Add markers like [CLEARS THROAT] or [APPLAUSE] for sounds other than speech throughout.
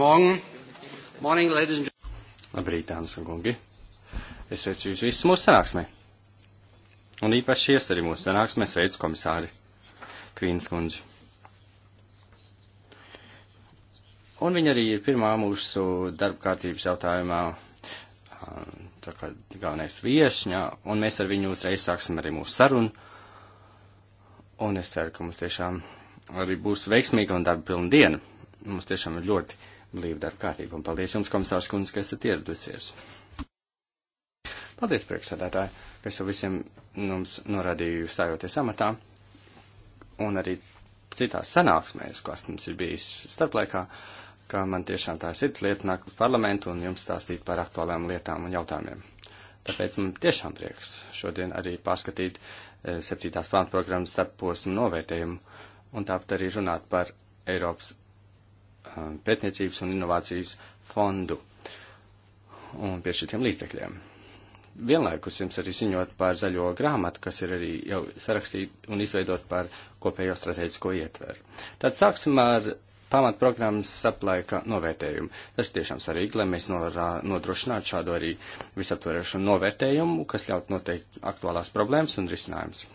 Morgen. Morning, ladies and gentlemen. Labrīt, dāmas un kungi. Es sveicu jūs visus mūsu sanāksmē. Un īpaši ies arī mūsu sanāksmē sveicu komisāri Kvīnas kundzi. Un viņa arī ir pirmā mūsu darba kārtības jautājumā, tā kā galvenais viešņa, un mēs ar viņu uzreiz sāksim arī mūsu sarunu. Un es ceru, ka mums tiešām arī būs veiksmīga un darba pilna diena. Mums tiešām ir ļoti blīvu darbu kārtību. Un paldies jums, komisārs Kunz, ka esat ieradusies. Paldies, priekšsēdētāji, kas jau visiem mums norādīju stājoties amatā un arī citās sanāksmēs, kas mums ir bijis starplaikā, ka man tiešām tā sirds lieta nāk uz parlamentu un jums stāstīt par aktuālām lietām un jautājumiem. Tāpēc man tiešām prieks šodien arī pārskatīt eh, septītās plānprogrammas starp posmu novērtējumu un tāpat arī runāt par Eiropas Um, pētniecības un inovācijas fondu un pie šitiem līdzekļiem. Vienlaikus jums arī ziņot par zaļo grāmatu, kas ir arī jau sarakstīta un izveidot par kopējo strateģisko ietveru. Tad sāksim ar pamatprogrammas saplaika novērtējumu. Tas tiešām svarīgi, lai mēs norā, nodrošinātu šādu arī visaptverošu novērtējumu, kas ļaut noteikt aktuālās problēmas un risinājumus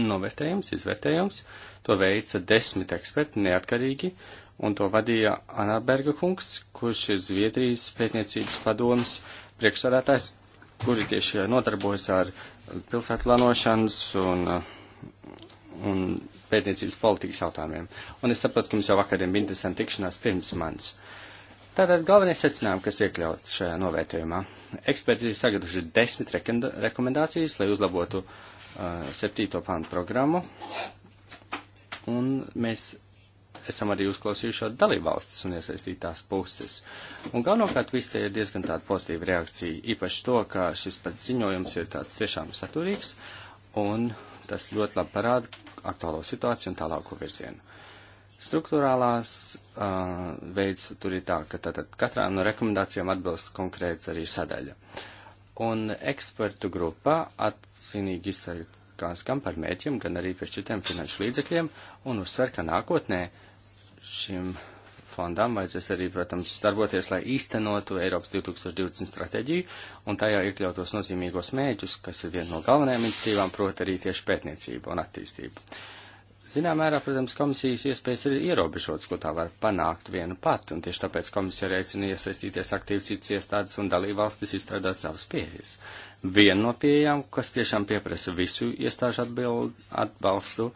novērtējums, izvērtējums, to veica desmit eksperti neatkarīgi, un to vadīja Anāberga kungs, kurš ir Zviedrijas pētniecības padomas priekšsādātājs, kuri tieši nodarbojas ar pilsētu plānošanas un, un pētniecības politikas jautājumiem. Un es saprotu, ka jums jau vakariem bija interesanti tikšanās pirms manis. Tātad galvenie secinājumi, kas iekļauts šajā novērtējumā. Eksperti ir sagatavojuši desmit rekomendācijas, lai uzlabotu uh, Eh, septīto pāntu programmu, un mēs esam arī uzklausījuši dalībvalstis un iesaistītās puses. Un galvenokārt viss te ir diezgan tāda pozitīva reakcija, īpaši to, ka šis pats ziņojums ir tāds tiešām saturīgs, un tas ļoti labi parāda aktuālo situāciju un tālāko virzienu. Struktūrālās uh, veids tur ir tā, ka tātad katrā no rekomendācijām atbilst konkrēts arī sadaļa. Uh, Un ekspertu grupā atzinīgi izsakās gan par mēķiem, gan arī par šitiem finanšu līdzekļiem un uzsver, ka nākotnē šim fondam vajadzēs arī, protams, darboties, lai īstenotu Eiropas 2020 stratēģiju un tajā iekļautos nozīmīgos mēģus, kas ir viena no galvenajām iniciatīvām, proti arī tieši pētniecība un attīstība. Uh, Zinām mērā, protams, komisijas iespējas ir ierobežotas, ko tā var panākt viena pat, un tieši tāpēc komisija arī aicina iesaistīties aktīvi citas iestādes un dalībvalstis izstrādāt savas pieejas. Viena no pieejām, kas tiešām pieprasa visu iestāžu atbild, atbalstu,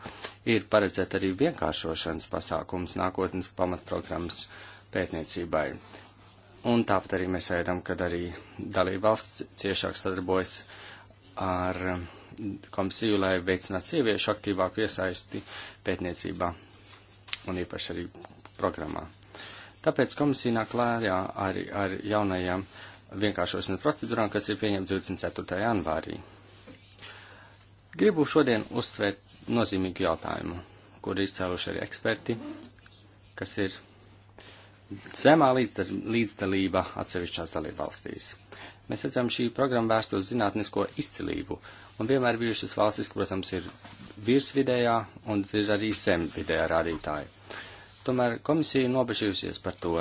ir paredzēt arī vienkāršošanas pasākums nākotnes pamatprogrammas pētniecībai. Un tāpat arī mēs ēdam, kad arī dalībvalsts ciešāk sadarbojas ar. Um, komisiju, lai veicinātu sieviešu aktīvāku iesaisti pētniecībā un īpaši arī programmā. Tāpēc komisija nāk klājā arī ar jaunajām vienkāršošanas procedūrām, kas ir pieņemta 24. janvārī. Gribu šodien uzsvērt nozīmīgu jautājumu, kur izcēluši arī eksperti, kas ir zemā līdzdalība atsevišķās dalībvalstīs. Mēs redzam, šī programma vērst uz zinātnisko izcilību, uh, Un vienmēr bijušas valstis, protams, ir virsvidējā un ir arī zemvidējā rādītāja. Tomēr komisija nobežījusies par to,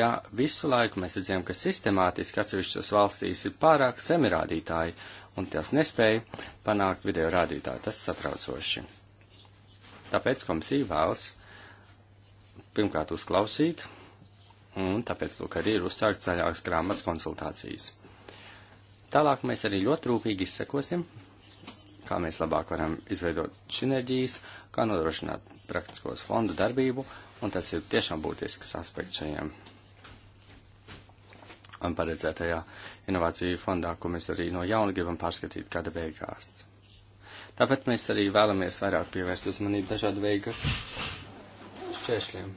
ja visu laiku mēs redzējām, ka sistemātiski atsevišķos valstīs ir pārāk zemi rādītāji un tās nespēja panākt video rādītāju. Tas satraucoši. Tāpēc komisija vēlas pirmkārt uzklausīt, un tāpēc lūk arī ir uzsākt zaļākas grāmatas konsultācijas. Tālāk mēs arī ļoti rūpīgi izsekosim, kā mēs labāk varam izveidot sinerģijas, kā nodrošināt praktiskos fondu darbību, un tas ir tiešām būtisks aspekts šajiem paredzētajā inovāciju fondā, ko mēs arī no jauna gribam pārskatīt kāda beigās. Tāpēc mēs arī vēlamies vairāk pievērst uzmanību dažādu veidu šķēršļiem.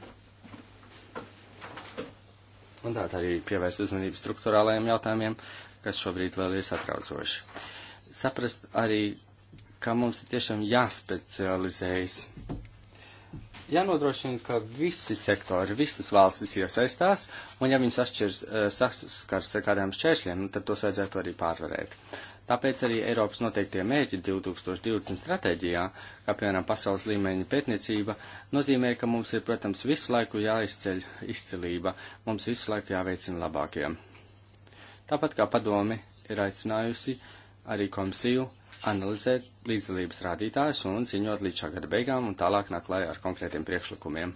Un tā arī pievērst uzmanību struktūrālajiem jautājumiem, kas šobrīd vēl ir satraucoši. Saprast arī, ka mums ir tiešām jāspecializējas. Jānodrošina, ka visi sektori, visas valstis iesaistās, un ja viņas atšķirs, eh, saskars ar kādām šķēršļiem, nu, tad tos vajadzētu arī pārvarēt. Tāpēc arī Eiropas noteiktie mērķi 2020 stratēģijā, kā piemēram pasaules līmeņa pētniecība, nozīmē, ka mums ir, protams, visu laiku jāizceļ izcilība, mums visu laiku jāveicina labākiem. Tāpat kā padomi ir aicinājusi arī komisiju analizēt līdzdalības rādītājus un ziņot līdz šā gada beigām un tālāk nāk klājā ar konkrētiem priekšlikumiem.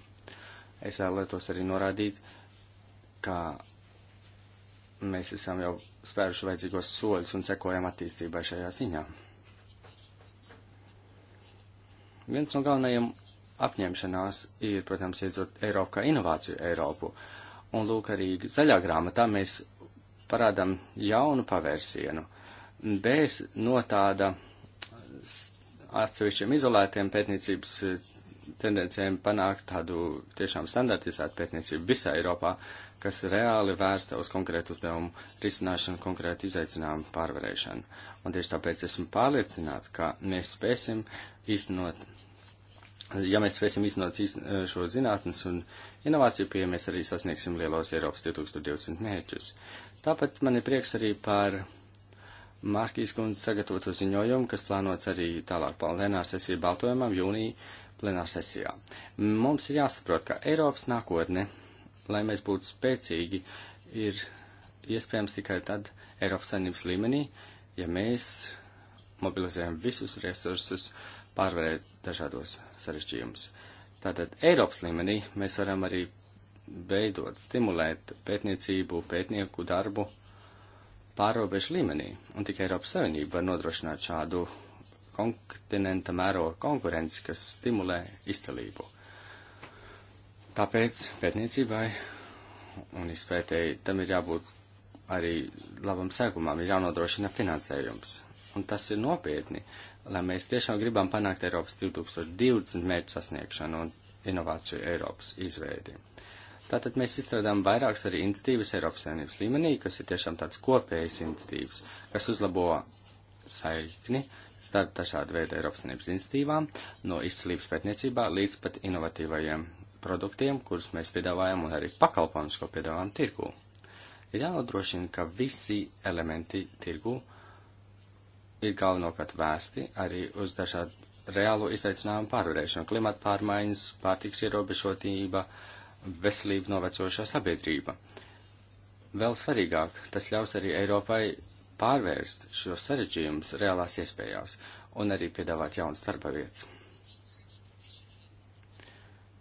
Es vēlētos arī norādīt, ka mēs esam jau spēruši vajadzīgos soļus un sekojam attīstībai šajā ziņā. Viens no galvenajiem apņemšanās ir, protams, iedzot Eiropu kā inovāciju Eiropu. Un lūk, arī zaļā grāmatā mēs parādām jaunu pavērsienu bez no tāda atsevišķiem izolētiem pētniecības eh, tendencēm panākt tādu tiešām standartizētu pētniecību visā Eiropā, kas reāli vērsta uz konkrētu uzdevumu risināšanu, konkrētu izaicinājumu pārvarēšanu. Un tieši tāpēc esmu pārliecināta, ka mēs spēsim īstenot, ja mēs spēsim īstenot eh, šo zinātnes un inovāciju pieeju, mēs arī sasniegsim lielos Eiropas 2020 mērķus. Tāpat man ir prieks arī par Mārkīs kundze sagatavotu ziņojumu, kas plānots arī tālāk plenāra sesija baltojumam jūnija plenāra sesijā. Mums ir jāsaprot, ka Eiropas nākotne, lai mēs būtu spēcīgi, ir iespējams tikai tad Eiropas saimnības līmenī, ja mēs mobilizējam visus resursus pārvarēt dažādos sarežģījumus. Tātad Eiropas līmenī mēs varam arī veidot, stimulēt pētniecību, pētnieku darbu pārobežu līmenī, un tikai Eiropas Savienība var nodrošināt šādu kontinenta mēroga konkurenci, kas stimulē izcelību. Tāpēc pētniecībai un izpētēji tam ir jābūt arī labam sēkumam, ir jānodrošina finansējums. Un tas ir nopietni, lai mēs tiešām gribam panākt Eiropas 2020 mērķu sasniegšanu un inovāciju Eiropas izveidi. Uh, Tātad mēs izstrādājam vairākas arī iniciatīvas Eiropas saimnības līmenī, kas ir tiešām tāds kopējas iniciatīvas, kas uzlabo saikni starp dažādu veidu Eiropas saimnības iniciatīvām, no izcilības pētniecībā līdz pat inovatīvajiem produktiem, kurus mēs piedāvājam un arī pakalpojumus, ko piedāvājam tirgū. Ir jānodrošina, ka visi elementi tirgū ir galvenokārt vērsti arī uz dažādu reālo izaicinājumu pārvarēšanu - klimata pārmaiņas, pārtiks ierobežotība, uh, veselību novecojošā sabiedrība. Vēl svarīgāk, tas ļaus arī Eiropai pārvērst šos sarežģījumus reālās iespējās un arī piedāvāt jaunas darba vietas.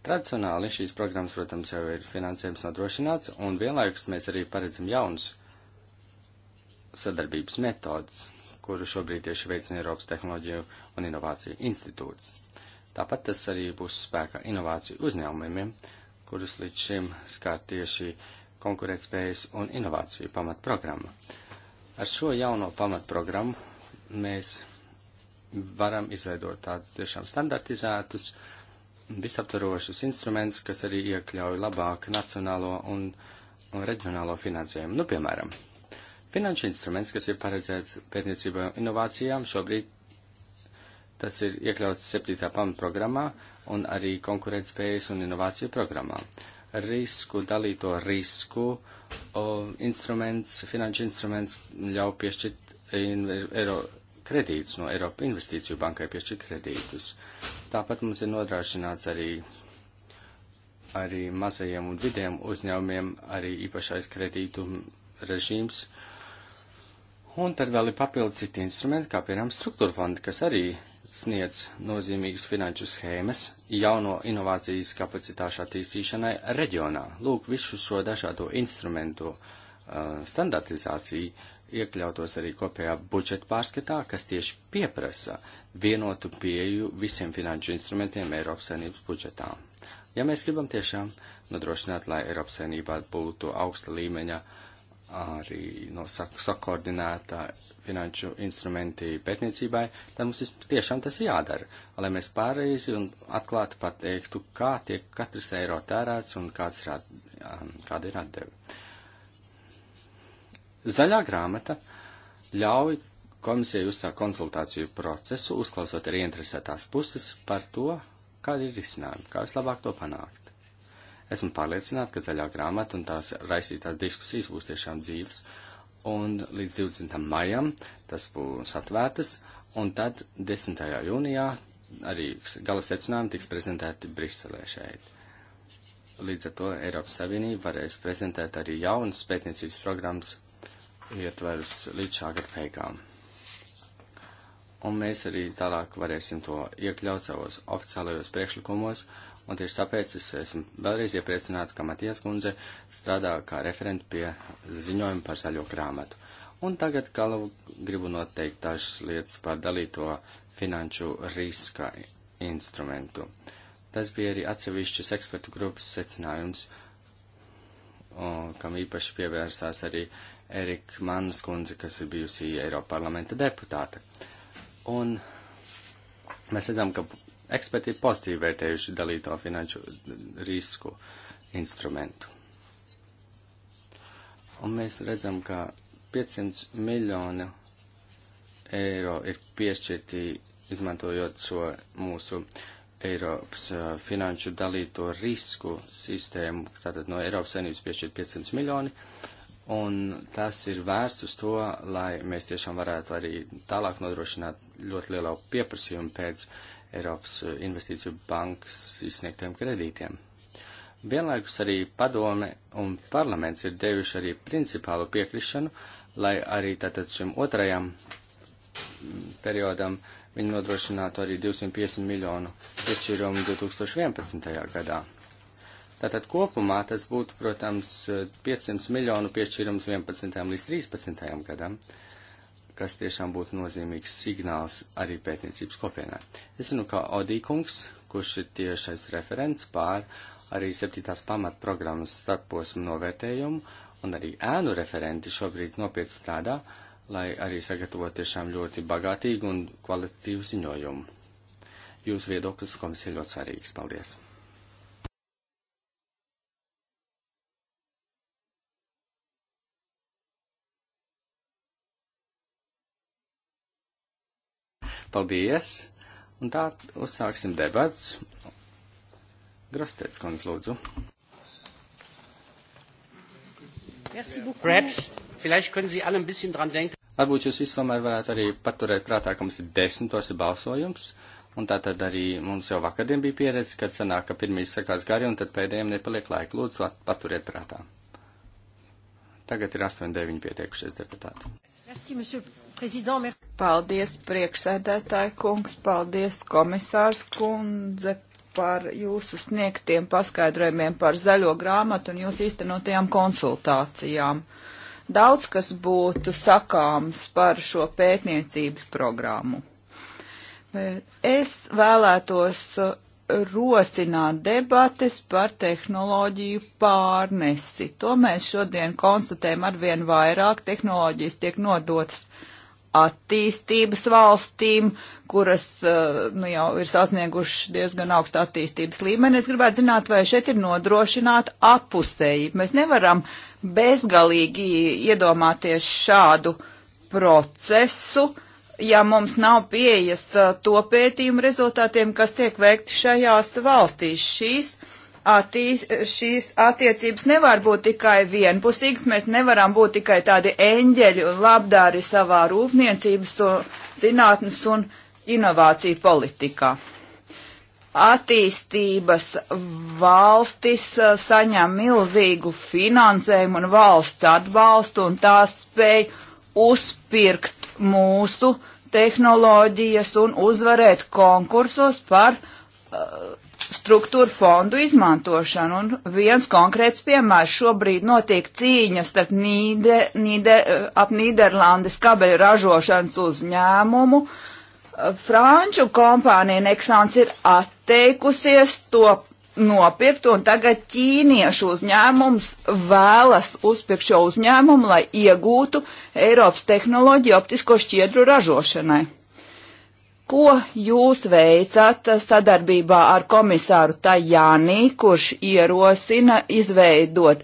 Tradicionāli šīs programmas, protams, jau ir finansējums nodrošināts, un vienlaikus mēs arī paredzam jaunus sadarbības metodus, kuru šobrīd tieši veicina Eiropas Tehnoloģiju un Inovāciju institūts. Tāpat tas arī būs spēkā inovāciju uzņēmumiem, kurus līdz šim skār tieši konkurētspējas un inovāciju pamatprogramma. Ar šo jauno pamatprogrammu mēs varam izveidot tādus tiešām standartizētus, visaptvarošus instrumentus, kas arī iekļauj labāk nacionālo un, un reģionālo finansējumu. Nu, piemēram, finanšu instruments, kas ir paredzēts pētniecībā inovācijām, šobrīd tas ir iekļauts septītā pamatprogrammā, programmā, un arī konkurētspējas un inovāciju programmā. Risku, dalīto risku o, instruments, finanšu instruments ļauj piešķirt in, eiro, kredītus no Eiropa investīciju bankai piešķirt kredītus. Tāpat mums ir nodrošināts arī, arī mazajiem un vidiem uzņēmumiem arī īpašais kredītu režīms. Un tad vēl ir papildus citi instrumenti, kā piemēram struktūra fondi, kas arī sniedz nozīmīgas finanšu schēmas jauno inovācijas kapacitāšu attīstīšanai reģionā. Lūk, visu šo dažādo instrumentu uh, standartizāciju iekļautos arī kopējā budžeta pārskatā, kas tieši pieprasa vienotu pieju visiem finanšu instrumentiem Eiropas Savienības budžetā. Ja mēs gribam tiešām nodrošināt, lai Eiropas Savienībā būtu augsta līmeņa uh, arī no saku, sakoordinēta finanšu instrumenti pētniecībai, tad mums tiešām tas jādara, lai mēs pārreizi un atklāti pateiktu, kā tiek katrs eiro tērēts un kāds ir at, um, kāda ir atdeve. Zaļā grāmata ļauj komisijai uzsākt konsultāciju procesu, uzklausot arī interesētās puses par to, kāda ir risinājuma, kā vislabāk to panākt. Esmu pārliecināta, ka zaļā grāmata un tās raisītās diskusijas būs tiešām dzīves, un līdz 20. maijam tas būs atvērtas, un tad 10. jūnijā arī gala secinājumi tiks prezentēti Briselē šeit. Līdz ar to Eiropas Savienība varēs prezentēt arī jaunas pētniecības programmas ietverus līdz šā gada beigām un mēs arī tālāk varēsim to iekļaut savos oficiālajos priekšlikumos un tieši tāpēc es esmu vēlreiz iepriecināta, ka Matijas kundze strādā kā referenti pie ziņojuma par zaļo grāmatu. Un tagad galvu gribu noteikt dažas lietas par dalīto finanšu riska instrumentu. Tas bija arī atsevišķas ekspertu grupas secinājums, kam īpaši pievērsās arī Erika Mannas kundze, kas ir bijusi Eiropa parlamenta deputāte. Un mēs redzam, ka Eksperti ir pozitīvi vērtējuši dalīto finanšu risku instrumentu. Un mēs redzam, ka 500 miljonu eiro ir piešķirti izmantojot šo mūsu Eiropas finanšu dalīto risku sistēmu, tātad no Eiropas saimnības piešķirt 500 miljoni, un tas ir vērsts uz to, lai mēs tiešām varētu arī tālāk nodrošināt ļoti lielo pieprasījumu pēc uh, Eiropas eh, investīciju bankas izsniegtiem kredītiem. Vienlaikus arī padome un parlaments ir devuši arī principālu piekrišanu, lai arī tātad šim otrajam mm, periodam viņi nodrošinātu arī 250 miljonu piešķīrumu 2011. gadā. Tātad kopumā tas būtu, protams, 500 miljonu piešķīrums 11. līdz 13. gadam. Uh, kas tiešām būtu nozīmīgs signāls arī pētniecības kopienai. Es zinu, ka Odīkungs, kurš ir tiešais referents pār arī septītās pamatprogrammas starposmu novērtējumu, un arī ēnu referenti šobrīd nopietni strādā, lai arī sagatavotu tiešām ļoti bagātīgu un kvalitatīvu ziņojumu. Jūsu viedoklis komisija ļoti svarīgs. Paldies! Paldies! Un tā uzsāksim debats. Grastēts, kundz, lūdzu. Perhaps, vielleicht können Sie alle ein bisschen dran denken. Varbūt jūs vispār varētu arī paturēt prātā, ka mums ir desmitos ir balsojums, un tā tad arī mums jau vakardien bija pieredze, kad sanāk, ka pirmie sakās gari, un tad pēdējiem nepaliek laika. Lūdzu, paturiet prātā. Tagad ir 8-9 pietiekušies deputāti. Merci, Paldies, priekšsēdētāji kungs, paldies, komisārs kundze, par jūsu sniegtiem paskaidrojumiem par zaļo grāmatu un jūsu īstenotajām konsultācijām. Daudz kas būtu sakāms par šo pētniecības programmu. Es vēlētos rosināt debates par tehnoloģiju pārnesi. To mēs šodien konstatējam arvien vairāk. Tehnoloģijas tiek nodotas uh, attīstības valstīm, kuras eh, nu, jau ir sasniegušas diezgan augstu attīstības līmeni. Es gribētu zināt, vai šeit ir nodrošināta apusējība. Mēs nevaram bezgalīgi iedomāties šādu procesu, ja mums nav pieejas eh, to pētījumu rezultātiem, kas tiek veikti šajās valstīs. Šīs uh, attī, šīs attiecības nevar būt tikai vienpusīgas, mēs nevaram būt tikai tādi eņģeļi un labdāri savā rūpniecības un zinātnes un inovāciju politikā. Attīstības valstis uh, saņem milzīgu finansējumu un valsts atbalstu un tās spēj uzpirkt mūsu tehnoloģijas un uzvarēt konkursos par uh, struktūra fondu izmantošanu. Un viens konkrēts piemērs šobrīd notiek cīņa starp Nīde, Nīde, ap Nīderlandes kabeļu ražošanas uzņēmumu. Franču kompānija Nexans ir atteikusies to nopirkt, un tagad ķīniešu uzņēmums vēlas uzpirkt šo uzņēmumu, lai iegūtu Eiropas tehnoloģiju optisko šķiedru ražošanai. Ko jūs veicat sadarbībā ar komisāru Tajānī, kurš ierosina izveidot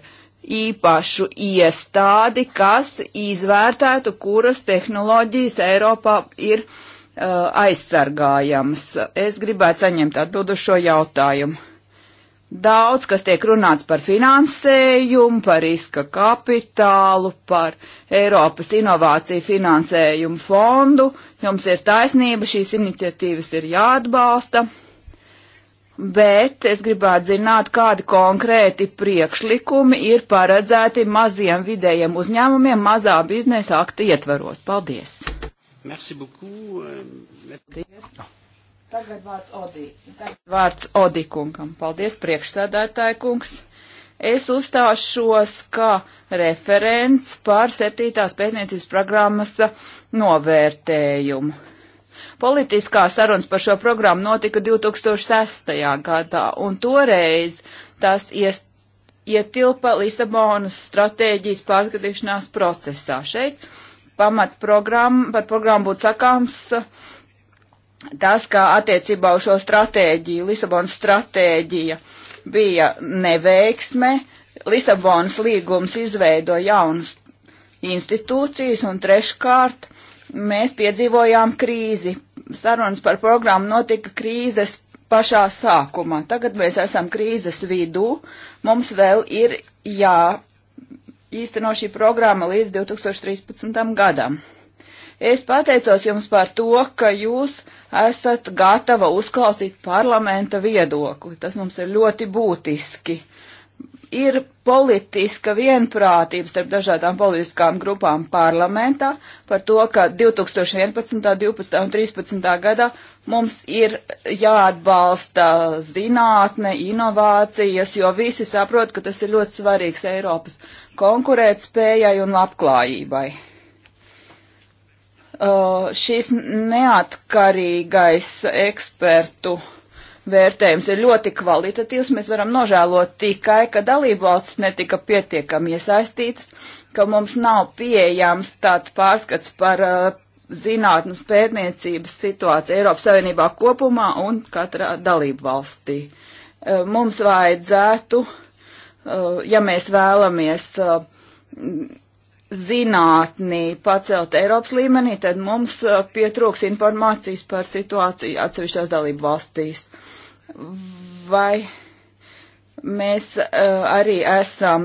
īpašu iestādi, kas izvērtētu, kuras tehnoloģijas Eiropā ir uh, aizsargājamas? Es gribētu saņemt atbildu šo jautājumu. Daudz, kas tiek runāts par finansējumu, par riska kapitālu, par Eiropas inovāciju finansējumu fondu. Jums ir taisnība, šīs iniciatīvas ir jāatbalsta. Bet es gribētu zināt, kādi konkrēti priekšlikumi ir paredzēti maziem vidējiem uzņēmumiem mazā biznesa akta ietvaros. Paldies! Merci beaucoup. Euh, Paldies. Tagad vārds Odī. Tagad vārds Odī kungam. Paldies, priekšsēdētāji kungs. Es uzstāšos kā referents pār septītās pētniecības programmas novērtējumu. Politiskā sarunas par šo programmu notika 2006. gadā, un toreiz tas iest, ietilpa Lisabonas stratēģijas pārskatīšanās procesā. Šeit pamat programma, par programmu būtu sakāms, uh, tas, kā attiecībā uz šo stratēģiju, Lisabonas stratēģija bija neveiksme, Lisabonas līgums izveido jaunas institūcijas un treškārt mēs piedzīvojām krīzi. Sarunas par programmu notika krīzes pašā sākumā. Tagad mēs esam krīzes vidū. Mums vēl ir jā īsteno šī programma līdz 2013. gadam. Es pateicos jums par to, ka jūs esat gatava uzklausīt parlamenta viedokli. Tas mums ir ļoti būtiski. Ir politiska vienprātība starp dažādām politiskām grupām parlamentā par to, ka 2011., 12. un 13. gadā mums ir jāatbalsta zinātne, inovācijas, jo visi saprot, ka tas ir ļoti svarīgs Eiropas konkurētspējai un labklājībai. Uh, šis neatkarīgais ekspertu vērtējums ir ļoti kvalitatīvs. Mēs varam nožēlot tikai, ka dalībvalstis netika pietiekami iesaistītas, ka mums nav pieejams tāds pārskats par uh, zinātnes pētniecības situāciju Eiropas Savienībā kopumā un katrā dalībvalstī. Uh, mums vajadzētu, uh, ja mēs vēlamies uh, zinātnī pacelt Eiropas līmenī, tad mums uh, pietrūks informācijas par situāciju atsevišķās dalību valstīs. Vai mēs uh, arī esam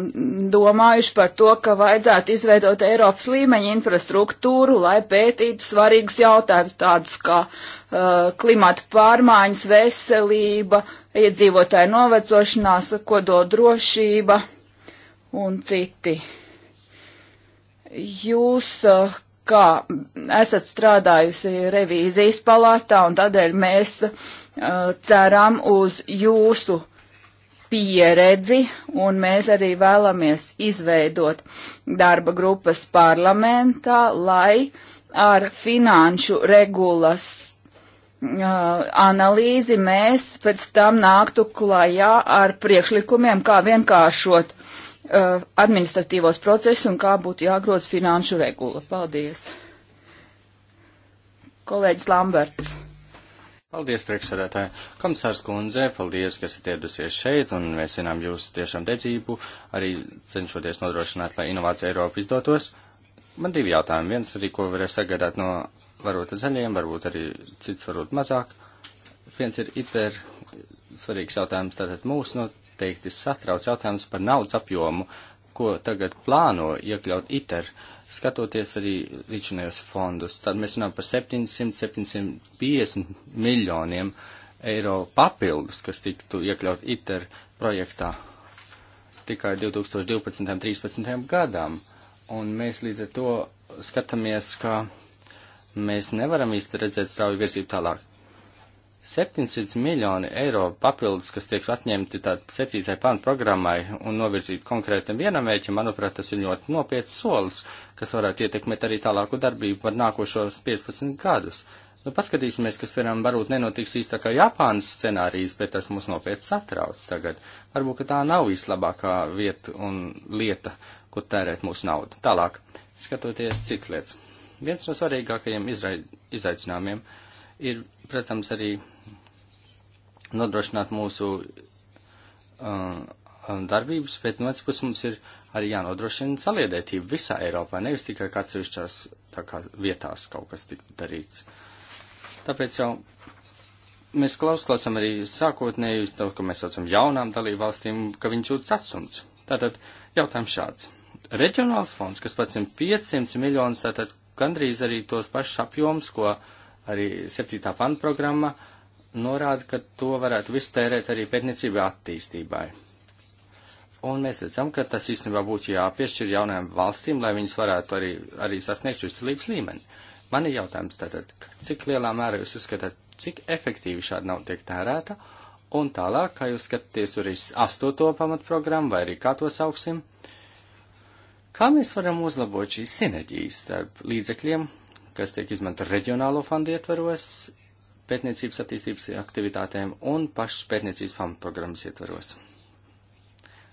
domājuši par to, ka vajadzētu izveidot Eiropas līmeņa infrastruktūru, lai pētītu svarīgus jautājumus tādus kā uh, klimata pārmaiņas, veselība, iedzīvotāju novecošanās, kodoldrošība un citi. Jūs eh, kā esat strādājusi revīzijas palātā un tādēļ mēs uh, ceram uz jūsu pieredzi un mēs arī vēlamies izveidot darba grupas parlamentā, lai ar finanšu regulas eh, analīzi mēs pēc tam nāktu klajā ar priekšlikumiem, kā vienkāršot uh, uh, administratīvos procesus un kā būtu jāgroz finanšu regula. Paldies. Kolēģis Lamberts. Paldies, priekšsēdētāji. Komisārs kundze, paldies, ka esat iedusies šeit un mēs zinām jūs tiešām dedzību, arī cenšoties nodrošināt, lai inovācija Eiropa izdotos. Man divi jautājumi. Viens arī, ko varēs sagaidāt no varbūt zaļiem, varbūt arī cits varbūt mazāk. Viens ir iter svarīgs jautājums, tātad mūsu no noteikti satrauc jautājums par naudas apjomu, ko tagad plāno iekļaut ITER, skatoties arī līdzinējos fondus. Tad mēs runājam par 700-750 miljoniem eiro papildus, kas tiktu iekļaut ITER projektā tikai 2012. un 2013. gadam. Un mēs līdz ar to skatāmies, ka mēs nevaram īsti redzēt strauju virzību tālāk. 700 miljoni eiro papildus, kas tiek atņemti tā 7. pānta programmai un novirzīti konkrētam vienam mēķim, manuprāt, tas ir ļoti nopietns solis, kas varētu ietekmēt arī tālāku darbību par nākošos 15 gadus. Nu, paskatīsimies, kas, piemēram, varbūt nenotiks īstā kā Japānas scenārijs, bet tas mūs nopietni satrauc tagad. Varbūt, ka tā nav vislabākā vieta un lieta, kur tērēt mūsu naudu. Tālāk, skatoties cits lietas. Viens no svarīgākajiem izaicinājumiem ir, protams, arī nodrošināt mūsu uh, um, darbības, bet no otras puses mums ir arī jānodrošina saliedētība visā Eiropā, nevis tikai kāds višķās tā kā vietās kaut kas tik darīts. Tāpēc jau mēs klausklāsam arī sākotnēju, to, ko mēs saucam jaunām dalību valstīm, ka viņi jūtas atstumts. Tātad jautājums šāds. Reģionāls fonds, kas pats ir 500 miljonus, tātad gandrīz arī tos pašus apjoms, ko arī 7. panta programma uh, norāda, ka to varētu visu tērēt arī pētniecībai attīstībai. Un mēs redzam, ka tas īstenībā būtu jāpiešķir jaunajām valstīm, lai viņas varētu arī, arī sasniegt šo izcilības līmeni. Man ir jautājums tātad, cik lielā mērā jūs uzskatāt, cik efektīvi šāda nauda tiek tērēta, un tālāk, kā jūs skatāties arī astoto pamatprogrammu, vai arī kā to sauksim, kā mēs varam uzlabot šīs sinerģijas starp līdzekļiem, kas tiek izmanta reģionālo fondu ietvaros, pētniecības attīstības aktivitātēm un pašas pētniecības pamatprogrammas ietvaros.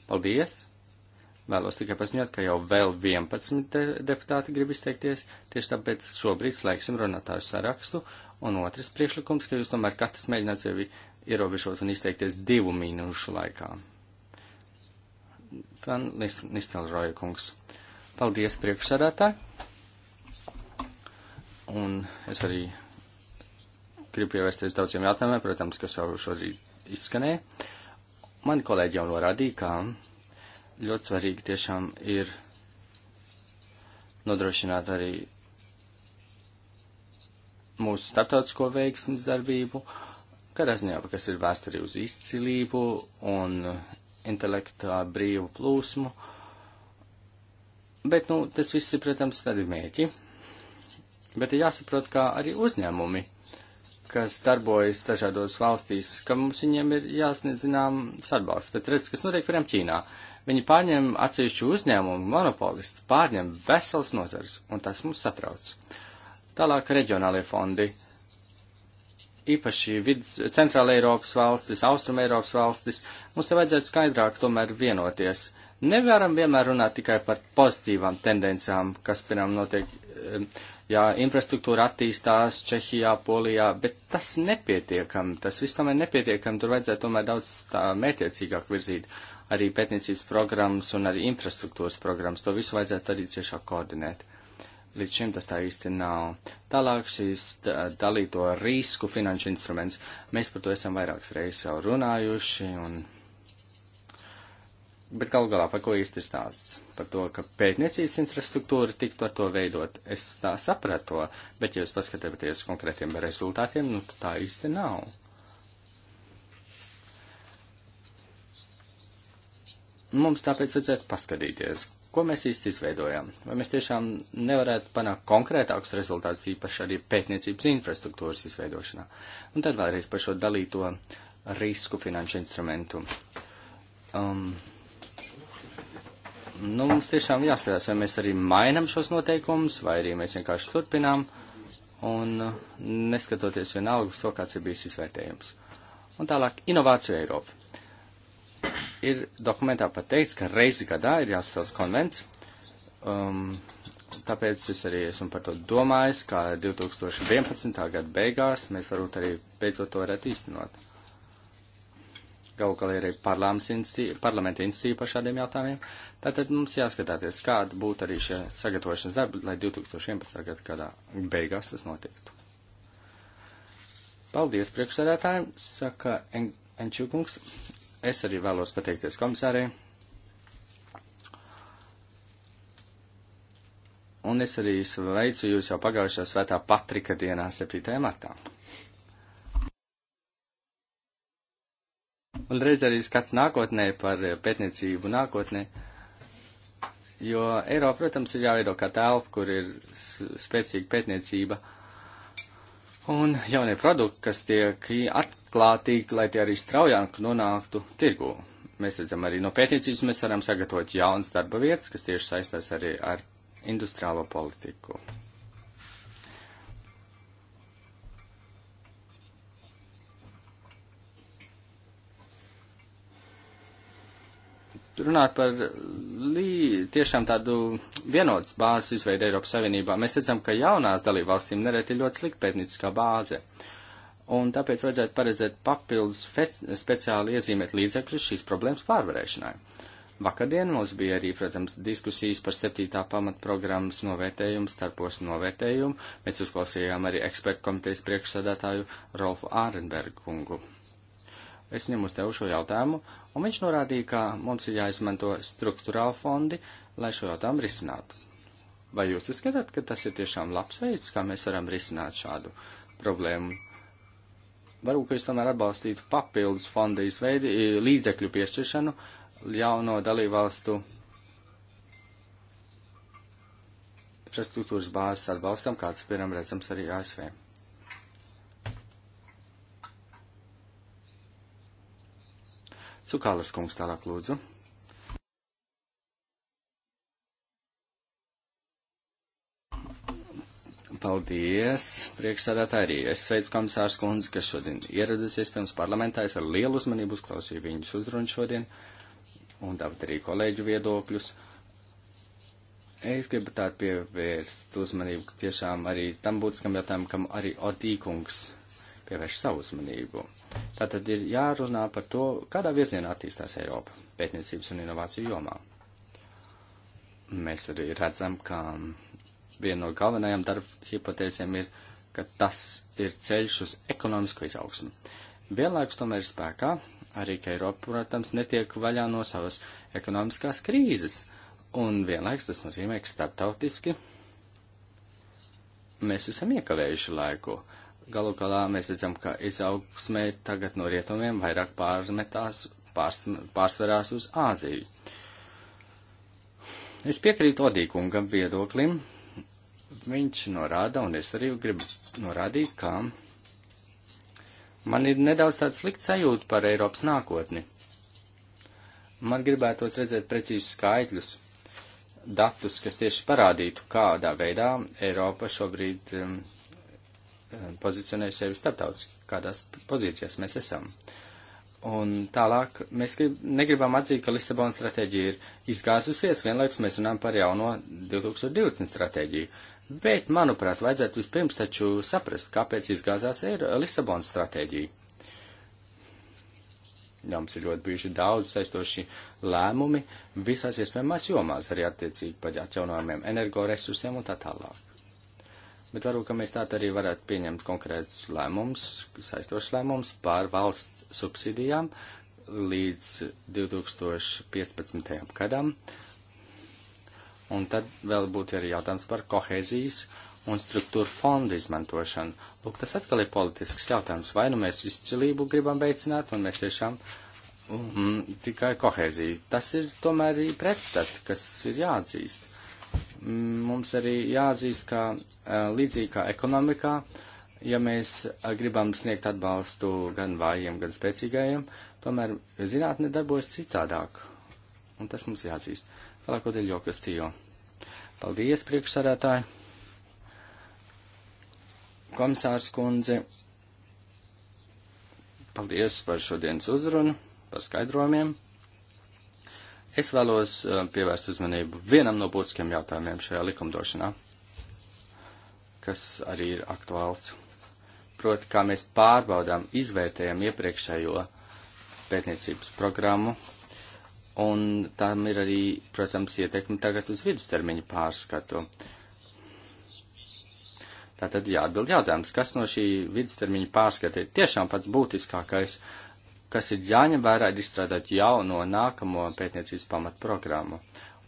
Paldies! Vēlos tikai paziņot, ka jau vēl 11 de deputāti grib izteikties, tieši tāpēc šobrīd slēgsim runātāju sarakstu, un otrs priekšlikums, ka jūs tomēr katrs mēģināt sevi ierobežot un izteikties divu minūšu laikā. Fan Nistelroja kungs. Paldies priekšsarātāji! Un es arī gribu pievērsties daudziem jautājumiem, protams, kas jau šodien izskanēja. Mani kolēģi jau norādīja, ka ļoti svarīgi tiešām ir nodrošināt arī mūsu starptautisko veiksmes darbību, kādā ziņā, kas ir vēsta arī uz izcilību un intelektā brīvu plūsmu. Bet, nu, tas viss ir, protams, tādi mērķi. Bet ir jāsaprot, kā arī uzņēmumi kas darbojas dažādos valstīs, ka mums viņiem ir jāsniedz zinām atbalsts. Bet redz, kas notiek, piemēram, Ķīnā. Viņi pārņem atsevišķu uzņēmumu, monopolistu, pārņem veselas nozars, un tas mums satrauc. Tālāk reģionālie fondi. Īpaši vidus, centrāla Eiropas valstis, austruma Eiropas valstis, mums te vajadzētu skaidrāk tomēr vienoties. Nevaram vienmēr runāt tikai par pozitīvām tendencām, kas, piemēram, notiek eh, jā, infrastruktūra attīstās Čehijā, Polijā, bet tas nepietiekam, tas viss tomēr nepietiekam, tur vajadzētu tomēr daudz tā mētiecīgāk virzīt arī pētniecības programmas un arī infrastruktūras programmas, to visu vajadzētu arī ciešāk koordinēt. Līdz šim tas tā īsti nav. Tālāk šīs dalīto risku finanšu instruments. Mēs par to esam vairākas reizes jau runājuši un Bet gal galā par ko īsti ir stāsts? Par to, ka pētniecības infrastruktūra tiktu ar to veidot. Es tā sapratu to, bet ja jūs paskatāties konkrētiem rezultātiem, nu tā īsti nav. Mums tāpēc vajadzētu paskatīties, ko mēs īsti izveidojam. Vai mēs tiešām nevarētu panākt konkrētākus rezultātus, īpaši arī pētniecības infrastruktūras izveidošanā. Un tad vēlreiz par šo dalīto risku finanšu instrumentu. Um, Nu, mums tiešām jāskatās, vai mēs arī mainam šos noteikumus, vai arī mēs vienkārši turpinām un neskatoties vienalga uz to, kāds ir bijis izvērtējums. Un tālāk, inovācija Eiropa. Ir dokumentā pateikts, ka reizi gadā ir jāsasauc konvents, um, tāpēc es arī esmu par to domājis, ka 2011. gada beigās mēs varbūt arī beidzot to varētu īstenot. Galu galā ir arī parlamenta institīva par šādiem jautājumiem. Tātad mums jāskatāties, kāda būtu arī šie sagatavošanas darbi, lai 2011. gada kādā beigās tas notiktu. Paldies priekšsēdētājiem, saka en Enčukungs. Es arī vēlos pateikties komisārei. Un es arī sveicu jūs jau pagājušā svētā Patrika dienā 7. martā. un reiz arī skats nākotnē par eh, pētniecību nākotnē. Jo Eiropa, protams, ir jāveido kā telpa, kur ir spēcīga pētniecība un jaunie produkti, kas tiek atklāti, lai tie arī straujāk nonāktu tirgū. Mēs redzam arī no pētniecības, mēs varam sagatavot jaunas darba vietas, kas tieši saistās arī ar industriālo politiku. runāt par lī, tiešām tādu vienotas bāzes izveidu Eiropas Savienībā, mēs redzam, ka jaunās dalībvalstīm nereti ir ļoti slikta pētnieciskā bāze. Un tāpēc vajadzētu paredzēt papildus speciāli iezīmēt līdzekļus šīs problēmas pārvarēšanai. Vakardien mums bija arī, protams, diskusijas par septītā pamatprogrammas novērtējumu, starposmu novērtējumu. Mēs uzklausījām arī ekspertu komitejas priekšsādātāju Rolfu Ārenbergu kungu es viņam uzdevu šo jautājumu, un viņš norādīja, ka mums ir jāizmanto struktūrāli fondi, lai šo jautājumu risinātu. Vai jūs uzskatāt, ka tas ir tiešām labs veids, kā mēs varam risināt šādu problēmu? Varbūt, ka jūs tomēr atbalstītu papildus fonda izveidi, līdzekļu piešķiršanu jauno dalībvalstu infrastruktūras bāzes atbalstam, kāds, piemēram, redzams arī ASV. Cukālas kungs tālāk lūdzu. Paldies, priekšsādātāji arī. Es sveicu komisārs Kundzi, kas šodien ieradusies pirms parlamentā. Es ar lielu uzmanību uzklausīju viņas uzrunu šodien un dabūt arī kolēģu viedokļus. Es gribu tādu pievērst uzmanību tiešām arī tam būtiskam jautājumam, kam arī Otīkungs pievērš savu uzmanību. Tātad ir jārunā par to, kādā virzienā attīstās Eiropa pētniecības un inovāciju jomā. Mēs arī redzam, ka viena no galvenajām darba hipotēzēm ir, ka tas ir ceļš uz ekonomisku izaugsmu. Vienlaikus tomēr ir spēkā arī, ka Eiropa, protams, netiek vaļā no savas ekonomiskās krīzes, un vienlaikus tas nozīmē, ka starptautiski mēs esam iekavējuši laiku. Uh, Galu galā mēs redzam, ka izaugsmē tagad no rietumiem vairāk pārmetās, pārs, pārsverās uz Āziju. Es piekrītu Odīkungam viedoklim. Viņš norāda, un es arī gribu norādīt, ka man ir nedaudz tāds slikts sajūta par Eiropas nākotni. Man gribētos redzēt precīzus skaitļus, datus, kas tieši parādītu, kādā veidā Eiropa šobrīd um, pozicionējuši sevi starptautiski, kādās pozīcijās mēs esam. Un tālāk mēs grib, negribam atzīt, ka Lisabonas stratēģija ir izgāzusies, vienlaikus mēs runājam par jauno 2020 stratēģiju. Bet, manuprāt, vajadzētu vispirms taču saprast, kāpēc izgāzās ir Lisabonas stratēģija. Jā, mums ir ļoti bijuši daudz saistoši lēmumi visās iespējamās jomās, arī attiecīgi par atjaunojumiem energoresursiem un tā tālāk bet varbūt, ka mēs tātad arī varētu pieņemt konkrēts lēmums, saistošs lēmums par valsts subsidijām līdz 2015. gadam. Un tad vēl būtu arī jautājums par kohēzijas un struktūra fondu izmantošanu. Lūk, tas atkal ir politisks jautājums. Vai nu mēs izcilību gribam veicināt, un mēs tiešām mm, tikai kohēziju. Tas ir tomēr arī pretstat, kas ir jāatzīst mums arī jāatzīst, ka e, līdzīgi kā ekonomikā, ja mēs e, gribam sniegt atbalstu gan vājiem, gan spēcīgajiem, tomēr zinātne darbojas citādāk. Un tas mums jāatzīst. Tālāk, Odeļ Jokastījo. Paldies, priekšsarētāji. Komisārs kundze. Paldies par šodienas uzrunu, par skaidrojumiem. Es vēlos eh, pievērst uzmanību vienam no būtiskiem jautājumiem šajā likumdošanā, kas arī ir aktuāls. Proti, kā mēs pārbaudām, izvērtējam iepriekšējo pētniecības programmu, un tam ir arī, protams, ietekmi tagad uz vidustermiņu pārskatu. Tātad jāatbild jautājums, kas no šī vidustermiņa pārskata ir tiešām pats būtiskākais, uh, kas ir jāņem vērā, ir izstrādāt jauno nākamo pētniecības pamatprogrammu.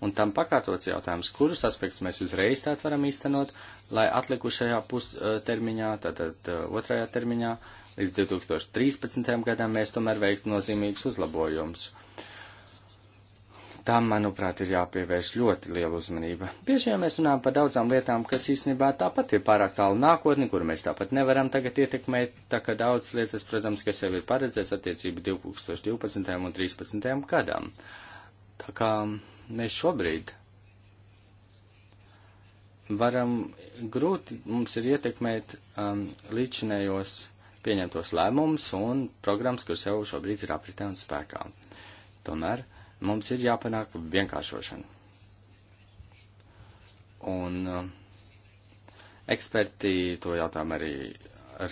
Un tam pakārtots jautājums, kurus aspektus mēs uzreiz tā varam īstenot, lai atlikušajā pustermiņā, eh, tātad eh, otrajā termiņā, līdz 2013. gadam mēs tomēr veiktu nozīmīgus uzlabojumus. Uh, tam, manuprāt, ir jāpievērš ļoti liela uzmanība. Bieži jau mēs runājam par daudzām lietām, kas īstenībā tāpat ir pārāk tālu nākotni, kur mēs tāpat nevaram tagad ietekmēt, tā ka daudz lietas, protams, kas jau ir paredzēts attiecību 2012. un 2013. gadam. Tā kā mēs šobrīd varam grūti mums ir ietekmēt um, līdzinējos pieņemtos lēmumus un programmas, kuras jau šobrīd ir apritē un spēkā. Tomēr Mums ir jāpanāk vienkāršošana. Un uh, eksperti to jautājumu arī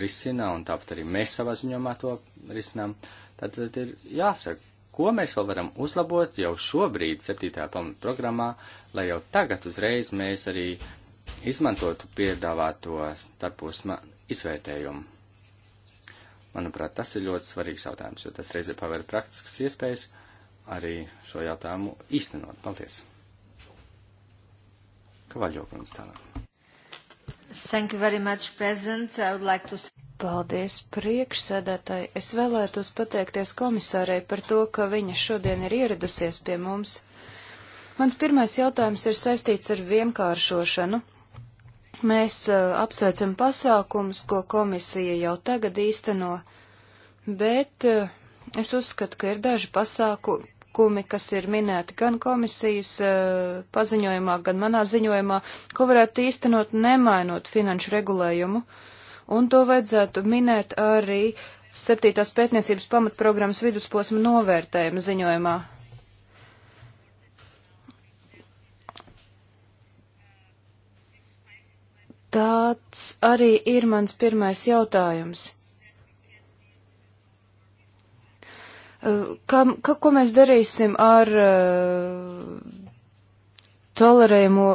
risina, un tāpat arī mēs savā ziņomā to risinām. Tad, tad ir jāsaka, ko mēs vēl varam uzlabot jau šobrīd, 7. pamata programmā, lai jau tagad uzreiz mēs arī izmantotu piedāvāto starposma izvērtējumu. Manuprāt, tas ir ļoti svarīgs jautājums, jo tas reizē paver praktiskas iespējas. Uh, arī šo jautājumu īstenot. Paldies! Kavaļo, protams, tālāk. Thank you very much, President. I would like to... Paldies priekšsēdētāji. Es vēlētos pateikties komisārei par to, ka viņa šodien ir ieradusies pie mums. Mans pirmais jautājums ir saistīts ar vienkāršošanu. Mēs uh, apsveicam pasākumus, ko komisija jau tagad īsteno, bet uh, es uzskatu, ka ir daži pasāku, pasākumi, kas ir minēti gan komisijas eh, paziņojumā, gan manā ziņojumā, ko varētu īstenot nemainot finanšu regulējumu, un to vajadzētu minēt arī septītās pētniecības pamatprogrammas vidusposma novērtējuma ziņojumā. Tāds arī ir mans pirmais jautājums. Kam, ka, ko mēs darīsim ar eh, tolerējamo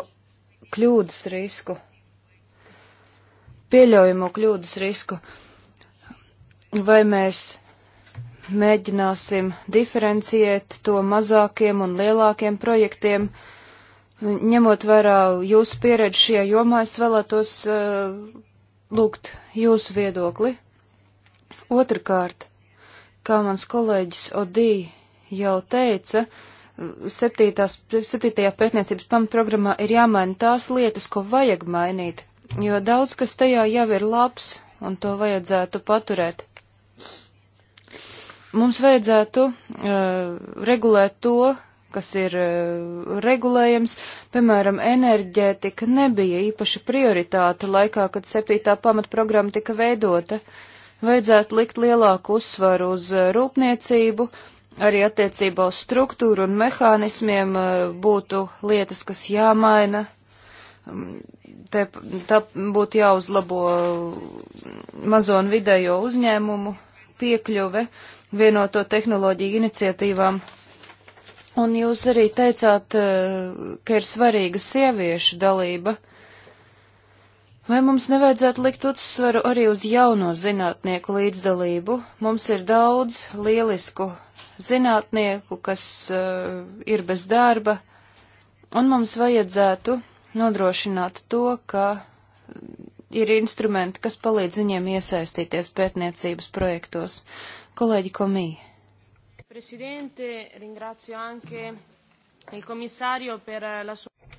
kļūdas risku? Pieļaujamo kļūdas risku. Vai mēs mēģināsim diferenciēt to mazākiem un lielākiem projektiem. Ņemot vērā jūsu pieredzi šajā jomā, es vēlētos uh, lūgt jūsu viedokli. Otrakārt, Kā mans kolēģis Odī jau teica, septītās, septītajā pētniecības pamatprogrammā ir jāmaina tās lietas, ko vajag mainīt, jo daudz kas tajā jau ir labs, un to vajadzētu paturēt. Mums vajadzētu uh, regulēt to, kas ir uh, regulējams, piemēram, enerģētika nebija īpaši prioritāte laikā, kad septītā pamatprogramma tika veidota. Uh, Vajadzētu likt lielāku uzsvaru uz eh, rūpniecību, arī attiecībā uz struktūru un mehānismiem eh, būtu lietas, kas jāmaina. Mm, te, tā būtu jāuzlabo mazo un vidējo uzņēmumu piekļuve vienoto tehnoloģiju iniciatīvām. Un jūs arī teicāt, eh, ka ir svarīga sieviešu dalība. Vai mums nevajadzētu likt uzsvaru arī uz jauno zinātnieku līdzdalību? Mums ir daudz lielisku zinātnieku, kas uh, ir bez darba, un mums vajadzētu nodrošināt to, ka ir instrumenti, kas palīdz viņiem iesaistīties pētniecības projektos. Kolēģi Komī.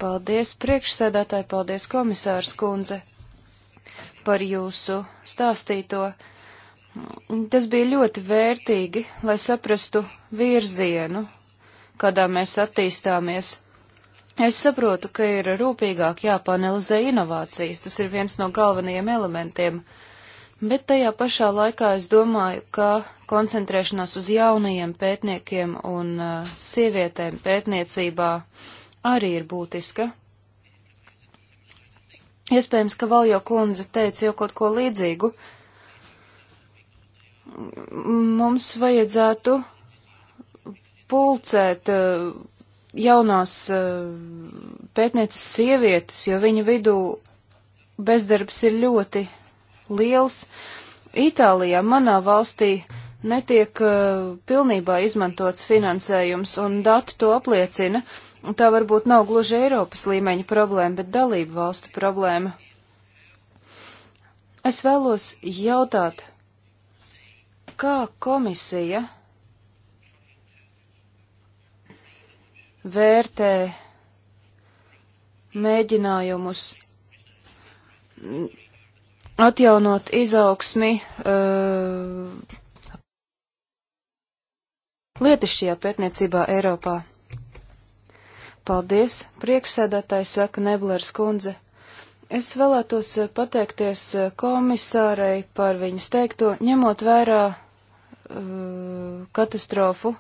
Paldies, priekšsēdētāji, paldies, komisārs Kunze par jūsu stāstīto. Tas bija ļoti vērtīgi, lai saprastu virzienu, kādā mēs attīstāmies. Es saprotu, ka ir rūpīgāk jāpanalizē inovācijas, tas ir viens no galvenajiem elementiem, bet tajā pašā laikā es domāju, ka koncentrēšanās uz jaunajiem pētniekiem un uh, sievietēm pētniecībā arī ir būtiska. Iespējams, ka Valjo kundze teica jau kaut ko līdzīgu. Mums vajadzētu pulcēt eh, jaunās eh, pētnieces sievietes, jo viņu vidū bezdarbs ir ļoti liels. Itālijā, manā valstī, netiek eh, pilnībā izmantots finansējums, un dati to apliecina. Uh, Tā varbūt nav gluži Eiropas līmeņa problēma, bet dalību valstu problēma. Es vēlos jautāt, kā komisija vērtē mēģinājumus atjaunot izaugsmi uh, lietišķajā pētniecībā Eiropā. Paldies, priekšsēdētājs saka Neblers kundze. Es vēlētos eh, pateikties eh, komisārei par viņas teikto, ņemot vērā uh, katastrofu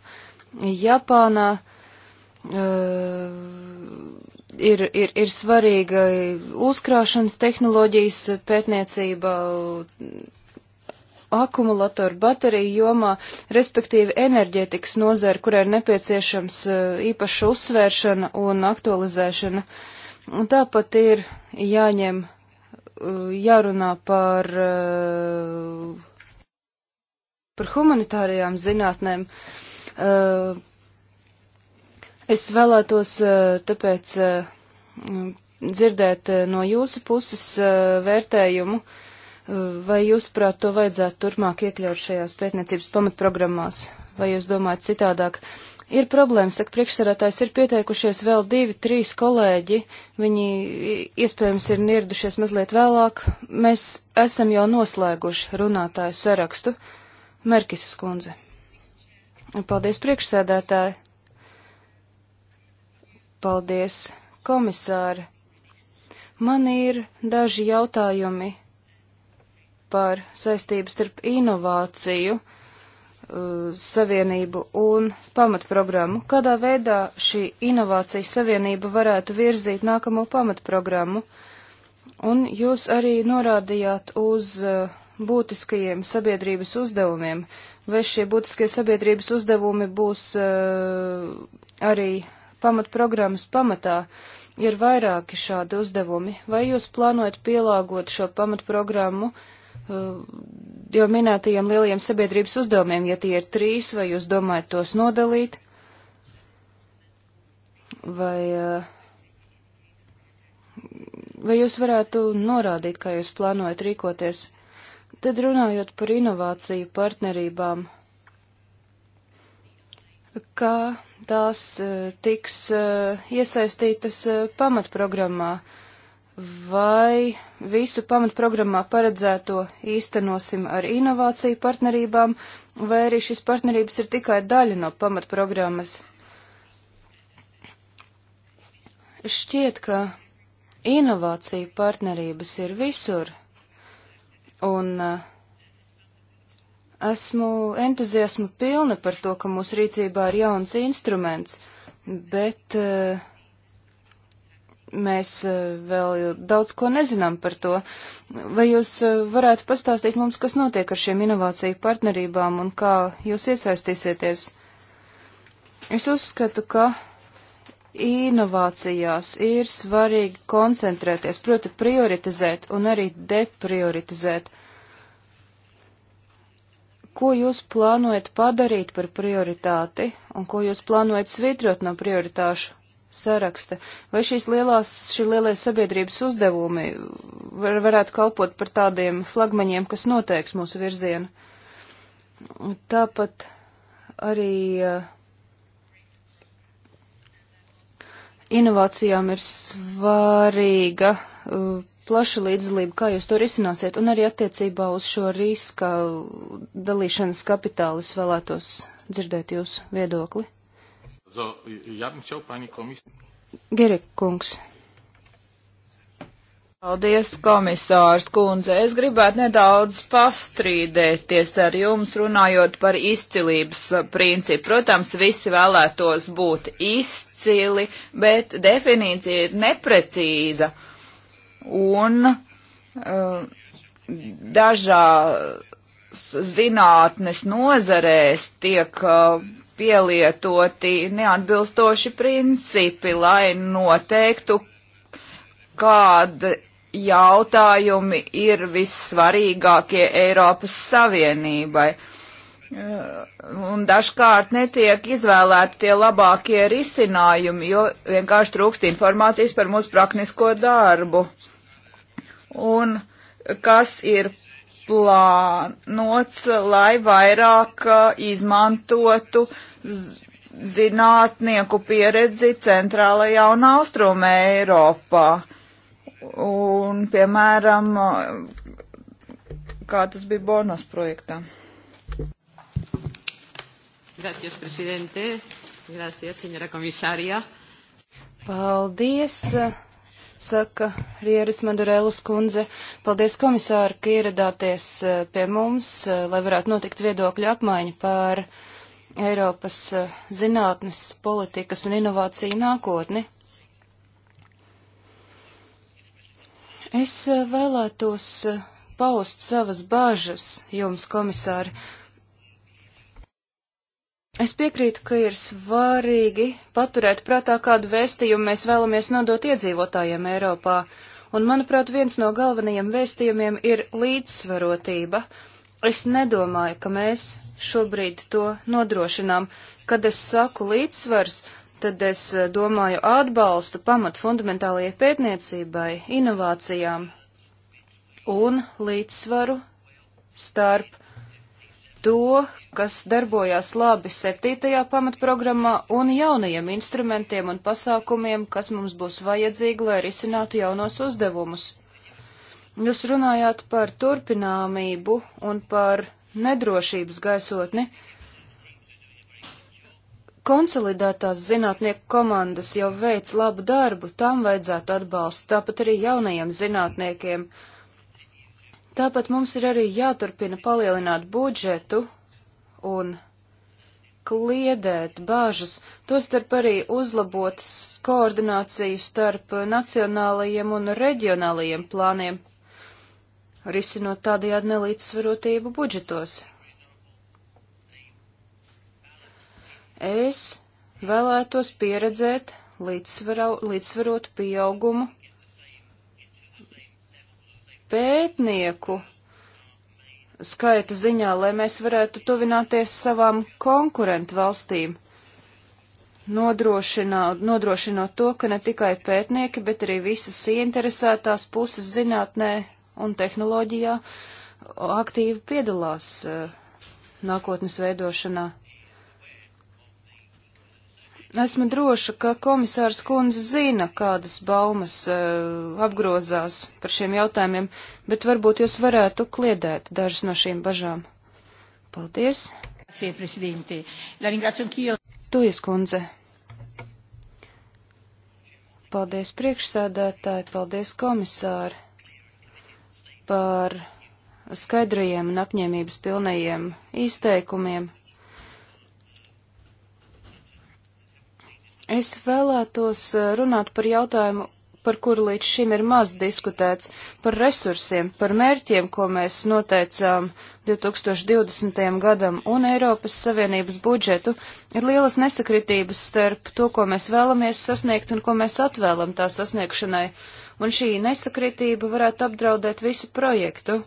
Japānā. Uh, ir, ir, ir svarīga uzkrāšanas tehnoloģijas pētniecība, akumulatoru bateriju jomā, respektīvi enerģētikas nozēra, kurai ir nepieciešams eh, īpaša uzsvēršana un aktualizēšana. Un tāpat ir jāņem, eh, jārunā par, eh, par humanitārajām zinātnēm. Es vēlētos tāpēc dzirdēt no jūsu puses vērtējumu, uh, Vai jūs, prāt, to vajadzētu turpmāk iekļaut šajās pētniecības pamatprogrammās, vai jūs domājat citādāk? Ir problēma, saka priekšsarētājs, ir pieteikušies vēl divi, trīs kolēģi, viņi iespējams ir ieradušies mazliet vēlāk, mēs esam jau noslēguši runātāju sarakstu. Merkis skundze. Paldies priekšsēdētāji. Paldies komisāri. Man ir daži jautājumi par saistību starp inovāciju eh, savienību un pamatprogrammu. Kādā veidā šī inovācija savienība varētu virzīt nākamo pamatprogrammu? Un jūs arī norādījāt uz eh, būtiskajiem sabiedrības uzdevumiem. Vai šie būtiskie sabiedrības uzdevumi būs eh, arī pamatprogrammas pamatā? Ir vairāki šādi uzdevumi. Vai jūs plānojat pielāgot šo pamatprogrammu? Uh, jau minētajiem lielajiem sabiedrības uzdevumiem, ja tie ir trīs, vai jūs domājat tos nodalīt, vai, uh, vai jūs varētu norādīt, kā jūs plānojat rīkoties. Tad runājot par inovāciju partnerībām, kā tās uh, tiks iesaistītas pamatprogrammā vai visu pamatprogrammā paredzēto īstenosim ar inovāciju partnerībām, vai arī šis partnerības ir tikai daļa no pamatprogrammas. Šķiet, ka inovāciju partnerības ir visur, un uh, esmu entuziasma pilna par to, ka mūsu rīcībā ir jauns instruments, bet uh, mēs eh, vēl daudz ko nezinām par to. Vai jūs eh, varētu pastāstīt mums, kas notiek ar šiem inovāciju partnerībām un kā jūs iesaistīsieties? Es uzskatu, ka inovācijās ir svarīgi koncentrēties, proti prioritizēt un arī deprioritizēt. Ko jūs plānojat padarīt par prioritāti un ko jūs plānojat svītrot no prioritāšu? saraksta. Vai šīs lielās, šī lielie sabiedrības uzdevumi var, varētu kalpot par tādiem flagmaņiem, kas noteiks mūsu virzienu? Tāpat arī eh, inovācijām ir svarīga eh, plaša līdzdalība, kā jūs to risināsiet, un arī attiecībā uz šo riska dalīšanas kapitālu es vēlētos dzirdēt jūsu viedokli. So, ja bym chciał pani komisār. Gerek kungs. Paldies, komisārs kundze. Es gribētu nedaudz pastrīdēties ar jums, runājot par izcilības principu. Protams, visi vēlētos būt izcili, bet definīcija ir neprecīza. Un uh, dažās zinātnes nozarēs tiek uh, pielietoti neatbilstoši principi, lai noteiktu, kāda jautājumi ir vissvarīgākie Eiropas Savienībai. Uh, un dažkārt netiek izvēlēti tie labākie risinājumi, jo vienkārši trūkst informācijas par mūsu praktisko darbu. Un kas ir plānots, lai vairāk uh, izmantotu zinātnieku pieredzi centrālajā un austrumē Eiropā. Un, piemēram, kā tas bija Bonas projektā. Gracias, presidente. Gracias, señora komisārija. Paldies. Uh saka Rieris Madurēlas kundze. Paldies, komisāri, ka ieradāties eh, pie mums, eh, lai varētu notikt viedokļu apmaiņa par Eiropas eh, zinātnes, politikas un inovāciju nākotni. Es vēlētos paust savas bāžas jums, komisāri, Es piekrītu, ka ir svarīgi paturēt prātā, kādu vēstījumu mēs vēlamies nodot iedzīvotājiem Eiropā, un, manuprāt, viens no galvenajiem vēstījumiem ir līdzsvarotība. Es nedomāju, ka mēs šobrīd to nodrošinām. Kad es saku līdzsvars, tad es eh, domāju atbalstu pamat fundamentālajai pētniecībai, inovācijām un līdzsvaru starp to, kas darbojās labi septītajā pamatprogrammā un jaunajiem instrumentiem un pasākumiem, kas mums būs vajadzīgi, lai risinātu jaunos uzdevumus. Jūs runājāt par turpināmību un par nedrošības gaisotni. Konsolidētās zinātnieku komandas jau veic labu darbu, tam vajadzētu atbalstu, tāpat arī jaunajiem zinātniekiem. Uh, Tāpat mums ir arī jāturpina palielināt budžetu un kliedēt bāžas, tostarp arī uzlabot koordināciju starp nacionālajiem un reģionālajiem plāniem, risinot tādējādi nelīdzsvarotību budžetos. Es vēlētos pieredzēt līdzsvarotu pieaugumu pētnieku skaita ziņā, lai mēs varētu tuvināties savām konkurentu valstīm, nodrošinot, nodrošinot to, ka ne tikai pētnieki, bet arī visas ieinteresētās puses zinātnē un tehnoloģijā aktīvi piedalās eh, nākotnes veidošanā. Esmu droša, ka komisārs kundze zina, kādas baumas uh, apgrozās par šiem jautājumiem, bet varbūt jūs varētu kliedēt dažas no šīm bažām. Paldies. Tujas kundze. Paldies priekšsēdētāji, paldies komisāri par skaidrajiem un apņēmības pilnajiem izteikumiem. Es vēlētos eh, runāt par jautājumu, par kuru līdz šim ir maz diskutēts, par resursiem, par mērķiem, ko mēs noteicām 2020. gadam un Eiropas Savienības budžetu, ir lielas nesakritības starp to, ko mēs vēlamies sasniegt un ko mēs atvēlam tā sasniegšanai, un šī nesakritība varētu apdraudēt visu projektu.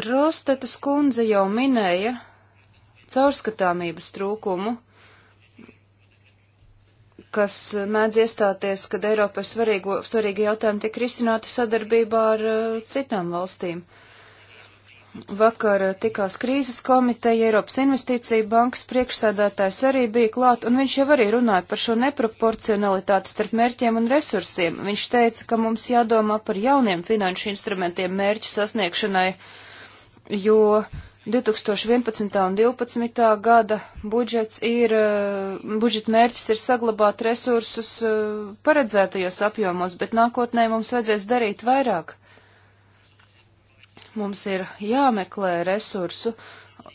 Grostetas kundze jau minēja caurskatāmības trūkumu kas mēdz iestāties, kad Eiropai svarīgo, svarīgi jautājumi tiek risināti sadarbībā ar eh, citām valstīm. Vakar eh, tikās krīzes komiteja, Eiropas investīcija bankas priekšsēdētājs arī bija klāt, un viņš jau arī runāja par šo neproporcionalitāti starp mērķiem un resursiem. Viņš teica, ka mums jādomā par jauniem finanšu instrumentiem mērķu sasniegšanai, jo uh, 2011. un 2012. gada budžets ir, eh, budžeta mērķis ir saglabāt resursus eh, paredzētajos apjomos, bet nākotnē mums vajadzēs darīt vairāk. Mums ir jāmeklē resursu,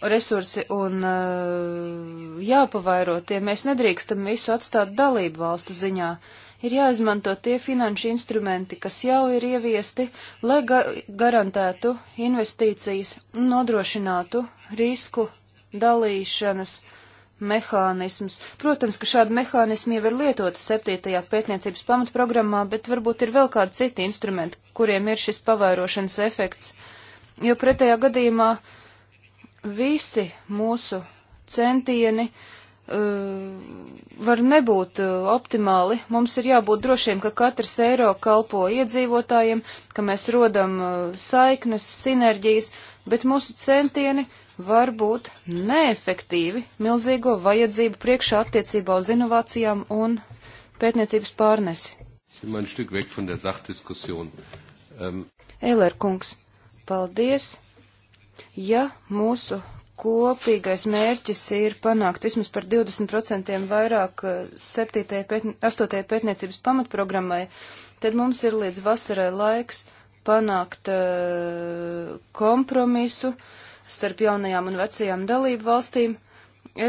resursi un eh, jāpavairo tie. Mēs nedrīkstam visu atstāt dalību valstu ziņā. Uh, ir jāizmanto tie finanšu instrumenti, kas jau ir ieviesti, lai ga garantētu investīcijas un nodrošinātu risku dalīšanas mehānismus. Protams, ka šādi mehānismi jau ir lietoti 7. pētniecības pamatprogrammā, bet varbūt ir vēl kādi citi instrumenti, kuriem ir šis pavērošanas efekts, jo pretējā gadījumā visi mūsu centieni uh, Eh, var nebūt eh, optimāli. Mums ir jābūt drošiem, ka katrs eiro kalpo iedzīvotājiem, ka mēs rodam eh, saiknes, sinerģijas, bet mūsu centieni var būt neefektīvi milzīgo vajadzību priekšā attiecībā uz inovācijām un pētniecības pārnesi. Um. Ähm, Eler kungs, paldies! Ja mūsu kopīgais mērķis ir panākt vismaz par 20% vairāk 7. Pētni, 8. pētniecības pamatprogrammai, tad mums ir līdz vasarai laiks panākt uh, kompromisu starp jaunajām un vecajām dalību valstīm.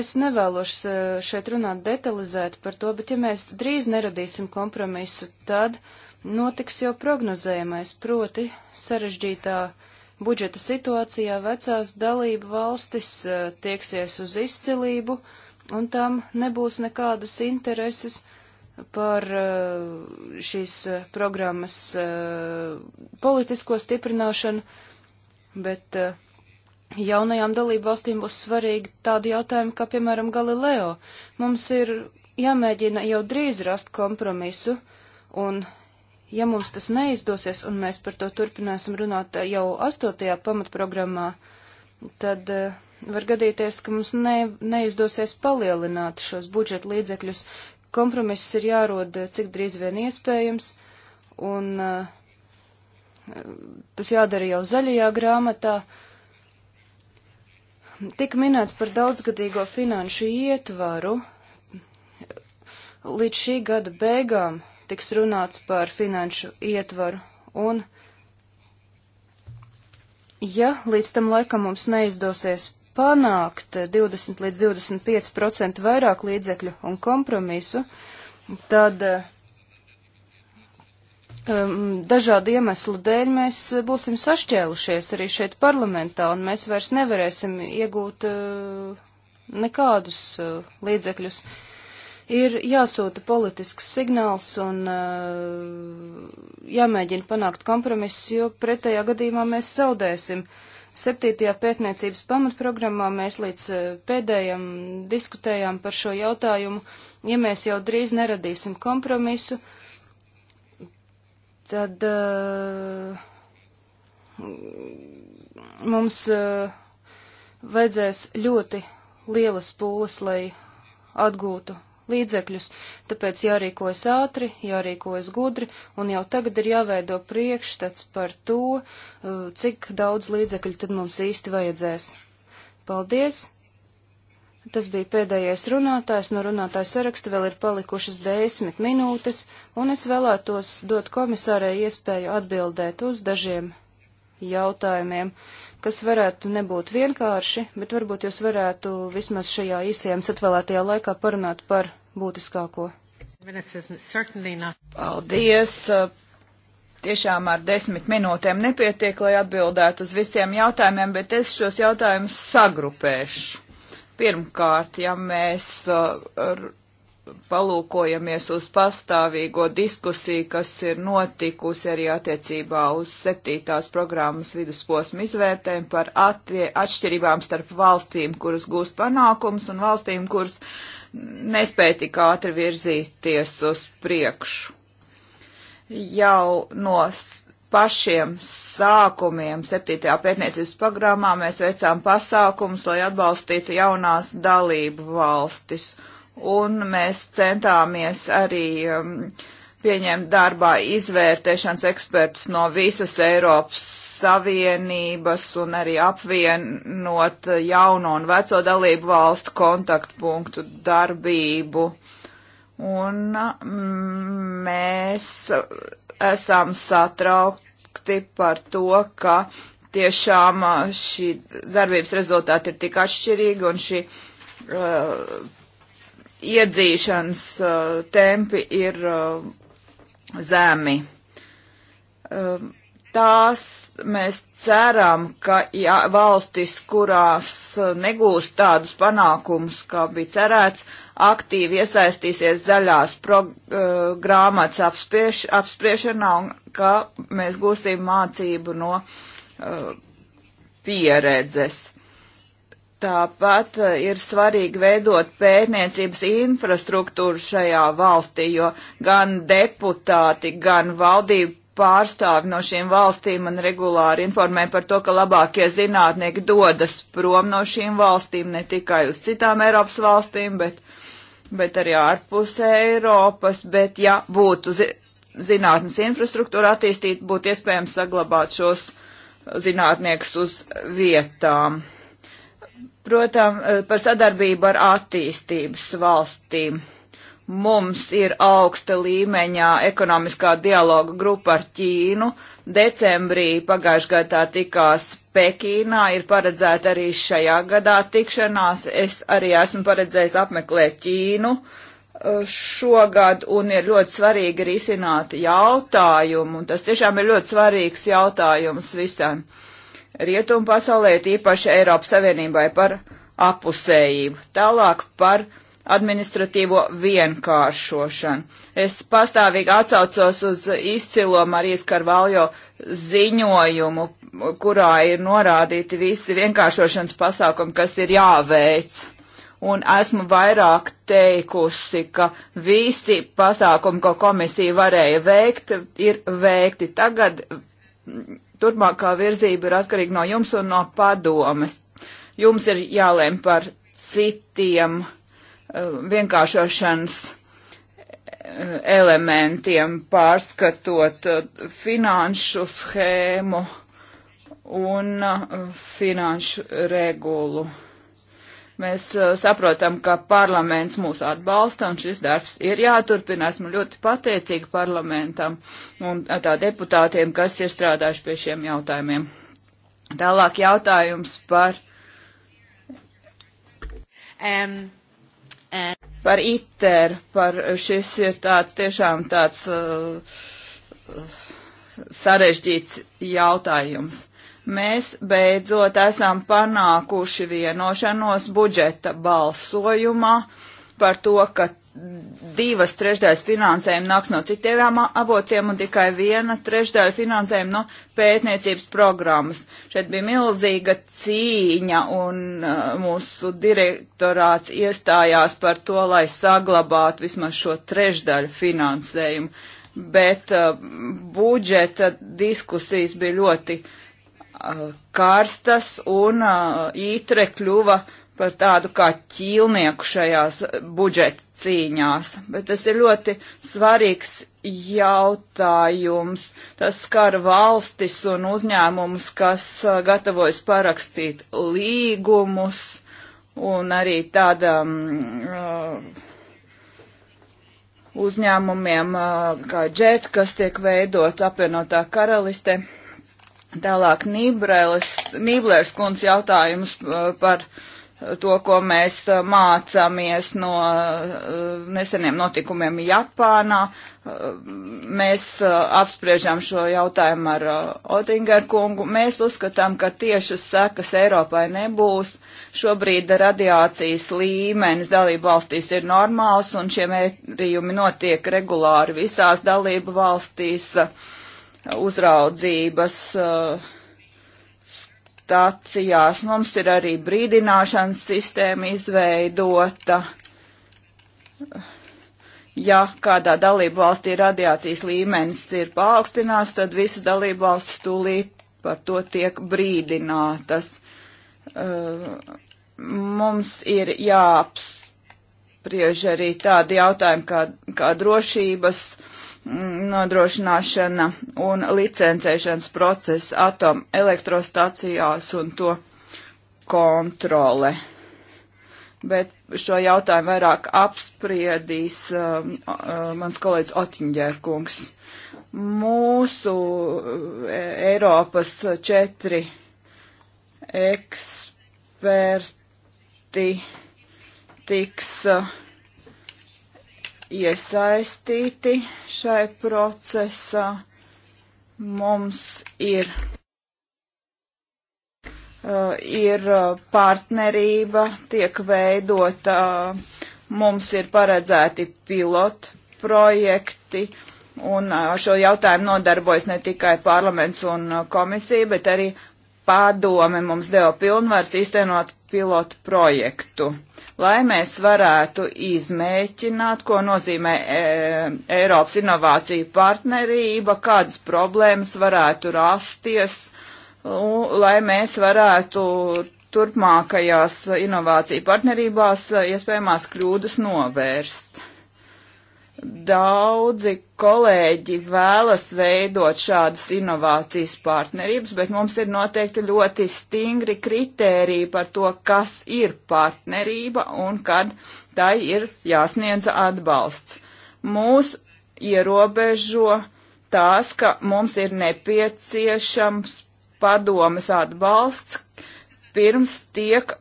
Es nevēlos uh, šeit runāt detalizēt par to, bet ja mēs drīz neradīsim kompromisu, tad notiks jau prognozējamais, proti sarežģītā uh, budžeta situācijā vecās dalību valstis eh, tieksies uz izcilību, un tam nebūs nekādas intereses par eh, šīs eh, programmas politisko stiprināšanu, bet jaunajām dalību valstīm būs svarīgi tādi jautājumi kā, piemēram, Galileo. Mums ir jāmēģina jau drīz rast kompromisu, un ja mums tas neizdosies, un mēs par to turpināsim runāt jau astotajā pamatprogrammā, tad eh, var gadīties, ka mums ne, neizdosies palielināt šos budžeta līdzekļus. Kompromiss ir jārod eh, cik drīz vien iespējams, un eh, tas jādara jau zaļajā grāmatā. Tik minēts par daudzgadīgo finanšu ietvaru. Līdz šī gada beigām tiks runāts par finanšu ietvaru. Un, ja līdz tam laikam mums neizdosies panākt 20 līdz 25% vairāk līdzekļu un kompromisu, tad um, dažādu iemeslu dēļ mēs būsim sašķēlušies arī šeit parlamentā, un mēs vairs nevarēsim iegūt uh, nekādus uh, līdzekļus. Uh, Ir jāsūta politisks signāls un uh, jāmēģina panākt kompromiss, jo pretējā gadījumā mēs zaudēsim. Septītajā pētniecības pamatprogrammā mēs līdz eh, pēdējam diskutējām par šo jautājumu. Ja mēs jau drīz neradīsim kompromisu, tad uh, mums uh, vajadzēs ļoti lielas pūles, lai atgūtu līdzekļus, tāpēc jārīkojas ātri, jārīkojas gudri, un jau tagad ir jāveido priekšstats par to, uh, cik daudz līdzekļu tad mums īsti vajadzēs. Paldies! Tas bija pēdējais runātājs, no runātāja saraksta vēl ir palikušas desmit minūtes, un es vēlētos dot komisārai iespēju atbildēt uz dažiem jautājumiem kas varētu nebūt vienkārši, bet varbūt jūs varētu vismaz šajā īsajā atvēlētajā laikā parunāt par būtiskāko. Paldies! Tiešām ar desmit minūtēm nepietiek, lai atbildētu uz visiem jautājumiem, bet es šos jautājumus sagrupēšu. Pirmkārt, ja mēs uh, palūkojamies uz pastāvīgo diskusiju, kas ir notikusi arī attiecībā uz septītās programmas vidusposmu izvērtēm par atšķirībām starp valstīm, kuras gūst panākums, un valstīm, kuras nespēja tik ātri virzīties uz priekšu. Jau no pašiem sākumiem septītajā pētniecības programmā mēs veicām pasākums, lai atbalstītu jaunās dalību valstis un mēs centāmies arī um, pieņemt darbā izvērtēšanas ekspertus no visas Eiropas Savienības un arī apvienot jauno un veco dalību valstu kontaktpunktu darbību. Un mm, mēs esam satraukti par to, ka tiešām šī darbības rezultāti ir tik atšķirīgi un šī uh, iedzīšanas uh, tempi ir uh, zemi. Um, tās mēs ceram, ka ja, valstis, kurās uh, negūst tādus panākumus, kā bija cerēts, aktīvi iesaistīsies zaļās grāmatas apsprieš, apspriešanā un ka mēs gūsim mācību no uh, pieredzes. Tāpat eh, ir svarīgi veidot pētniecības infrastruktūru šajā valstī, jo gan deputāti, gan valdība pārstāvi no šīm valstīm man regulāri informē par to, ka labākie zinātnieki dodas prom no šīm valstīm, ne tikai uz citām Eiropas valstīm, bet, bet arī ārpus Eiropas. Bet, ja būtu zi zinātnes infrastruktūra attīstīta, būtu iespējams saglabāt šos zinātniekus uz vietām. Protams, eh, par sadarbību ar attīstības valstīm. Mums ir augsta līmeņā ekonomiskā dialoga grupa ar Ķīnu. Decembrī pagājušajā gadā tikās Pekīnā, ir paredzēta arī šajā gadā tikšanās. Es arī esmu paredzējis apmeklēt Ķīnu eh, šogad un ir ļoti svarīgi risināt jautājumu. Un tas tiešām ir ļoti svarīgs jautājums visam. Uh, rietumu pasaulē, tīpaši Eiropas Savienībai par apusējību. Tālāk par administratīvo vienkāršošanu. Es pastāvīgi atsaucos uz izcilo Marijas Karvaljo ziņojumu, kurā ir norādīti visi vienkāršošanas pasākumi, kas ir jāveic. Un esmu vairāk teikusi, ka visi pasākumi, ko komisija varēja veikt, ir veikti. Tagad turpmākā virzība ir atkarīga no jums un no padomes. Jums ir jālēm par citiem eh, vienkāršošanas eh, elementiem, pārskatot eh, finanšu schēmu un finanšu regulu. Mēs uh, saprotam, ka parlaments mūs atbalsta un šis darbs ir jāturpina. Esmu ļoti pateicīga parlamentam un tā deputātiem, kas ir strādājuši pie šiem jautājumiem. Tālāk jautājums par. Um, um. Par ITER, par šis ir tāds tiešām tāds uh, sarežģīts jautājums mēs beidzot esam panākuši vienošanos budžeta balsojumā par to, ka divas trešdaļas finansējuma nāks no citiem avotiem un tikai viena trešdaļa finansējuma no pētniecības programmas. Šeit bija milzīga cīņa un uh, mūsu direktorāts iestājās par to, lai saglabātu vismaz šo trešdaļu finansējumu, bet uh, budžeta diskusijas bija ļoti uh, Eh, karstas un eh, ītre kļuva par tādu kā ķīlnieku šajās budžeta cīņās, bet tas ir ļoti svarīgs jautājums. Tas skar valstis un uzņēmumus, kas eh, gatavojas parakstīt līgumus un arī tādam mm, uh, uzņēmumiem uh, kā džet, kas tiek veidots apvienotā karaliste. Uh, Tālāk Nībleres kundze jautājums uh, par uh, to, ko mēs uh, mācāmies no neseniem notikumiem Japānā. Mēs apspriežam šo jautājumu ar Otingeru kungu. Mēs uzskatām, ka tiešas sekas Eiropai nebūs. Šobrīd radiācijas līmenis dalību valstīs ir normāls un šie mērījumi notiek regulāri visās dalību valstīs. Uh, uzraudzības uh, stācijās. Mums ir arī brīdināšanas sistēma izveidota. Ja kādā dalību valstī radiācijas līmenis ir paaugstināts, tad visas dalību valstis tūlīt par to tiek brīdinātas. Uh, mums ir jāapspriež arī tādi jautājumi kā, kā drošības uh, nodrošināšana un licencēšanas process atom elektrostacijās un to kontrole. Bet šo jautājumu vairāk apspriedīs uh, uh, mans kolēģis Otiņģērkungs. Mūsu uh, Eiropas četri eksperti tiks uh, iesaistīti šai procesā. Mums ir, uh, ir uh, partnerība, tiek veidota, uh, mums ir paredzēti pilotu projekti, un uh, ar šo jautājumu nodarbojas ne tikai parlaments un komisija, bet arī padome mums deva pilnvars īstenot pilotu projektu, lai mēs varētu izmēķināt, ko nozīmē e, Eiropas inovāciju partnerība, kādas problēmas varētu rasties, un, lai mēs varētu turpmākajās inovāciju partnerībās e, iespējamās kļūdas novērst. Daudzi kolēģi vēlas veidot šādas inovācijas partnerības, bet mums ir noteikti ļoti stingri kritēriji par to, kas ir partnerība un kad tai ir jāsniedz atbalsts. Mūs ierobežo tās, ka mums ir nepieciešams padomas atbalsts, pirms tiek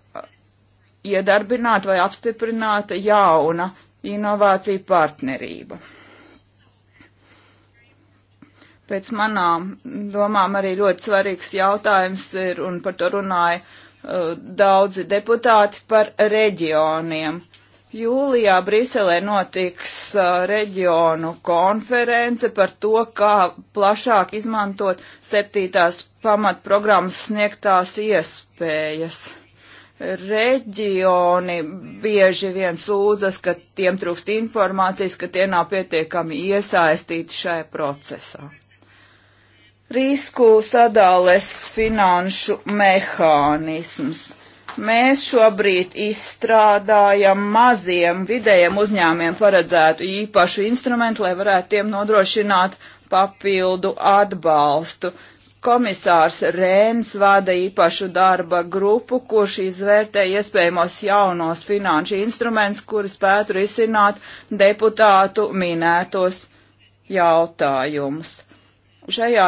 iedarbināta vai apstiprināta jauna inovāciju partnerība. Pēc manām domām arī ļoti svarīgs jautājums ir, un par to runāja uh, daudzi deputāti, par reģioniem. Jūlijā Briselē notiks uh, reģionu konference par to, kā plašāk izmantot septītās pamatprogrammas sniegtās iespējas reģioni bieži vien sūdzas, ka tiem trūkst informācijas, ka tie nav pietiekami iesaistīti šajā procesā. Risku sadales finanšu mehānisms. Mēs šobrīd izstrādājam maziem vidējiem uzņēmiem paredzētu īpašu instrumentu, lai varētu tiem nodrošināt papildu atbalstu. Komisārs Rēns vada īpašu darba grupu, kurš izvērtē iespējamos jaunos finanšu instrumentus, kuri spētu risināt deputātu minētos jautājumus. Šajā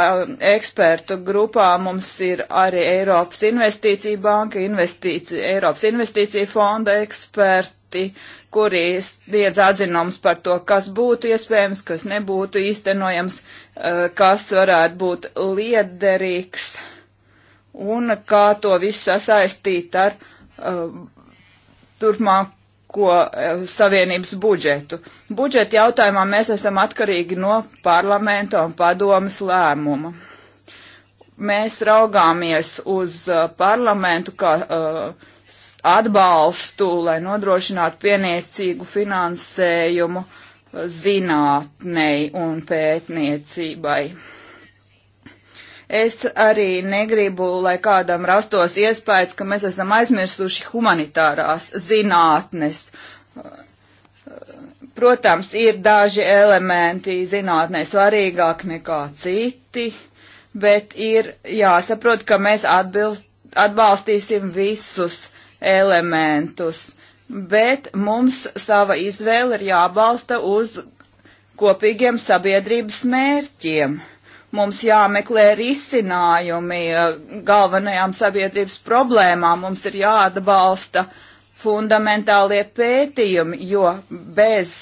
ekspertu grupā mums ir arī Eiropas Investīcija Banka, investīcija, Eiropas Investīcija Fonda eksperti eksperti, kuri sniedz atzinums par to, kas būtu iespējams, kas nebūtu īstenojams, eh, kas varētu būt liederīgs un kā to visu sasaistīt ar eh, turpmāko eh, savienības budžetu. Budžeta jautājumā mēs esam atkarīgi no parlamenta un padomas lēmuma. Mēs raugāmies uz parlamentu kā uh, atbalstu, lai nodrošinātu pieniecīgu finansējumu zinātnei un pētniecībai. Es arī negribu, lai kādam rastos iespējas, ka mēs esam aizmirsuši humanitārās zinātnes. Protams, ir daži elementi zinātnē svarīgāk nekā citi, bet ir jāsaprot, ka mēs atbilst, atbalstīsim visus elementus, bet mums sava izvēle ir jābalsta uz kopīgiem sabiedrības mērķiem. Mums jāmeklē risinājumi eh, galvenajām sabiedrības problēmām, mums ir jāatbalsta fundamentālie pētījumi, jo bez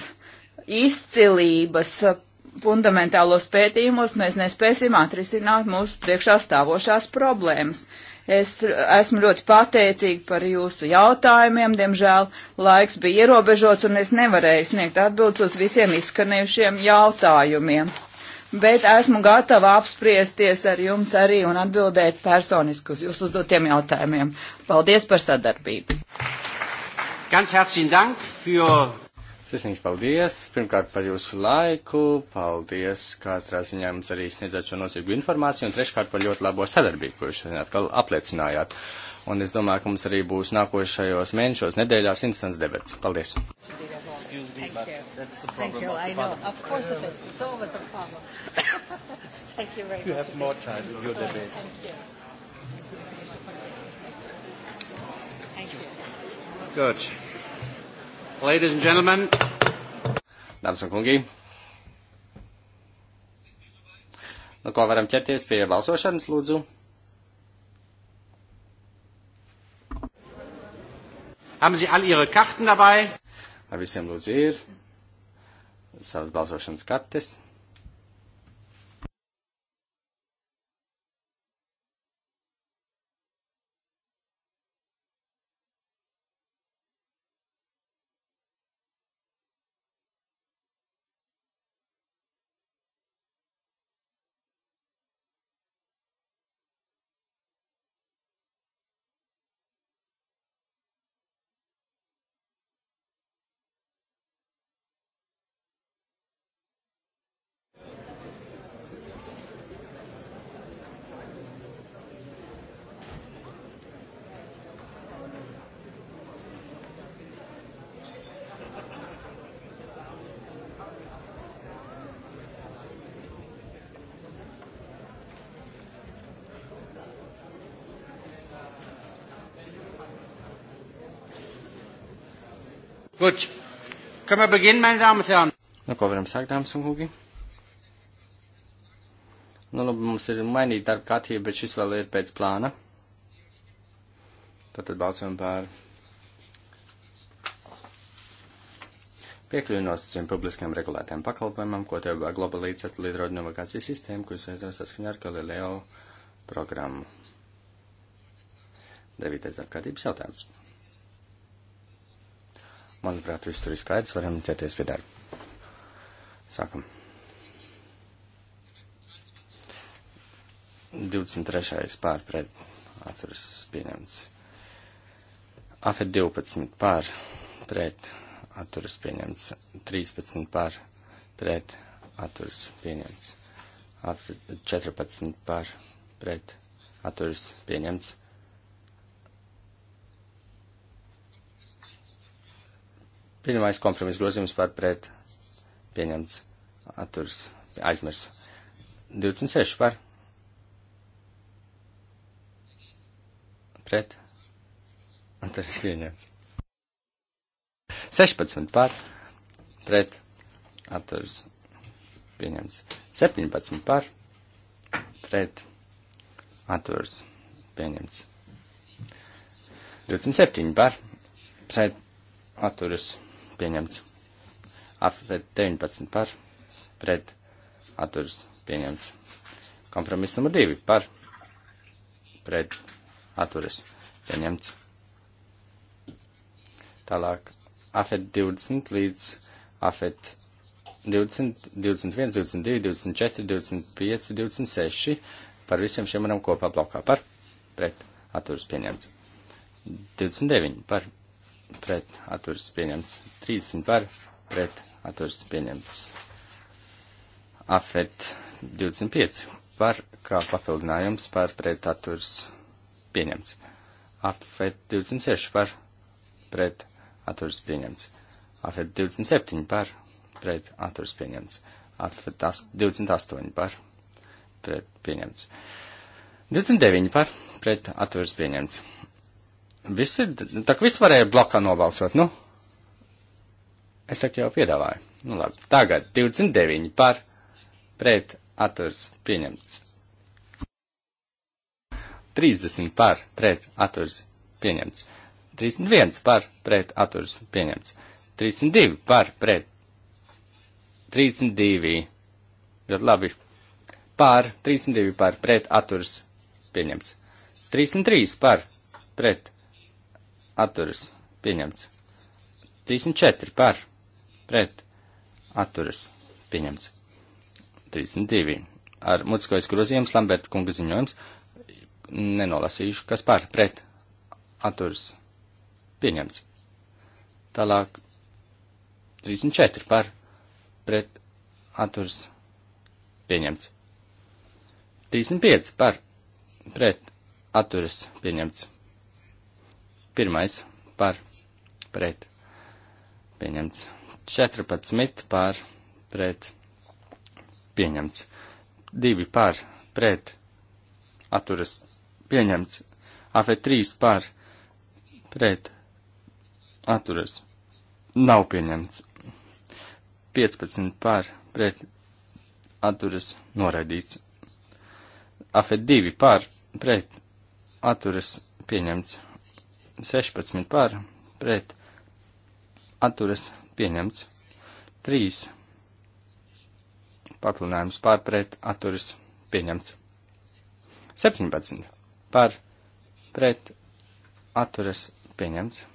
izcilības eh, fundamentālos pētījumos mēs nespēsim atrisināt mūsu priekšā stāvošās problēmas. Uh, Es esmu ļoti pateicīga par jūsu jautājumiem. Diemžēl laiks bija ierobežots un es nevarēju sniegt atbildes uz visiem izskanējušiem jautājumiem. Bet esmu gatava apspriesties ar jums arī un atbildēt personiski uz jūsu uzdotiem jautājumiem. Paldies par sadarbību! Ganz herzlichen Dank für Sirsnīgs paldies! Pirmkārt par jūsu laiku, paldies, katrā ziņā mums arī sniedzat šo nozīmīgu informāciju, un treškārt par ļoti labo sadarbību, ko jūs šodien atkal apliecinājāt. Un es domāju, ka mums arī būs nākošajos mēnešos, nedēļās instants debats. Paldies! You [LAUGHS] have more time in your debates. Thank you. Thank you. Good. Ladies and gentlemen. Dāmas un kungi. Nu, ko varam ķerties pie balsošanas, lūdzu? Haben Sie all Ihre Karten dabei? Ar visiem lūdzu ir savas balsošanas kartes. Gut. Können wir beginnen, meine Damen und Herren? Nu, ko varam sākt, dāmas un kungi? Nu, labi, mums ir mainīta darba kārtība, bet šis vēl ir pēc plāna. Tātad balsojam par piekļuvi nosacījumu publiskiem regulētiem pakalpojumam, ko tev vajag globāli līdzekļu līdrodu novakācijas sistēmu, kuras aizās saskaņā ar Galileo programmu. Devītais darbkārtības jautājums. Manuprāt, viss tur ir skaidrs, varam ķerties pie darba. Sākam. 23. pār pret atturas pieņemts. AFED 12 pār pret atturas pieņemts. 13 pār pret atturas pieņemts. AFED 14 pār pret atturas pieņemts. Pirmais kompromiss grozījums par pret pieņemts atturs aizmirs. 26 par pret atturs pieņemts. 16 par pret atturs pieņemts. 17 par pret atturs pieņemts. 27 par pret atturs pieņemts pieņemts. Afet 19 par, pret, atturas pieņemts. Kompromiss numur 2 par, pret, atturas pieņemts. Tālāk Afet 20 līdz Afet 20, 21, 22, 24, 25, 26 par visiem šiem varam kopā blokā par, pret, atturas pieņemts. 29 par, pret atturas pieņemts. 30 par pret atturas pieņemts. Afet 25 par kā papildinājums par pret atturas pieņemts. Afet 26 par pret atturas pieņemts. Afet 27 par pret atturas pieņemts. Afet 28 par pret pieņemts. 29 par pret atturas pieņemts. Visi, tak viss varēja blakā nobalsot, nu? Es tak jau piedāvāju. Nu labi, tagad 29 par pret atturs pieņemts. 30 par pret atturs pieņemts. 31 par pret atturs pieņemts. 32 par pret. 32. Ļoti labi. Par 32 par pret atturs pieņemts. 33 par pret atturas pieņemts. 34 par pret atturas pieņemts. 32 ar mutiskojas grozījums Lamberta kunga ziņojums nenolasīšu, kas par pret atturas pieņemts. Tālāk 34 par pret atturas pieņemts. 35 par pret atturas pieņemts. Pirmais par pret pieņemts. 14 par pret pieņemts. 2 par pret atturas pieņemts. AFE 3 par pret atturas nav pieņemts. 15 par pret atturas noraidīts. AFE 2 par pret atturas pieņemts. 16 par, pret, atturas pieņemts, 3 papildinājums par, pret, atturas pieņemts, 17 par, pret, atturas pieņemts,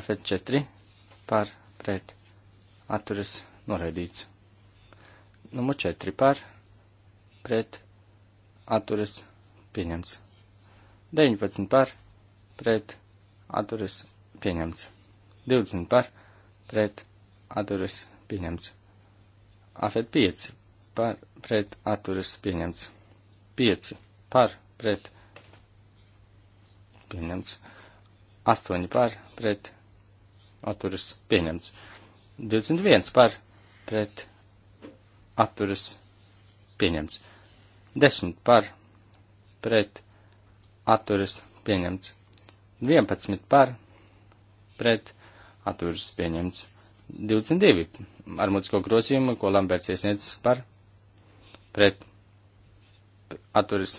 afet 4 par, pret, atturas noraidīts, numur 4 par, pret, atturas pieņemts, 19 par, pret, atturas pieņemts. 20 par pret atturas pieņemts. Afet 5 par pret atturas pieņemts. 5 par pret pieņemts. 8 par pret atturas pieņemts. 21 par pret atturas pieņemts. 10 par pret atturas pieņemts. 11 par pret atturas pieņemts 22 ar mutisko grozījumu, ko Lamberts iesniedz par pret atturas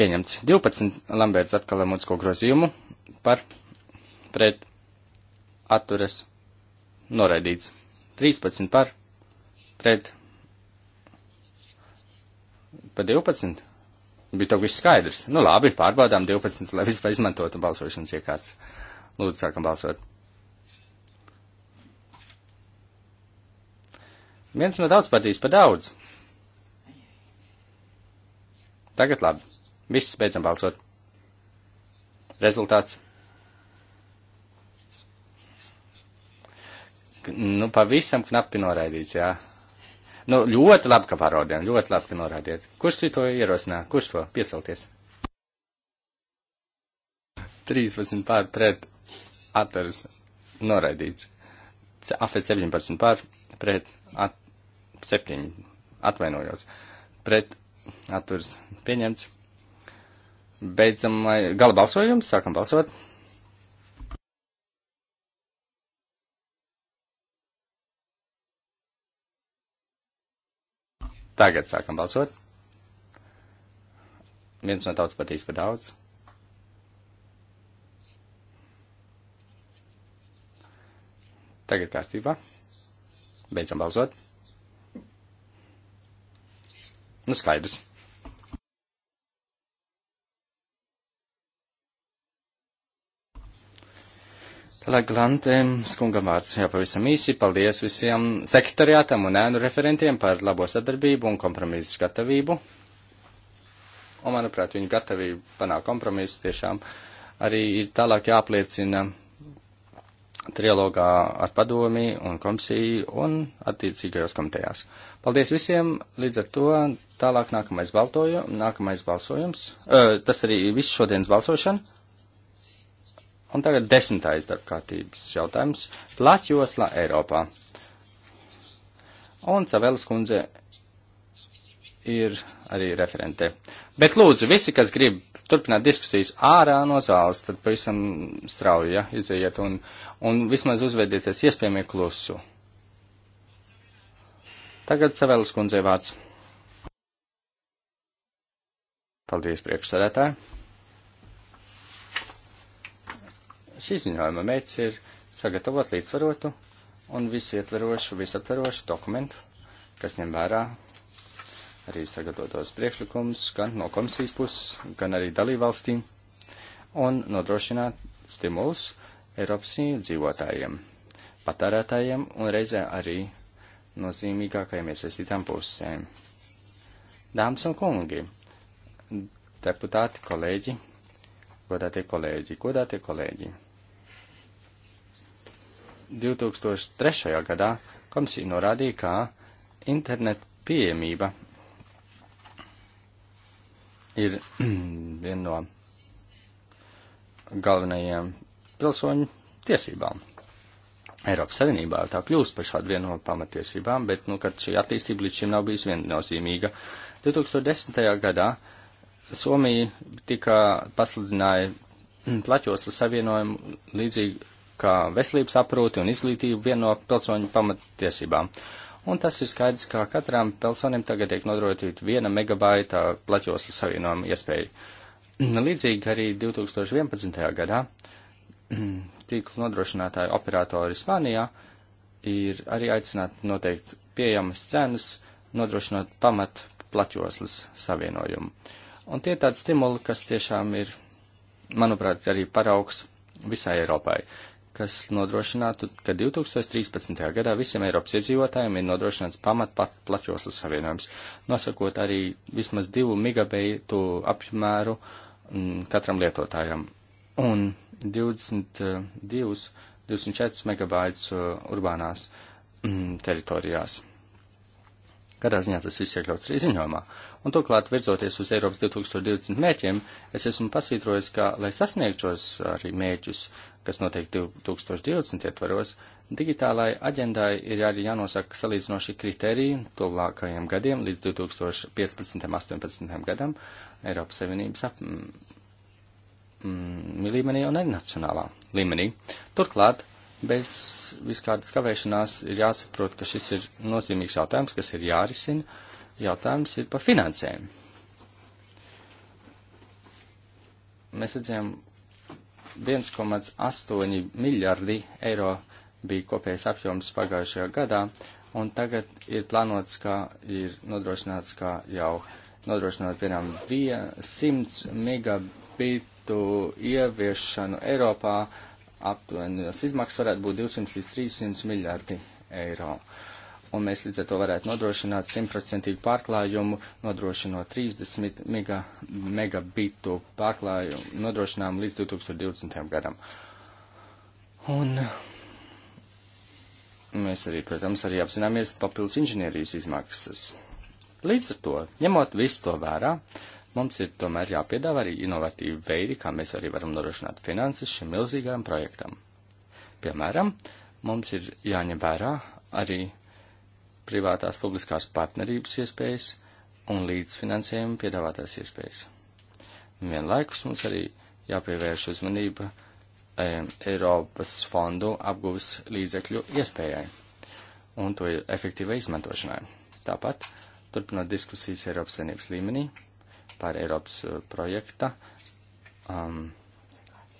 pieņemts 12 Lamberts atkal ar mutisko grozījumu par pret atturas noraidīts 13 par pret pa 12 Bija tā viss skaidrs. Nu labi, pārbaudām 12, lai vispār izmantotu balsošanas iekārtas. Lūdzu, sākam balsot. Viens no daudz patīs pa daudz. Tagad labi. Viss beidzam balsot. Rezultāts. Nu, pavisam knapi noraidīts, jā. Nu, ļoti labi, ka parodiem, ļoti labi, ka norādiet. Kurš to ierosinā? Kurš to piecelties? 13 pār pret atveras noraidīts. Afet 17 pār pret at, 7 atvainojos. Pret atveras pieņemts. Beidzam, gala balsojums, sākam balsot. Tagad sākam balsot. Viens no tautas patīs par daudz. Tagad kārtībā. Beidzam balsot. Nu, skaidrs. Tālāk Glantēm skungam vārds jau pavisam īsi. Paldies visiem sekretariātam un ēnu referentiem par labo sadarbību un kompromisu gatavību. Un, manuprāt, viņu gatavība panākt kompromisu tiešām arī ir tālāk jāapliecina trilogā ar padomi un komisiju un attiecīgajos komitejās. Paldies visiem, līdz ar to tālāk nākamais, baltoju, nākamais balsojums, uh, tas arī viss šodienas balsošana. Un tagad desmitais darbkārtības jautājums - platjosla Eiropā. Un Cavēlas kundze ir arī referente. Bet lūdzu, visi, kas grib turpināt diskusijas ārā no zāles, tad pavisam strauji ja, iziet un, un vismaz uzvedieties iespējami klusu. Tagad Savēlas kundzei vārds. Paldies, priekšsēdētāji! Šī ziņojuma mērķis ir sagatavot līdzsvarotu un visietverošu, visaptverošu dokumentu, kas ņem vērā arī sagatavotos priekšlikumus gan no komisijas puses, gan arī dalībvalstīm un nodrošināt stimulus Eiropas dzīvotājiem, patērētājiem un reizē arī nozīmīgākajiem iesaistītām pusēm. Dāmas un kungi, deputāti, kolēģi, godātie kolēģi, godātie kolēģi. 2003. gadā komisija norādīja, ka internetu pieejamība ir [CLEARS THROAT] viena no galvenajiem pilsoņu tiesībām. Eiropas Savienībā tā kļūst par šādu vienu no pamatiesībām, bet, nu, kad šī attīstība līdz šim nav bijusi viennozīmīga. 2010. gadā Somija tika pasludināja [CLEARS THROAT] plaķoslu savienojumu līdzīgi ka veselības aprūti un izglītība viena no pilsoņu pamatiesībām. Un tas ir skaidrs, ka katram pilsonim tagad tiek nodrošīta viena megabaita plaķoslas savienojuma iespēja. [CLEARS THROAT] Līdzīgi arī 2011. gadā tīkla [CLEARS THROAT] nodrošinātāju operatori Spānijā ir arī aicināti noteikt pieejamas cenas, nodrošinot pamat plaķoslas savienojumu. Un tie tādi stimuli, kas tiešām ir, manuprāt, arī paraugs visai Eiropai kas nodrošinātu, ka 2013. gadā visiem Eiropas iedzīvotājiem ir nodrošināts pamat plaķoslas savienojums, nosakot arī vismaz divu megabaitu apmēru mm, katram lietotājam un 22, 24 megabaitus uh, urbānās mm, teritorijās. Kādā ziņā tas viss iekļauts arī ziņojumā. Un turklāt, virzoties uz Eiropas 2020 mēķiem, es esmu pasvītrojis, ka, lai sasniegšos arī mēķus, kas notiek 2020 ietvaros, digitālai aģendai ir arī jānosaka salīdzinoši kriteriji tuvākajiem gadiem līdz 2015. un 2018. gadam Eiropas Savienības ap, mm, līmenī un arī nacionālā līmenī. Turklāt bez viskādas kavēšanās ir jāsaprot, ka šis ir nozīmīgs jautājums, kas ir jārisina. Jautājums ir par finansēm. Mēs redzējām, 1,8 miljardi eiro bija kopējais apjoms pagājušajā gadā, un tagad ir plānots, ka ir nodrošināts, ka jau nodrošināt piemēram 100 megabitu ieviešanu Eiropā, aptuvenās izmaksas varētu būt 200 līdz 300 miljardi eiro. Uh, un mēs līdz ar to varētu nodrošināt simtprocentīgu pārklājumu, nodrošinot 30 mega, megabitu pārklājumu, nodrošinām līdz 2020. gadam. Un mēs arī, protams, arī apzināmies papildus inženierijas izmaksas. Līdz ar to, ņemot visu to vērā, mums ir tomēr jāpiedāvā arī inovatīvi veidi, kā mēs arī varam nodrošināt finanses šim milzīgām projektam. Piemēram, mums ir jāņem vērā arī privātās publiskās partnerības iespējas un līdzfinansējuma piedāvātās iespējas. Un vienlaikus mums arī jāpievērš uzmanība e, Eiropas fondu apguvis līdzekļu iespējai un to efektīvai izmantošanai. Tāpat, turpinot diskusijas Eiropas Savienības līmenī par Eiropas eh, projekta um,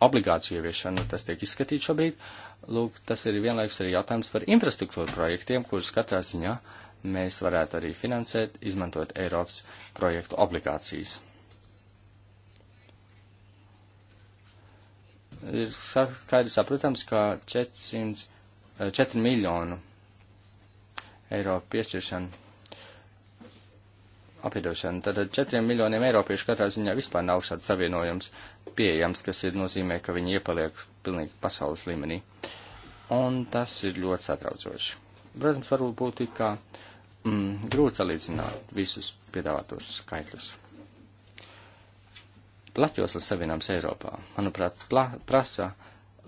obligāciju ieviešanu, tas tiek izskatīts šobrīd, uh, lūk, tas ir vienlaiks arī jautājums par infrastruktūru projektiem, kurus katrā ziņā mēs varētu arī finansēt, izmantot Eiropas projektu obligācijas. Ir skaidrs saprotams, ka 400, 4 eh, miljonu eiro piešķiršana apiedošana. Tātad 4 miljoniem eiropiešu katrā ziņā vispār nav šāds savienojums pieejams, kas ir nozīmē, ka viņi iepaliek pilnīgi pasaules līmenī. Un tas ir ļoti satraucoši. Protams, varbūt būtu kā mm, grūti salīdzināt visus piedāvātos skaitļus. Plaķoslas savienojums Eiropā, manuprāt, pla, prasa,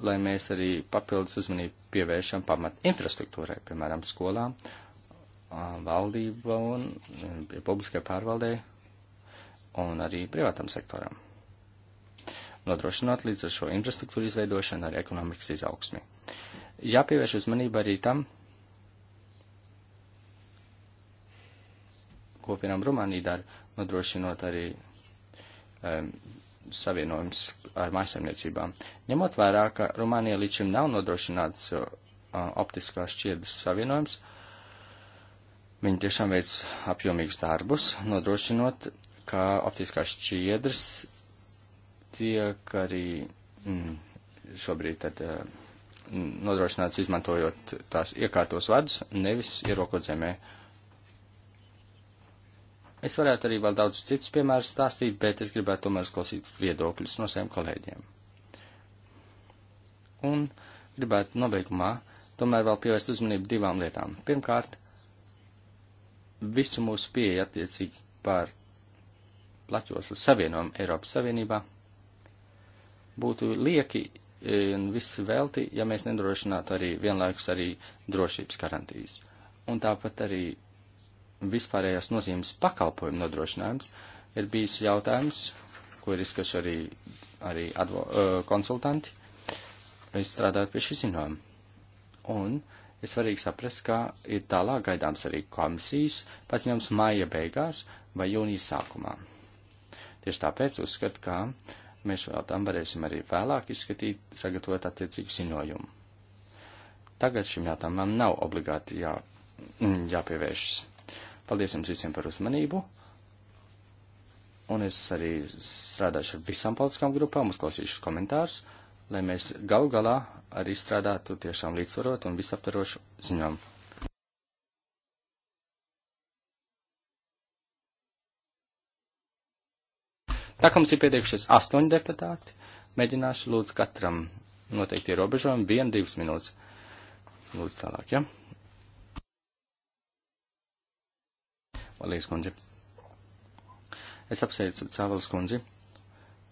lai mēs arī papildus uzmanību pievēršam pamat infrastruktūrai, piemēram, skolām, valdība un e, publiskai pārvaldē un arī privātam sektoram nodrošinot līdz ar šo infrastruktūru izveidošanu arī ekonomikas izaugsmi. Jāpievērš uzmanība arī tam, ko piemēram Rumānija dara, nodrošinot arī um, savienojums ar mājasemniecībām. Ņemot vērā, ka Rumānija līdz šim nav nodrošināts uh, optiskās šķirdes savienojums, viņi tiešām veic apjomīgus darbus, nodrošinot, ka optiskās šķiedras tiek arī mm, šobrīd tad, mm, nodrošināts izmantojot tās iekārtos vadus, nevis ierokot zemē. Es varētu arī vēl daudz citus piemērus stāstīt, bet es gribētu tomēr klausīt viedokļus no saviem kolēģiem. Un gribētu nobeigumā tomēr vēl pievērst uzmanību divām lietām. Pirmkārt, visu mūsu pieeja attiecīgi par plaķoslas savienojumu Eiropas Savienībā – būtu lieki e, un viss velti, ja mēs nedrošinātu arī vienlaikus arī drošības garantijas. Un tāpat arī vispārējās nozīmes pakalpojumu nodrošinājums ir bijis jautājums, ko ir izskaši arī, arī advo, e, konsultanti. Es strādāju pie šī zinājuma. Un ir svarīgi saprast, ka ir tālāk gaidāms arī komisijas paziņojums maija beigās vai jūnijas sākumā. Tieši tāpēc uzskatu, ka Mēs vēl tam varēsim arī vēlāk izskatīt, sagatavot attiecīgu ziņojumu. Tagad šim jautājumam nav obligāti jā, jāpievēršas. Paldies jums visiem par uzmanību. Un es arī strādāšu ar visām politiskām grupām, uzklausīšu komentārus, lai mēs galu galā arī strādātu tiešām līdzsvarot un visaptarošu ziņojumu. Tā kā mums ir pieteikušies astoņi deputāti, mēģināšu lūdzu katram noteikti ierobežojumu vienu, divas minūtes. Lūdzu tālāk, ja? Valīs kundze. Es apsveicu Cāvalas kundzi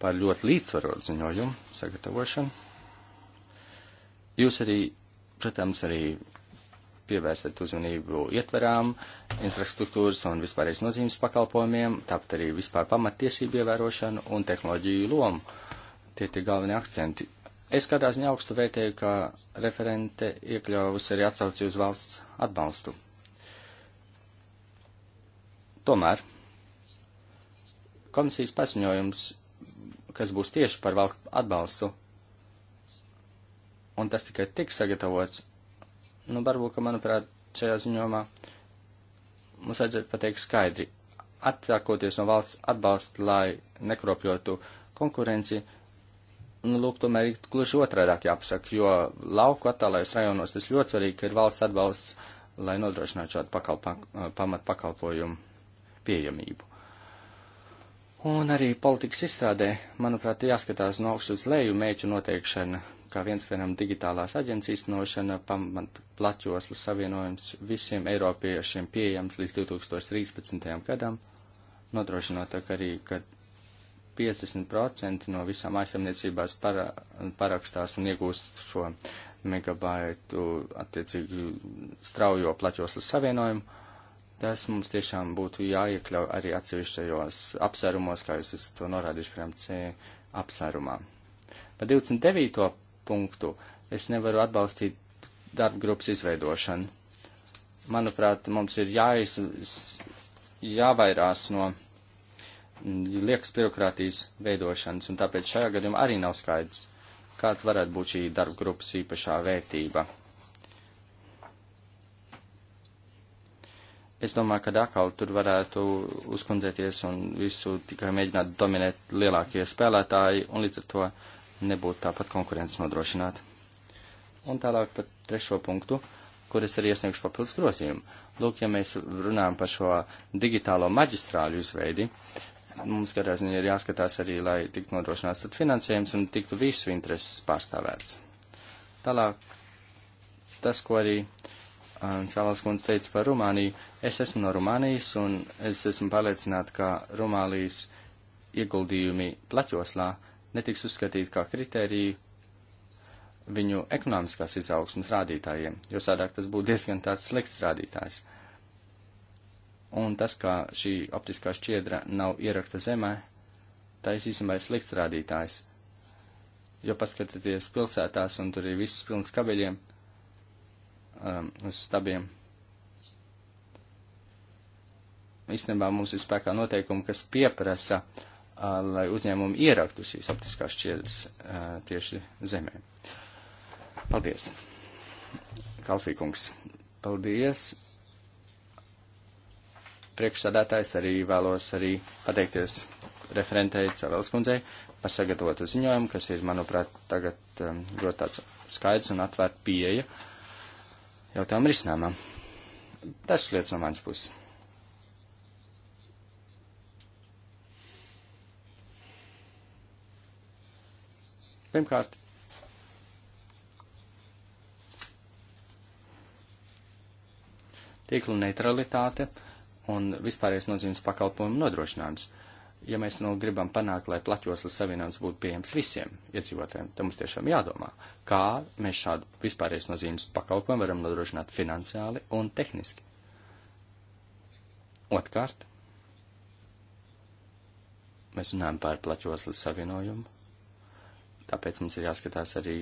par ļoti līdzsvarotu ziņojumu sagatavošanu. Jūs arī, protams, arī pievērsat uzmanību ietverām, infrastruktūras un vispārējais nozīmes pakalpojumiem, tāpat arī vispār pamattiesību ievērošanu un tehnoloģiju lomu. Tie ir galvenie akcenti. Es kādā ziņā augstu vērtēju, ka referente iekļāvusi arī atsauci uz valsts atbalstu. Tomēr komisijas paziņojums, kas būs tieši par valsts atbalstu, un tas tikai tiks sagatavots Nu, varbūt, ka, manuprāt, šajā ziņomā mums vajadzētu pateikt skaidri. Atsākoties no valsts atbalsta, lai nekropļotu konkurenci, nu, lūk, tomēr ir gluži otrādāk jāapsaka, jo lauku attālais rajonos tas ļoti svarīgi, ka ir valsts atbalsts, lai nodrošinātu šādu pakalpa, eh, pamat pakalpojumu pieejamību. Un arī politikas izstrādē, manuprāt, jāskatās no augšas uz leju mēķu noteikšana kā viens vienam digitālās aģents īstenošana, pamat plaķoslas savienojums visiem eiropiešiem pieejams līdz 2013. gadam, nodrošinot arī, ka 50% no visām aizsamniecībās para, parakstās un iegūst šo megabaitu attiecīgi straujo plaķoslas savienojumu. Tas mums tiešām būtu jāiekļauj arī atsevišķajos apsvērumos, kā jūs esat to norādījuši, piemēram, C apsvērumā. Par 29 punktu. Es nevaru atbalstīt darba grupas izveidošanu. Manuprāt, mums ir jāiz, jāvairās no liekas birokrātijas veidošanas, un tāpēc šajā gadījumā arī nav skaidrs, kāda varētu būt šī darba grupas īpašā vērtība. Es domāju, ka atkal tur varētu uzkundzēties un visu tikai mēģināt dominēt lielākie spēlētāji, un līdz ar to uh, nebūtu tāpat konkurences nodrošināta. Un tālāk par trešo punktu, kur es arī iesniegšu papildus grozījumu. Lūk, ja mēs runājam par šo digitālo maģistrāļu izveidi, mums katrā ziņā ir jāskatās arī, lai tiktu nodrošināts tad finansējums un tiktu visu intereses pārstāvēts. Tālāk, tas, ko arī Cēlās uh, kundze teica par Rumāniju, es esmu no Rumānijas un es esmu pārliecināta, ka Rumānijas ieguldījumi plaķoslā netiks uzskatīti kā kriteriju viņu ekonomiskās izaugsmas rādītājiem, jo sādāk tas būtu diezgan tāds slikts rādītājs. Un tas, kā šī optiskā šķiedra nav ierakta zemē, tas īstenībā ir slikts rādītājs. Jo paskatieties pilsētās, un tur ir viss pilns kabeļiem um, uz stabiem. Īstenībā mums ir spēkā noteikumi, kas pieprasa uh, lai uzņēmumi ieraktu šīs optiskās šķiedras tieši zemē. Paldies! Kalfīkungs, paldies! Priekšsādātājs arī vēlos arī pateikties referentei Cavels kundzei par sagatavotu ziņojumu, kas ir, manuprāt, tagad um, ļoti tāds skaidrs un atvērt pieeja jautājuma risinājumam. Dažas lietas no manas puses. Pirmkārt, tīklu neutralitāte un vispārējais nozīmes pakalpojumu nodrošinājums. Ja mēs nu gribam panākt, lai plaķoslas savienojums būtu pieejams visiem iedzīvotājiem, tad mums tiešām jādomā, kā mēs šādu vispārējais nozīmes pakalpojumu varam nodrošināt finansiāli un tehniski. Otkārt, mēs runājam par plaķoslas savienojumu, Tāpēc mums ir jāskatās arī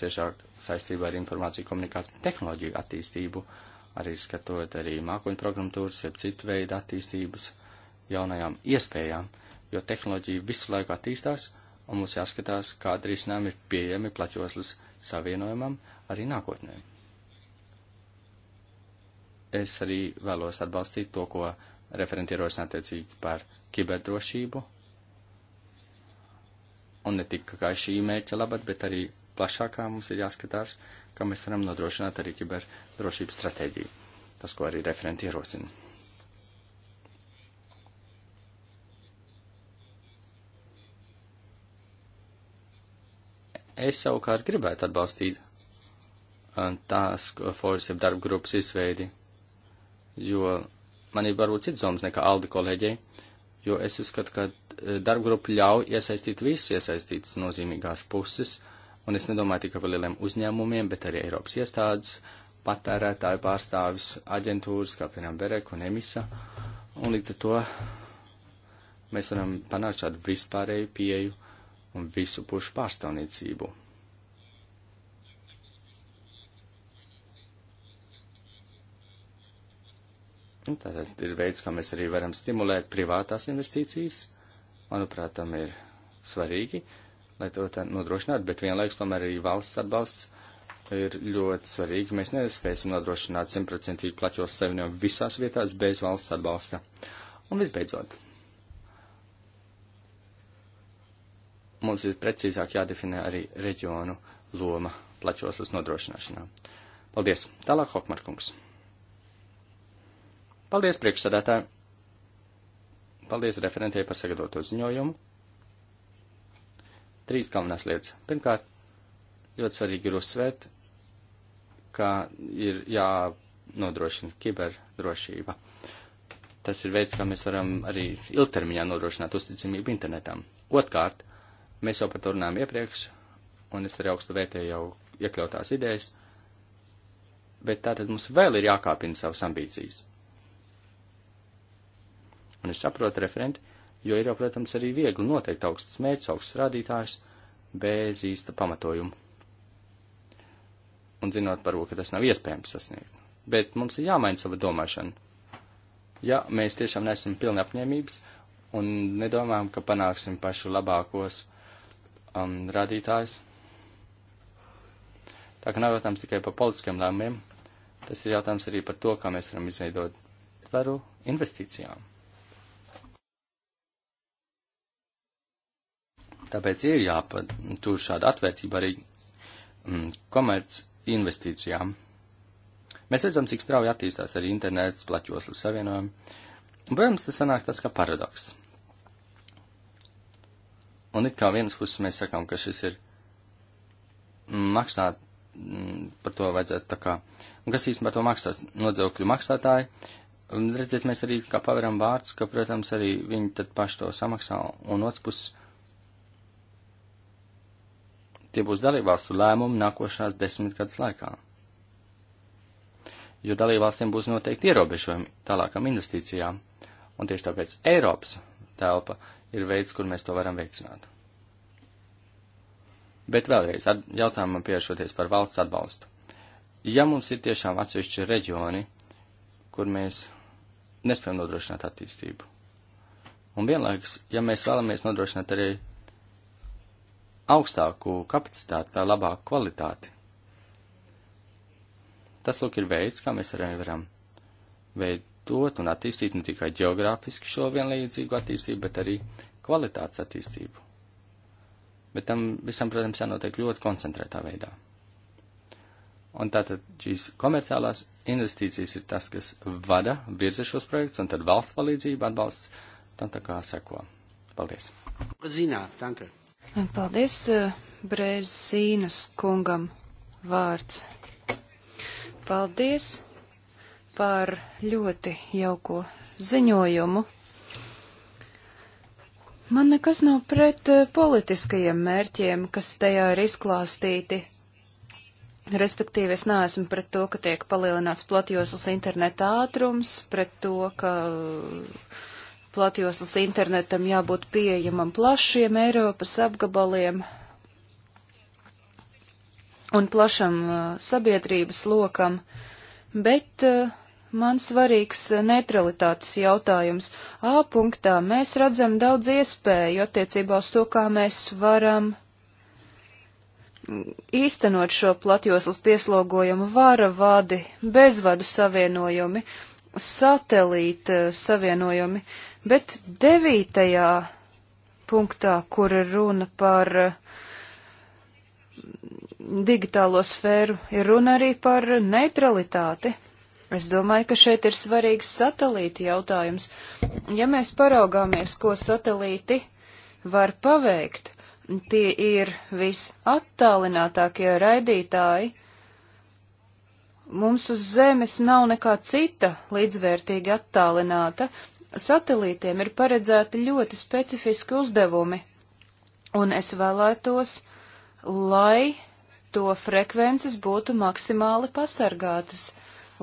ciešāk saistībā ar informāciju komunikāciju tehnoloģiju attīstību, arī skatot arī mākoņu programmatūras, jeb citu veidu attīstības jaunajām iespējām, jo tehnoloģija visu laiku attīstās, un mums jāskatās, kāda risinājuma ir pieejami plaķoslas savienojumam arī nākotnē. Es arī vēlos atbalstīt to, ko referenti ierosina attiecīgi par kiberdrošību Un ne tikai šī mērķa labad, bet arī plašākā mums ir jāskatās, kā mēs varam nodrošināt arī kiberdrošības stratēģiju. Tas, ko arī referenti ierosina. Es savukārt gribētu atbalstīt uh, tās forces, jeb darba grupas izveidi, jo man ir varbūt cits zomas nekā Aldi kolēģei, jo es uzskatu, ka darbgrupa ļauj iesaistīt visas iesaistītas nozīmīgās puses, un es nedomāju tikai par lieliem uzņēmumiem, bet arī Eiropas iestādes, patērētāju pārstāvis, aģentūras, kā piemēram Berek un Emisa, un līdz ar to mēs varam panākt šādu vispārēju pieeju un visu pušu pārstāvniecību. Un tātad ir veids, kā mēs arī varam stimulēt privātās investīcijas, manuprāt, tam ir svarīgi, lai to tā nodrošinātu, bet vienlaikus tomēr arī valsts atbalsts ir ļoti svarīgi. Mēs nespēsim nodrošināt simtprocentīgi plaķos savienojumu visās vietās bez valsts atbalsta. Un visbeidzot, mums ir precīzāk jādefinē arī reģionu loma plaķoslas nodrošināšanā. Paldies! Tālāk Hokmarkungs. Paldies, priekšsādātāji! Paldies referentē par sagatavoto ziņojumu. Trīs galvenās lietas. Pirmkārt, ļoti svarīgi ir uzsvērt, ka ir jānodrošina kiberdrošība. Tas ir veids, kā mēs varam arī ilgtermiņā nodrošināt uzticamību internetam. Otkārt, mēs jau par to runājām iepriekš, un es arī augstu vērtēju jau iekļautās idejas, bet tātad mums vēl ir jākāpina savas ambīcijas. Un es saprotu referenti, jo ir jau, protams, arī viegli noteikt augstus mērķus, augstus rādītājus bez īsta pamatojuma. Un zinot par to, ka tas nav iespējams sasniegt. Bet mums ir jāmaina sava domāšana. Ja mēs tiešām nesam pilni apņēmības un nedomājam, ka panāksim pašu labākos um, rādītājus, tā ka nav jautājums tikai par politiskiem lēmumiem, tas ir jautājums arī par to, kā mēs varam izveidot varu investīcijām. Tāpēc ir jāpatur šāda atvērtība arī mm, komerc investīcijām. Mēs redzam, cik strauji attīstās arī internets, plaķoslas savienojumi. Protams, tas sanāk tas kā paradoks. Un it kā vienas puses mēs sakām, ka šis ir maksāt, mm, par to vajadzētu tā kā, un kas īstenībā to maksās, nodzokļu maksātāji, un redziet, mēs arī kā paveram vārdus, ka, protams, arī viņi tad paši to samaksā, un otrs puses Tie būs dalībvalstu lēmumi nākošās desmitgades laikā. Jo dalībvalstiem būs noteikti ierobežojumi tālākam investīcijām, un tieši tāpēc Eiropas telpa ir veids, kur mēs to varam veicināt. Bet vēlreiz jautājumam piešoties par valsts atbalstu. Ja mums ir tiešām atsevišķi reģioni, kur mēs nespējam nodrošināt attīstību, un vienlaikus, ja mēs vēlamies nodrošināt arī augstāku kapacitāti, kā labāku kvalitāti. Tas, lūk, ir veids, kā mēs arī varam veidot un attīstīt ne tikai geogrāfiski šo vienlīdzīgu attīstību, bet arī kvalitātes attīstību. Bet tam visam, protams, jānotiek ļoti koncentrētā veidā. Un tātad šīs komerciālās investīcijas ir tas, kas vada, virza šos projektus, un tad valsts palīdzība atbalsts tam tā kā seko. Paldies. Zināt, tanka. Paldies eh, Brēzīnas kungam vārds. Paldies par ļoti jauko ziņojumu. Man nekas nav pret eh, politiskajiem mērķiem, kas tajā ir izklāstīti. Respektīvi, es neesmu pret to, ka tiek palielināts platjoslas interneta ātrums, pret to, ka uh, Platjoslas internetam jābūt pieejamam plašiem Eiropas apgabaliem un plašam uh, sabiedrības lokam, bet uh, man svarīgs uh, neutralitātes jautājums. A punktā mēs redzam daudz iespēju attiecībā uz to, kā mēs varam īstenot šo platjoslas pieslogojumu vara vadi, bezvadu savienojumi, satelīta savienojumi. Uh, Bet devītajā punktā, kur ir runa par mm, digitālo sfēru, ir runa arī par neutralitāti. Es domāju, ka šeit ir svarīgs satelīti jautājums. Ja mēs paraugāmies, ko satelīti var paveikt, tie ir visattālinātākie raidītāji. Mums uz Zemes nav nekā cita līdzvērtīgi attālināta, Satelītiem ir paredzēti ļoti specifiski uzdevumi, un es vēlētos, lai to frekvences būtu maksimāli pasargātas,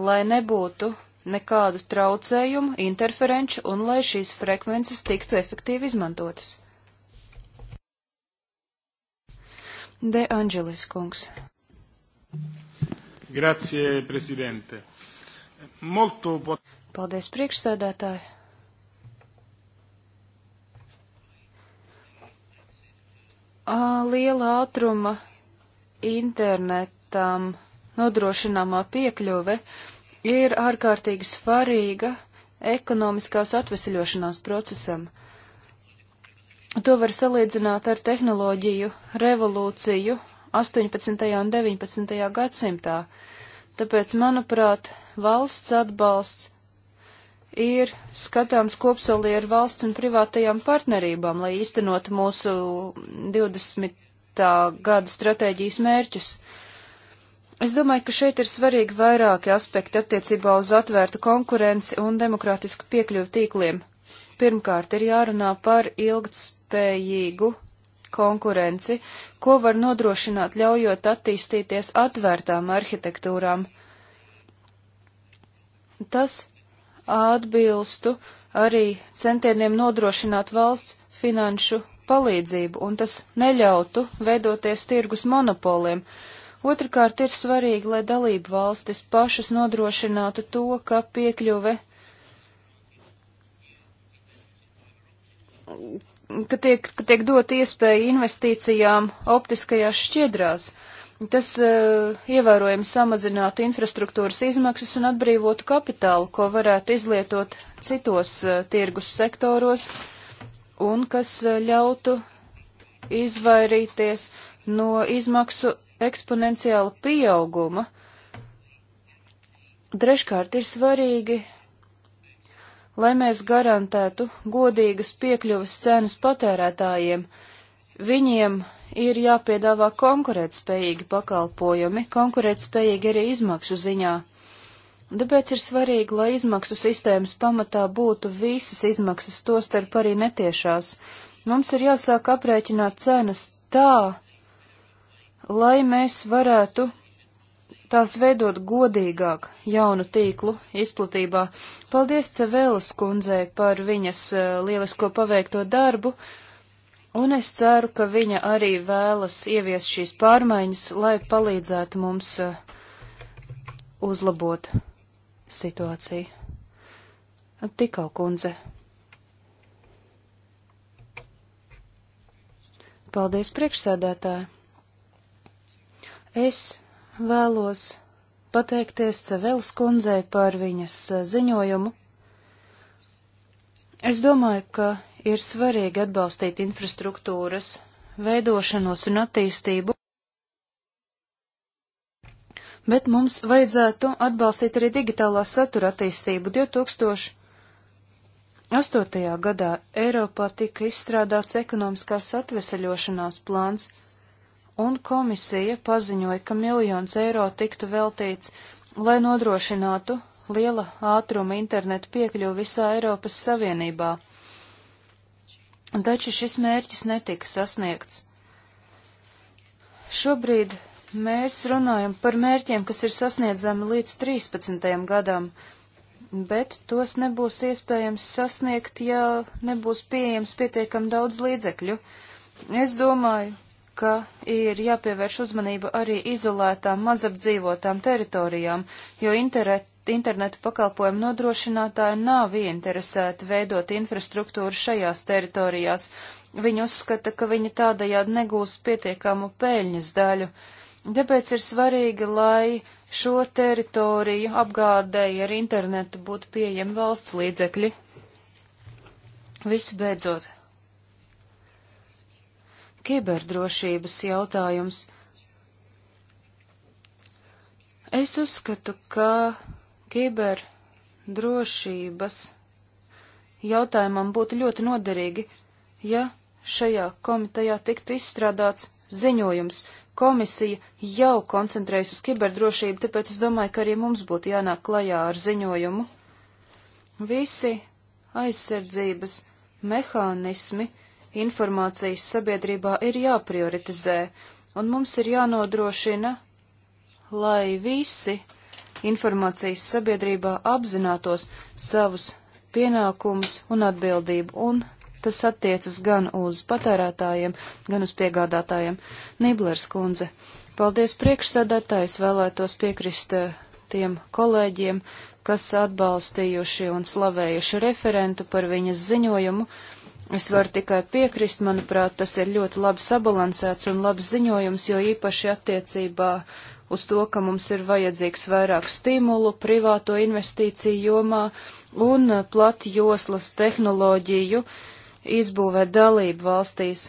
lai nebūtu nekādu traucējumu, interferenču un lai šīs frekvences tiktu efektīvi izmantotas. De Angelis kungs. Grazie, prezidente. Molto pot... Paldies, priekšsēdētāji. liela ātruma internetam nodrošināmā piekļuve ir ārkārtīgi svarīga ekonomiskās atvesaļošanās procesam. To var salīdzināt ar tehnoloģiju revolūciju 18. un 19. gadsimtā, tāpēc, manuprāt, valsts atbalsts ir skatāms kopsolī ar valsts un privātajām partnerībām, lai īstenot mūsu 20. gada stratēģijas mērķus. Es domāju, ka šeit ir svarīgi vairāki aspekti attiecībā uz atvērtu konkurenci un demokrātisku piekļuvu tīkliem. Pirmkārt, ir jārunā par ilgtspējīgu konkurenci, ko var nodrošināt ļaujot attīstīties atvērtām arhitektūrām. Tas atbilstu arī centieniem nodrošināt valsts finanšu palīdzību, un tas neļautu veidoties tirgus monopoliem. Otrakārt ir svarīgi, lai dalību valstis pašas nodrošinātu to, ka piekļuve, ka tiek, ka tiek dot iespēja investīcijām optiskajās šķiedrās. Uh, Tas uh, ievērojami samazinātu infrastruktūras izmaksas un atbrīvotu kapitālu, ko varētu izlietot citos uh, tirgus sektoros un kas uh, ļautu izvairīties no izmaksu eksponenciāla pieauguma. Treškārt ir svarīgi, lai mēs garantētu godīgas piekļuvas cenas patērētājiem. Viņiem ir jāpiedāvā konkurētspējīgi pakalpojumi, konkurētspējīgi arī izmaksu ziņā. Tāpēc ir svarīgi, lai izmaksu sistēmas pamatā būtu visas izmaksas, tostarp arī netiešās. Mums ir jāsāk aprēķināt cenas tā, lai mēs varētu tās veidot godīgāk jaunu tīklu izplatībā. Paldies Cevēlas kundzei par viņas eh, lielisko paveikto darbu Un es ceru, ka viņa arī vēlas ieviest šīs pārmaiņas, lai palīdzētu mums eh, uzlabot situāciju. Tikau kundze. Paldies, priekšsēdētāji. Es vēlos pateikties Cevels kundzei par viņas eh, ziņojumu. Es domāju, ka ir svarīgi atbalstīt infrastruktūras veidošanos un attīstību, bet mums vajadzētu atbalstīt arī digitālā satura attīstību. 2008. gadā Eiropā tika izstrādāts ekonomiskās atveseļošanās plāns, un komisija paziņoja, ka miljons eiro tiktu veltīts, lai nodrošinātu liela ātruma internetu piekļuvu visā Eiropas Savienībā taču šis mērķis netika sasniegts. Šobrīd mēs runājam par mērķiem, kas ir sasniedzami līdz 13. gadam, bet tos nebūs iespējams sasniegt, ja nebūs pieejams pietiekam daudz līdzekļu. Es domāju, ka ir jāpievērš uzmanība arī izolētām mazapdzīvotām teritorijām, jo internet, interneta pakalpojumu nodrošinātāji nav ieinteresēti veidot infrastruktūru šajās teritorijās. Viņi uzskata, ka viņi tādajādi negūs pietiekamu peļņas daļu. Tāpēc ir svarīgi, lai šo teritoriju apgādēji ar internetu būtu pieejami valsts līdzekļi. Visu beidzot. Kiberdrošības jautājums. Es uzskatu, ka kiberdrošības jautājumam būtu ļoti noderīgi, ja šajā komitejā tiktu izstrādāts ziņojums. Komisija jau koncentrējas uz kiberdrošību, tāpēc es domāju, ka arī mums būtu jānāk klajā ar ziņojumu. Visi aizsardzības mehānismi informācijas sabiedrībā ir jāprioritizē, un mums ir jānodrošina, lai visi informācijas sabiedrībā apzinātos savus pienākumus un atbildību, un tas attiecas gan uz patērētājiem, gan uz piegādātājiem. Niblers kundze, paldies priekšsēdētājs, vēlētos piekrist eh, tiem kolēģiem, kas atbalstījuši un slavējuši referentu par viņas ziņojumu. Es varu tikai piekrist, manuprāt, tas ir ļoti labi sabalansēts un labs ziņojums, jo īpaši attiecībā uz to, ka mums ir vajadzīgs vairāk stimulu privāto investīciju jomā un platjoslas tehnoloģiju izbūvē dalību valstīs.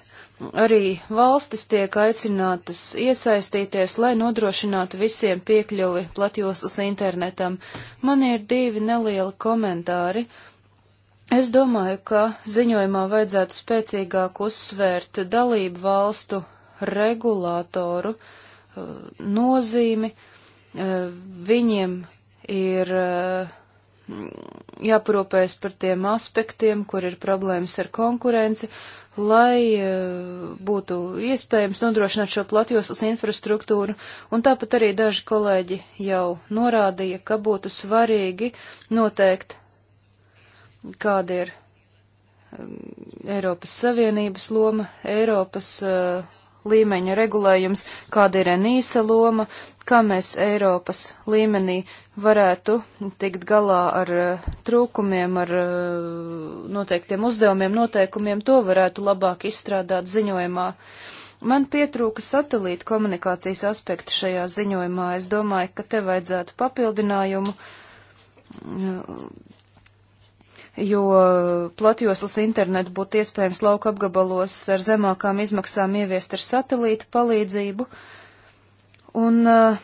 Arī valstis tiek aicinātas iesaistīties, lai nodrošinātu visiem piekļuvi platjoslas internetam. Man ir divi nelieli komentāri. Es domāju, ka ziņojumā vajadzētu spēcīgāk uzsvērt dalību valstu regulātoru uh, nozīmi. Eh, viņiem ir eh, jāparūpējas par tiem aspektiem, kur ir problēmas ar konkurenci, lai eh, būtu iespējams nodrošināt šo platjoslas infrastruktūru, un tāpat arī daži kolēģi jau norādīja, ka būtu svarīgi noteikt, kāda ir Eiropas Savienības loma, Eiropas uh, līmeņa regulējums, kāda ir Enīsa loma, kā mēs Eiropas līmenī varētu tikt galā ar eh, trūkumiem, ar eh, noteiktiem uzdevumiem, noteikumiem, to varētu labāk izstrādāt ziņojumā. Man pietrūka satelīta komunikācijas aspekta šajā ziņojumā. Es domāju, ka te vajadzētu papildinājumu jo platjoslas internetu būtu iespējams lauka apgabalos ar zemākām izmaksām ieviest ar satelīta palīdzību. Un uh,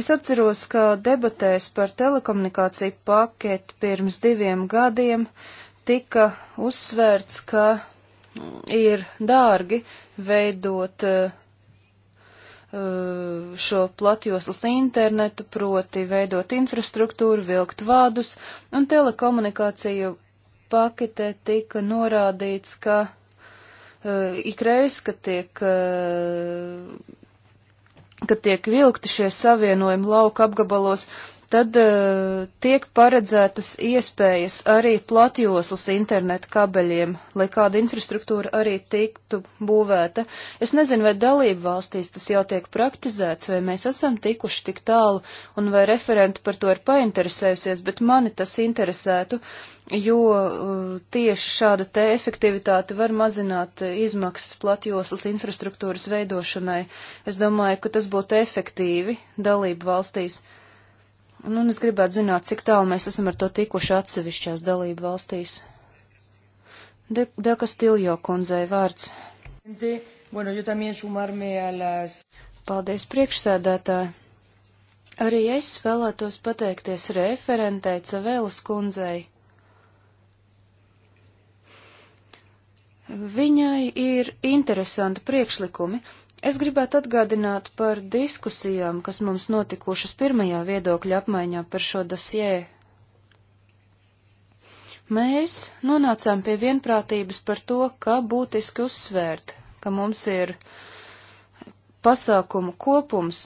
es atceros, ka debatēs par telekomunikāciju paketu pirms diviem gadiem tika uzsvērts, ka mm, ir dārgi veidot uh, šo platjoslas internetu, proti veidot infrastruktūru, vilkt vādus, un telekomunikāciju paketē tika norādīts, ka uh, eh, ikreiz, kad tiek, uh, eh, kad tiek vilkti šie savienojumi lauka apgabalos, tad uh, tiek paredzētas iespējas arī platjoslas internetu kabeļiem, lai kāda infrastruktūra arī tiktu būvēta. Es nezinu, vai dalību valstīs tas jau tiek praktizēts, vai mēs esam tikuši tik tālu, un vai referenti par to ir painteresējusies, bet mani tas interesētu, jo uh, tieši šāda te efektivitāte var mazināt izmaksas platjoslas infrastruktūras veidošanai. Es domāju, ka tas būtu efektīvi dalību valstīs. Un, un es gribētu zināt, cik tālu mēs esam ar to tikuši atsevišķās dalību valstīs. De, de Kastiljo kundzei vārds. Paldies priekšsēdētāji. Arī es vēlētos pateikties referentei Cavēlas kundzei. Viņai ir interesanti priekšlikumi, Es gribētu atgādināt par diskusijām, kas mums notikušas pirmajā viedokļa apmaiņā par šo dosjē. Mēs nonācām pie vienprātības par to, ka būtiski uzsvērt, ka mums ir pasākumu kopums,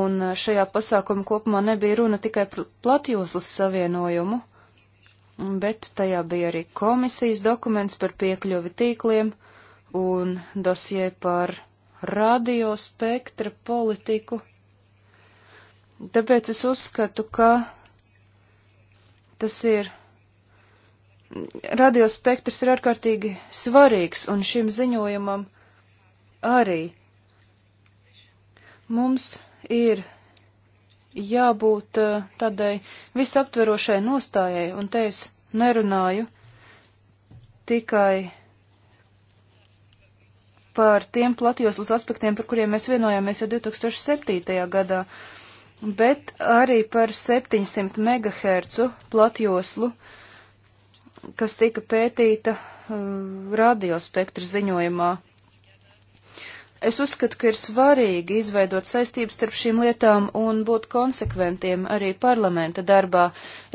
un šajā pasākumu kopumā nebija runa tikai par platjoslas savienojumu, bet tajā bija arī komisijas dokuments par piekļuvi tīkliem un dosie par radiospektra politiku. Tāpēc es uzskatu, ka tas ir. Radiospektrs ir ārkārtīgi svarīgs, un šim ziņojumam arī mums ir jābūt uh, tādai visaptverošai nostājai, un te es nerunāju tikai par tiem platjoslas aspektiem, par kuriem mēs vienojāmies jau 2007. gadā, bet arī par 700 MHz platjoslu, kas tika pētīta uh, radiospektra ziņojumā. Es uzskatu, ka ir svarīgi izveidot saistības starp šīm lietām un būt konsekventiem arī parlamenta darbā.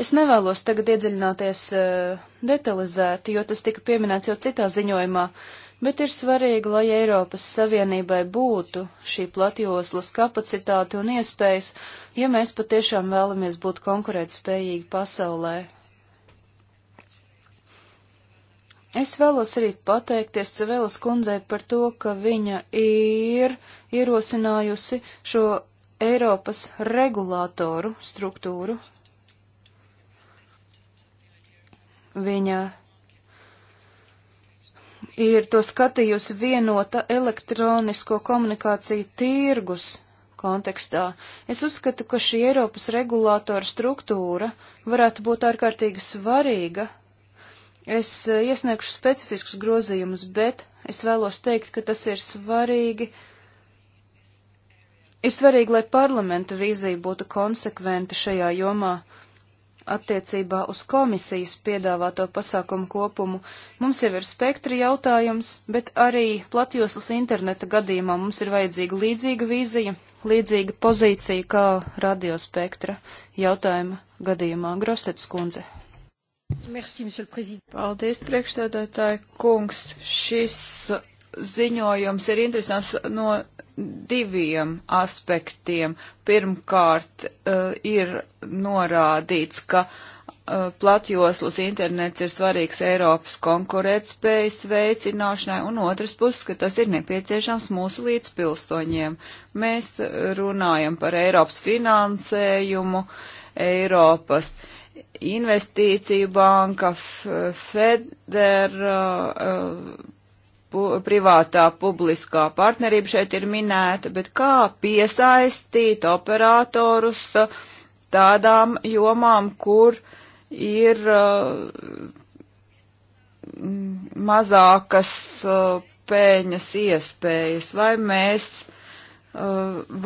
Es nevēlos tagad iedziļināties uh, detalizēti, jo tas tika pieminēts jau citā ziņojumā. Uh, bet ir svarīgi, lai Eiropas Savienībai būtu šī platjoslas kapacitāte un iespējas, ja mēs patiešām vēlamies būt konkurētspējīgi pasaulē. Es vēlos arī pateikties Cevēlas kundzei par to, ka viņa ir ierosinājusi šo Eiropas regulātoru struktūru. Viņa ir to skatījusi vienota elektronisko komunikāciju tirgus kontekstā. Es uzskatu, ka šī Eiropas regulātora struktūra varētu būt ārkārtīgi svarīga. Es eh, iesniegšu specifiskus grozījumus, bet es vēlos teikt, ka tas ir svarīgi. Ir svarīgi, lai parlamenta vīzija būtu konsekventa šajā jomā attiecībā uz komisijas piedāvāto pasākumu kopumu. Mums jau ir spektra jautājums, bet arī platjoslas interneta gadījumā mums ir vajadzīga līdzīga vīzija, līdzīga pozīcija kā radiospektra jautājuma gadījumā. Grosets kundze. Merci, Paldies, priekšsēdētāji kungs. Šis ziņojums ir interesants no diviem aspektiem. Pirmkārt, uh, ir norādīts, ka uh, platjoslas internets ir svarīgs Eiropas konkurētspējas veicināšanai, un otrs puses, ka tas ir nepieciešams mūsu līdzpilsoņiem. Mēs runājam par Eiropas finansējumu, Eiropas investīciju banka, Federa. Uh, eh, pu privātā publiskā partnerība šeit ir minēta, bet kā piesaistīt operatorus uh, tādām jomām, kur ir uh, mazākas uh, pēļņas iespējas, vai mēs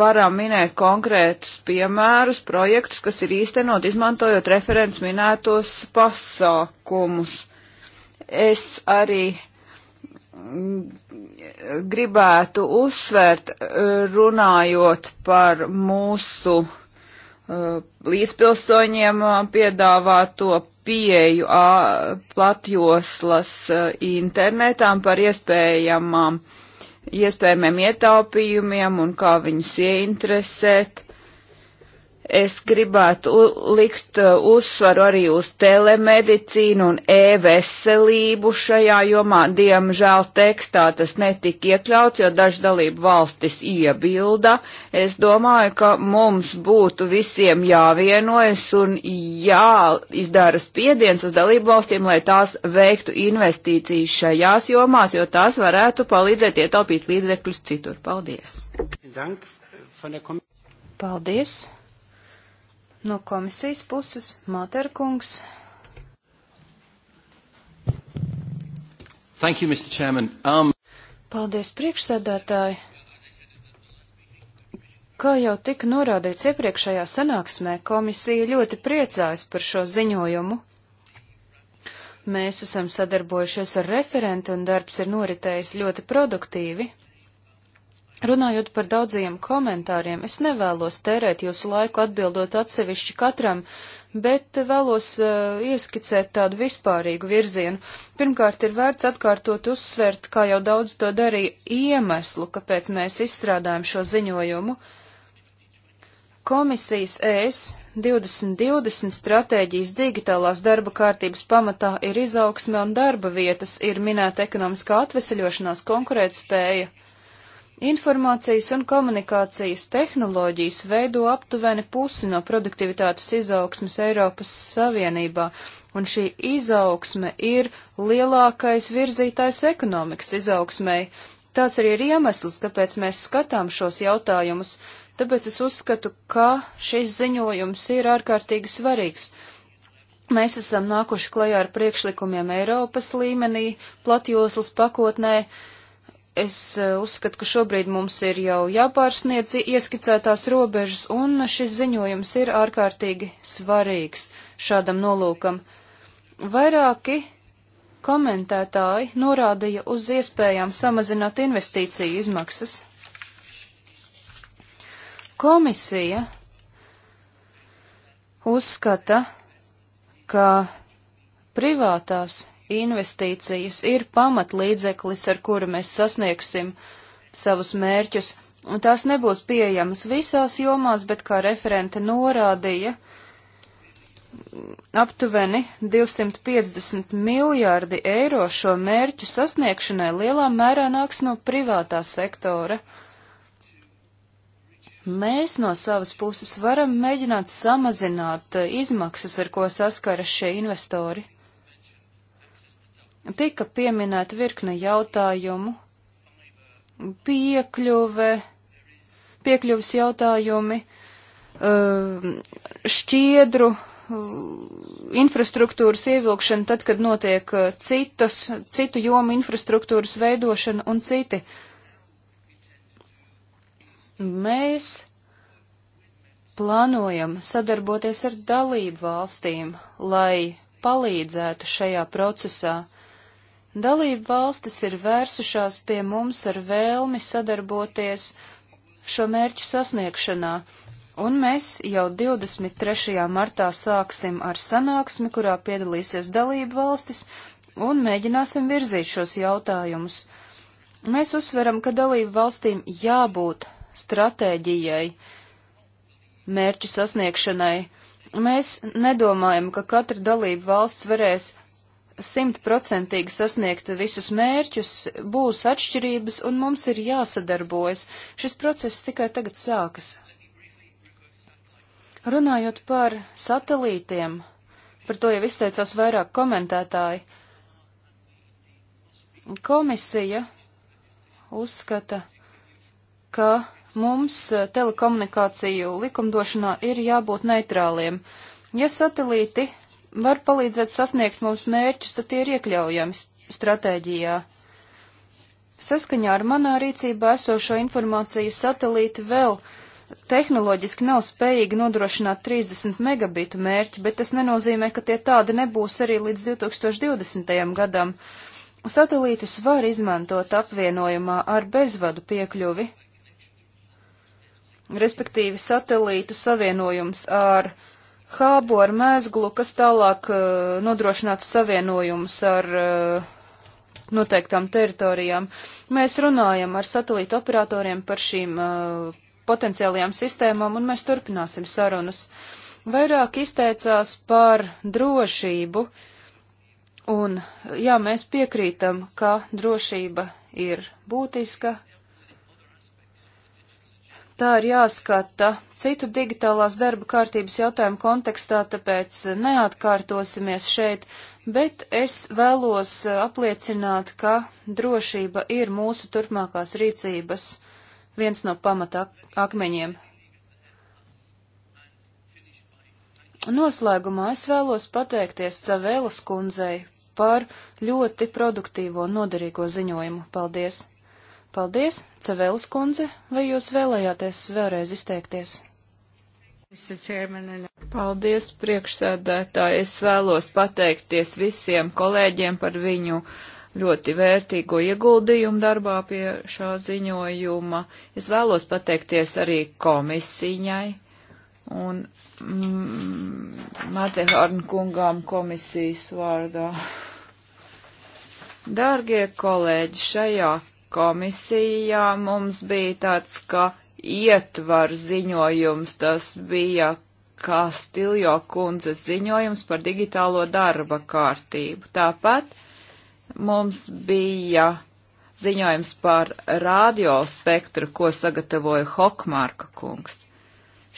varam minēt konkrētus piemērus, projektus, kas ir īstenot, izmantojot referents minētos pasākumus. Es arī gribētu uzsvērt, runājot par mūsu eh, līdzpilsoņiem piedāvāto pieeju platjoslas eh, internetām par iespējamām, iespējamiem ietaupījumiem un kā viņus ieinteresēt Es gribētu likt uh, uzsvaru arī uz telemedicīnu un e-veselību šajā jomā. Diemžēl tekstā tas netika iekļauts, jo daži dalību valstis iebilda. Es domāju, ka mums būtu visiem jāvienojas un jāizdara spiediens uz dalību valstīm, lai tās veiktu investīcijas šajās jomās, jo tās varētu palīdzēt ietaupīt līdzekļus citur. Paldies! Paldies! No komisijas puses Materkungs. Thank you, Mr. Chairman. Um... Paldies, priekšsēdētāji. Kā jau tika norādīts iepriekšējā sanāksmē, komisija ļoti priecājas par šo ziņojumu. Mēs esam sadarbojušies ar referentu un darbs ir noritējis ļoti produktīvi. Runājot par daudziem komentāriem, es nevēlos tērēt jūsu laiku atbildot atsevišķi katram, bet vēlos uh, ieskicēt tādu vispārīgu virzienu. Pirmkārt, ir vērts atkārtot uzsvērt, kā jau daudz to darīja, iemeslu, kāpēc mēs izstrādājam šo ziņojumu. Komisijas e ES 2020 stratēģijas digitālās darba kārtības pamatā ir izaugsme un darba vietas, ir minēta ekonomiskā atveseļošanās konkurētspēja Informācijas un komunikācijas tehnoloģijas veido aptuveni pusi no produktivitātes izaugsmes Eiropas Savienībā, un šī izaugsme ir lielākais virzītājs ekonomikas izaugsmei. Tās arī ir iemesls, kāpēc mēs skatām šos jautājumus, tāpēc es uzskatu, ka šis ziņojums ir ārkārtīgi svarīgs. Mēs esam nākuši klajā ar priekšlikumiem Eiropas līmenī, platjoslas pakotnē, Es e, uzskatu, ka šobrīd mums ir jau jāpārsniedz ieskicētās robežas, un šis ziņojums ir ārkārtīgi svarīgs šādam nolūkam. Vairāki komentētāji norādīja uz iespējām samazināt investīciju izmaksas. Komisija uzskata, ka privātās investīcijas ir pamatlīdzeklis, ar kuru mēs sasniegsim savus mērķus. Un tās nebūs pieejamas visās jomās, bet, kā referente norādīja, aptuveni 250 miljārdi eiro šo mērķu sasniegšanai lielā mērā nāks no privātā sektora. Mēs no savas puses varam mēģināt samazināt eh, izmaksas, ar ko saskaras šie investori. Tika pieminēta virkne jautājumu, piekļuve, piekļuvis jautājumi, eh, šķiedru eh, infrastruktūras ievilkšana tad, kad notiek eh, citas, citu jomu infrastruktūras veidošana un citi. Mēs plānojam sadarboties ar dalību valstīm, lai palīdzētu šajā procesā. Dalība valstis ir vērsušās pie mums ar vēlmi sadarboties šo mērķu sasniegšanā, un mēs jau 23. martā sāksim ar sanāksmi, kurā piedalīsies dalību valstis, un mēģināsim virzīt šos jautājumus. Mēs uzsveram, ka dalību valstīm jābūt stratēģijai, mērķu sasniegšanai. Mēs nedomājam, ka katra dalība valsts varēs simtprocentīgi sasniegt visus mērķus, būs atšķirības un mums ir jāsadarbojas. Šis process tikai tagad sākas. Runājot par satelītiem, par to jau izteicās vairāk komentētāji, komisija uzskata, ka mums telekomunikāciju likumdošanā ir jābūt neitrāliem. Ja satelīti var palīdzēt sasniegt mūsu mērķus, tad tie ir iekļaujami stratēģijā. Saskaņā ar manā rīcībā esošo informāciju satelīti vēl tehnoloģiski nav spējīgi nodrošināt 30 megabitu mērķi, bet tas nenozīmē, ka tie tādi nebūs arī līdz 2020. gadam. Satelītus var izmantot apvienojumā ar bezvadu piekļuvi, respektīvi satelītu savienojums ar uh, hābu ar mēzglu, kas tālāk uh, nodrošinātu savienojumus ar uh, noteiktām teritorijām. Mēs runājam ar satelītu operatoriem par šīm uh, potenciālajām sistēmām, un mēs turpināsim sarunas. Vairāk izteicās par drošību, un jā, mēs piekrītam, ka drošība ir būtiska, Tā ir jāskata citu digitālās darba kārtības jautājumu kontekstā, tāpēc neatkārtosimies šeit, bet es vēlos uh, apliecināt, ka drošība ir mūsu turpmākās rīcības viens no pamata akmeņiem. Noslēgumā es vēlos pateikties Cavēlas kundzei par ļoti produktīvo noderīgo ziņojumu. Paldies! Paldies, Cevēlas kundze, vai jūs vēlējāties vēlreiz izteikties? Paldies, priekšsēdētāji. Es vēlos pateikties visiem kolēģiem par viņu ļoti vērtīgo ieguldījumu darbā pie šā ziņojuma. Es vēlos pateikties arī komisijai un mm, Mācehārn kungām komisijas vārdā. Dārgie kolēģi, šajā komisijā mums bija tāds, ka ietvar ziņojums, tas bija Kastiljo kundzes ziņojums par digitālo darba kārtību. Tāpat mums bija ziņojums par radiospektru, ko sagatavoja Hokmārka kungs.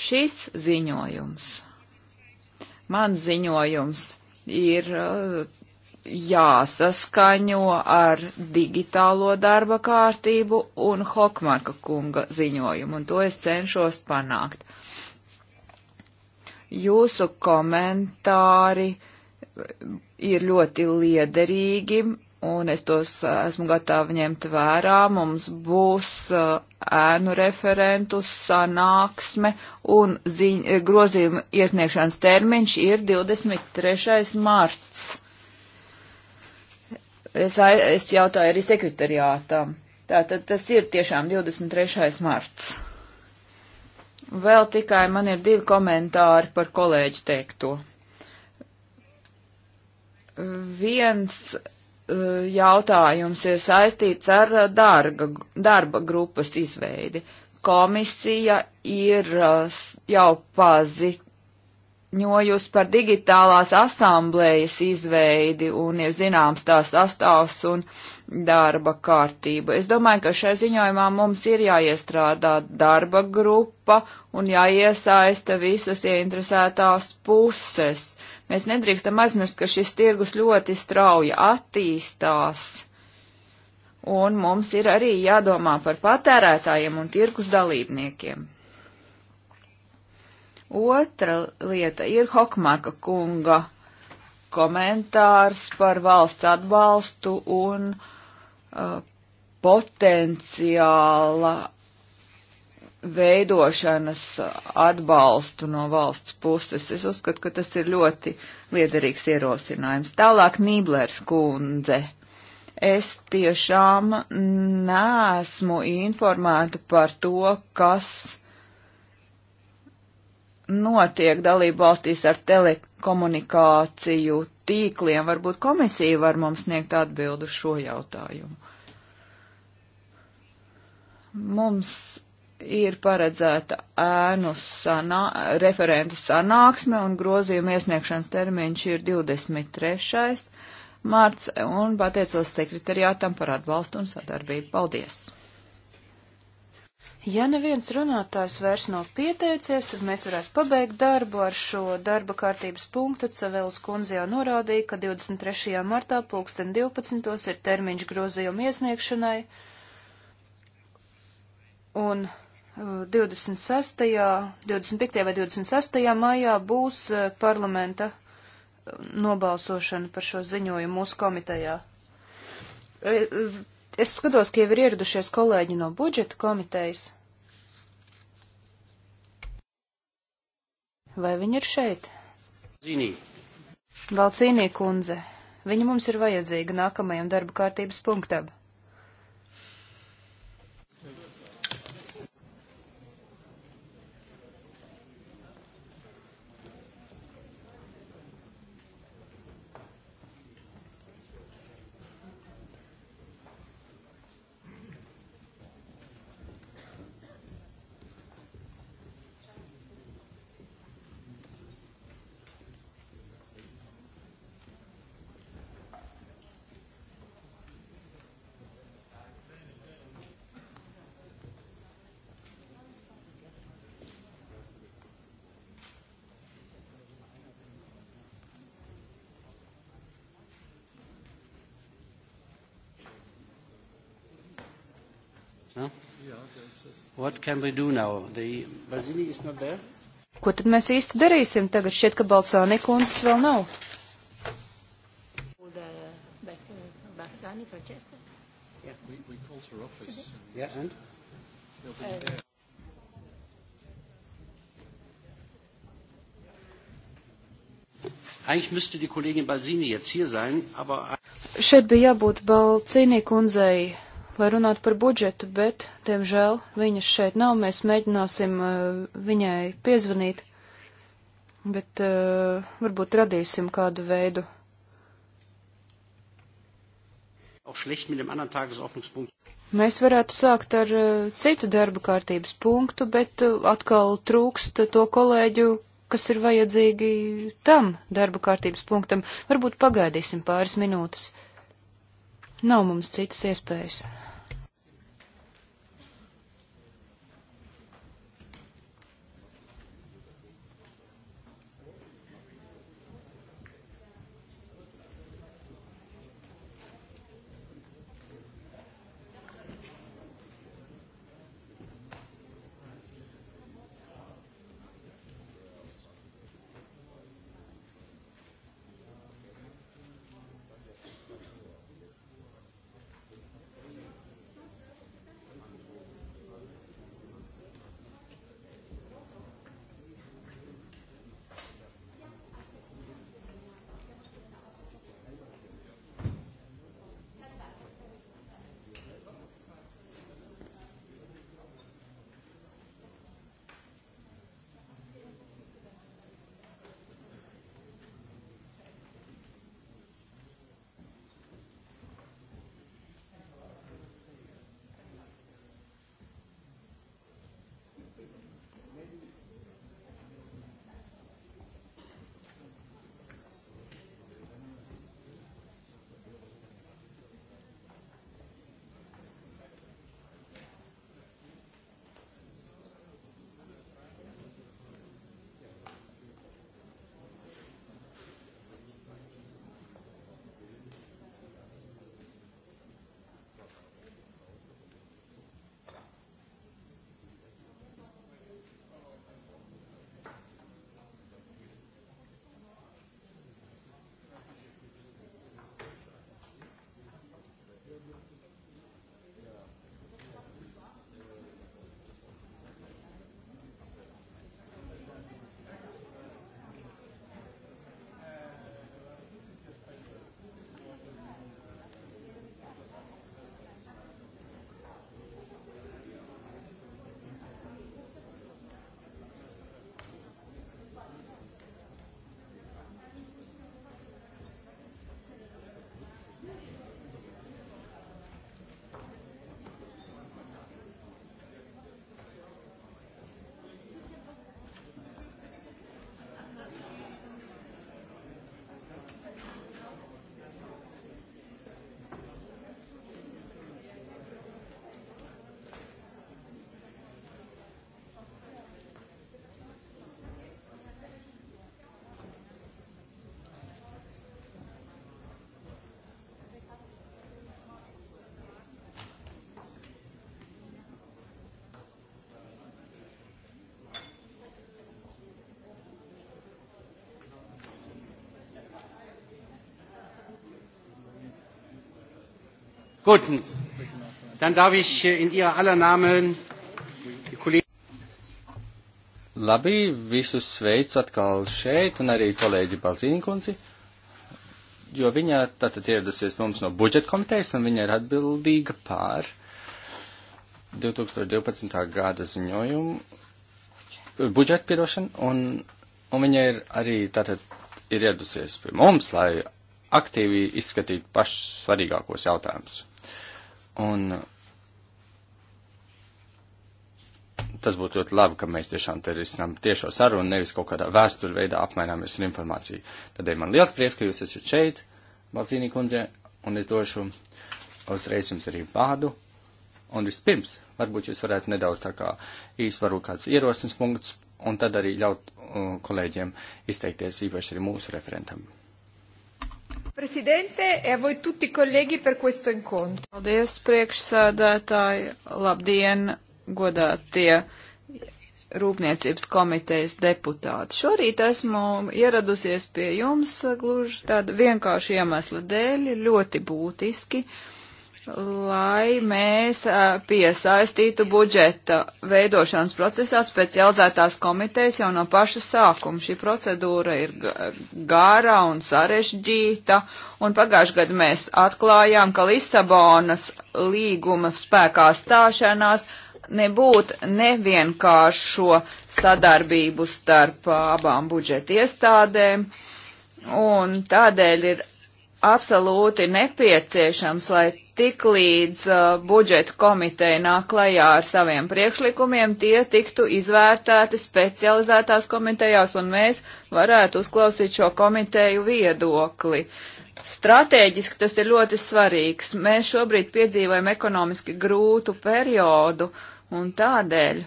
Šis ziņojums, man ziņojums, ir uh, jāsaskaņo ar digitālo darba kārtību un Hokmarka kunga ziņojumu, un to es cenšos panākt. Jūsu komentāri ir ļoti liederīgi, un es tos eh, esmu gatava ņemt vērā. Mums būs eh, ēnu referentu sanāksme un ziņ, eh, grozījuma iesniegšanas termiņš ir 23. marts. Es, es jautāju arī sekretariātam. Tātad tas ir tiešām 23. marts. Vēl tikai man ir divi komentāri par kolēģi teikto. Viens eh, jautājums ir saistīts ar eh, darga, darba grupas izveidi. Komisija ir eh, jau pazi, ziņojus par digitālās asamblējas izveidi un ir zināms tās astāvs un darba kārtība. Es domāju, ka šajā ziņojumā mums ir jāiestrādā darba grupa un jāiesaista visas ieinteresētās puses. Mēs nedrīkstam aizmirst, ka šis tirgus ļoti strauji attīstās. Un mums ir arī jādomā par patērētājiem un tirgus dalībniekiem. Otra lieta ir Hokmarka kunga komentārs par valsts atbalstu un uh, potenciāla veidošanas atbalstu no valsts puses. Es uzskatu, ka tas ir ļoti liederīgs ierosinājums. Tālāk Nīblers kundze. Es tiešām neesmu informēta par to, kas notiek dalību valstīs ar telekomunikāciju tīkliem. Varbūt komisija var mums sniegt atbildu šo jautājumu. Mums ir paredzēta ēnu sanā, referentu sanāksme un grozījuma iesniegšanas termiņš ir 23. mārts un pateicos sekretariātam par atbalstu un sadarbību. Paldies! Ja neviens runātājs vairs nav pieteicies, tad mēs varētu pabeigt darbu ar šo darba kārtības punktu. Cevēlas kundze jau norādīja, ka 23. martā pulksten 12. ir termiņš grozījuma iesniegšanai, un 26. Uh, 25. vai 26. maijā būs uh, parlamenta uh, nobalsošana par šo ziņojumu mūsu komitejā. Es skatos, ka jau ir ieradušies kolēģi no budžeta komitejas. Vai viņi ir šeit? Zinī. Valcīnī kundze, viņa mums ir vajadzīga nākamajam darba kārtības punktam. No? What can we do now? The Basili is not there? Ko tad mēs īsti darīsim tagad? Šķiet, ka Balcāni kundzes vēl nav. Yeah. We, we called her office. Yeah, and? Nobody's there. Eigentlich müsste die Kollegin Balzini jetzt hier sein, aber... Šeit bija jābūt Balcīnī kundzei lai runātu par budžetu, bet, diemžēl, viņas šeit nav. Mēs mēģināsim uh, viņai piezvanīt, bet uh, varbūt radīsim kādu veidu. Mēs varētu sākt ar uh, citu darba kārtības punktu, bet uh, atkal trūkst to kolēģu, kas ir vajadzīgi tam darba kārtības punktam. Varbūt pagaidīsim pāris minūtes. Nav mums citas iespējas. Gut, dann darf ich äh, in Ihrer aller Namen die Kollegen. Labi, visus sveicu atkal šeit un arī kolēģi Bazīnkunci, jo viņa tātad ieradusies mums no budžeta komitejas un viņa ir atbildīga pār 2012. gada ziņojumu, budžeta piedošanu, un, un viņa ir arī tātad ir ieradusies pie mums, lai aktīvi izskatītu pašsvarīgākos jautājumus. Un tas būtu ļoti labi, ka mēs tiešām te risinām tiešo sarunu, nevis kaut kādā vēsturi veidā apmaināmies ar informāciju. Tādēļ man liels prieks, ka jūs esat šeit, Balcīnī kundze, un es došu uzreiz jums arī vārdu. Un vispirms, varbūt jūs varētu nedaudz tā kā īsti varbūt kāds ierosins punkts, un tad arī ļaut uh, kolēģiem izteikties īpaši arī mūsu referentam. Presidente e a voi tutti i colleghi per questo incontro. Paldies, priekšsādātāji. Labdien, godātie Rūpniecības komitejas deputāti. Šorīt esmu ieradusies pie jums gluži tāda vienkārša iemesla dēļ, ļoti būtiski. Uh, lai mēs piesaistītu budžeta veidošanas procesā specializētās komitejas jau no paša sākuma. Šī procedūra ir gārā un sarežģīta, un pagājušajā gadu mēs atklājām, ka Lisabonas līguma spēkā stāšanās nebūtu nevienkāršo sadarbību starp abām budžeta iestādēm. Un tādēļ ir absolūti nepieciešams, lai tik līdz uh, budžeta komiteja nāk klajā ar saviem priekšlikumiem, tie tiktu izvērtēti specializētās komitejās un mēs varētu uzklausīt šo komiteju viedokli. Stratēģiski tas ir ļoti svarīgs. Mēs šobrīd piedzīvojam ekonomiski grūtu periodu un tādēļ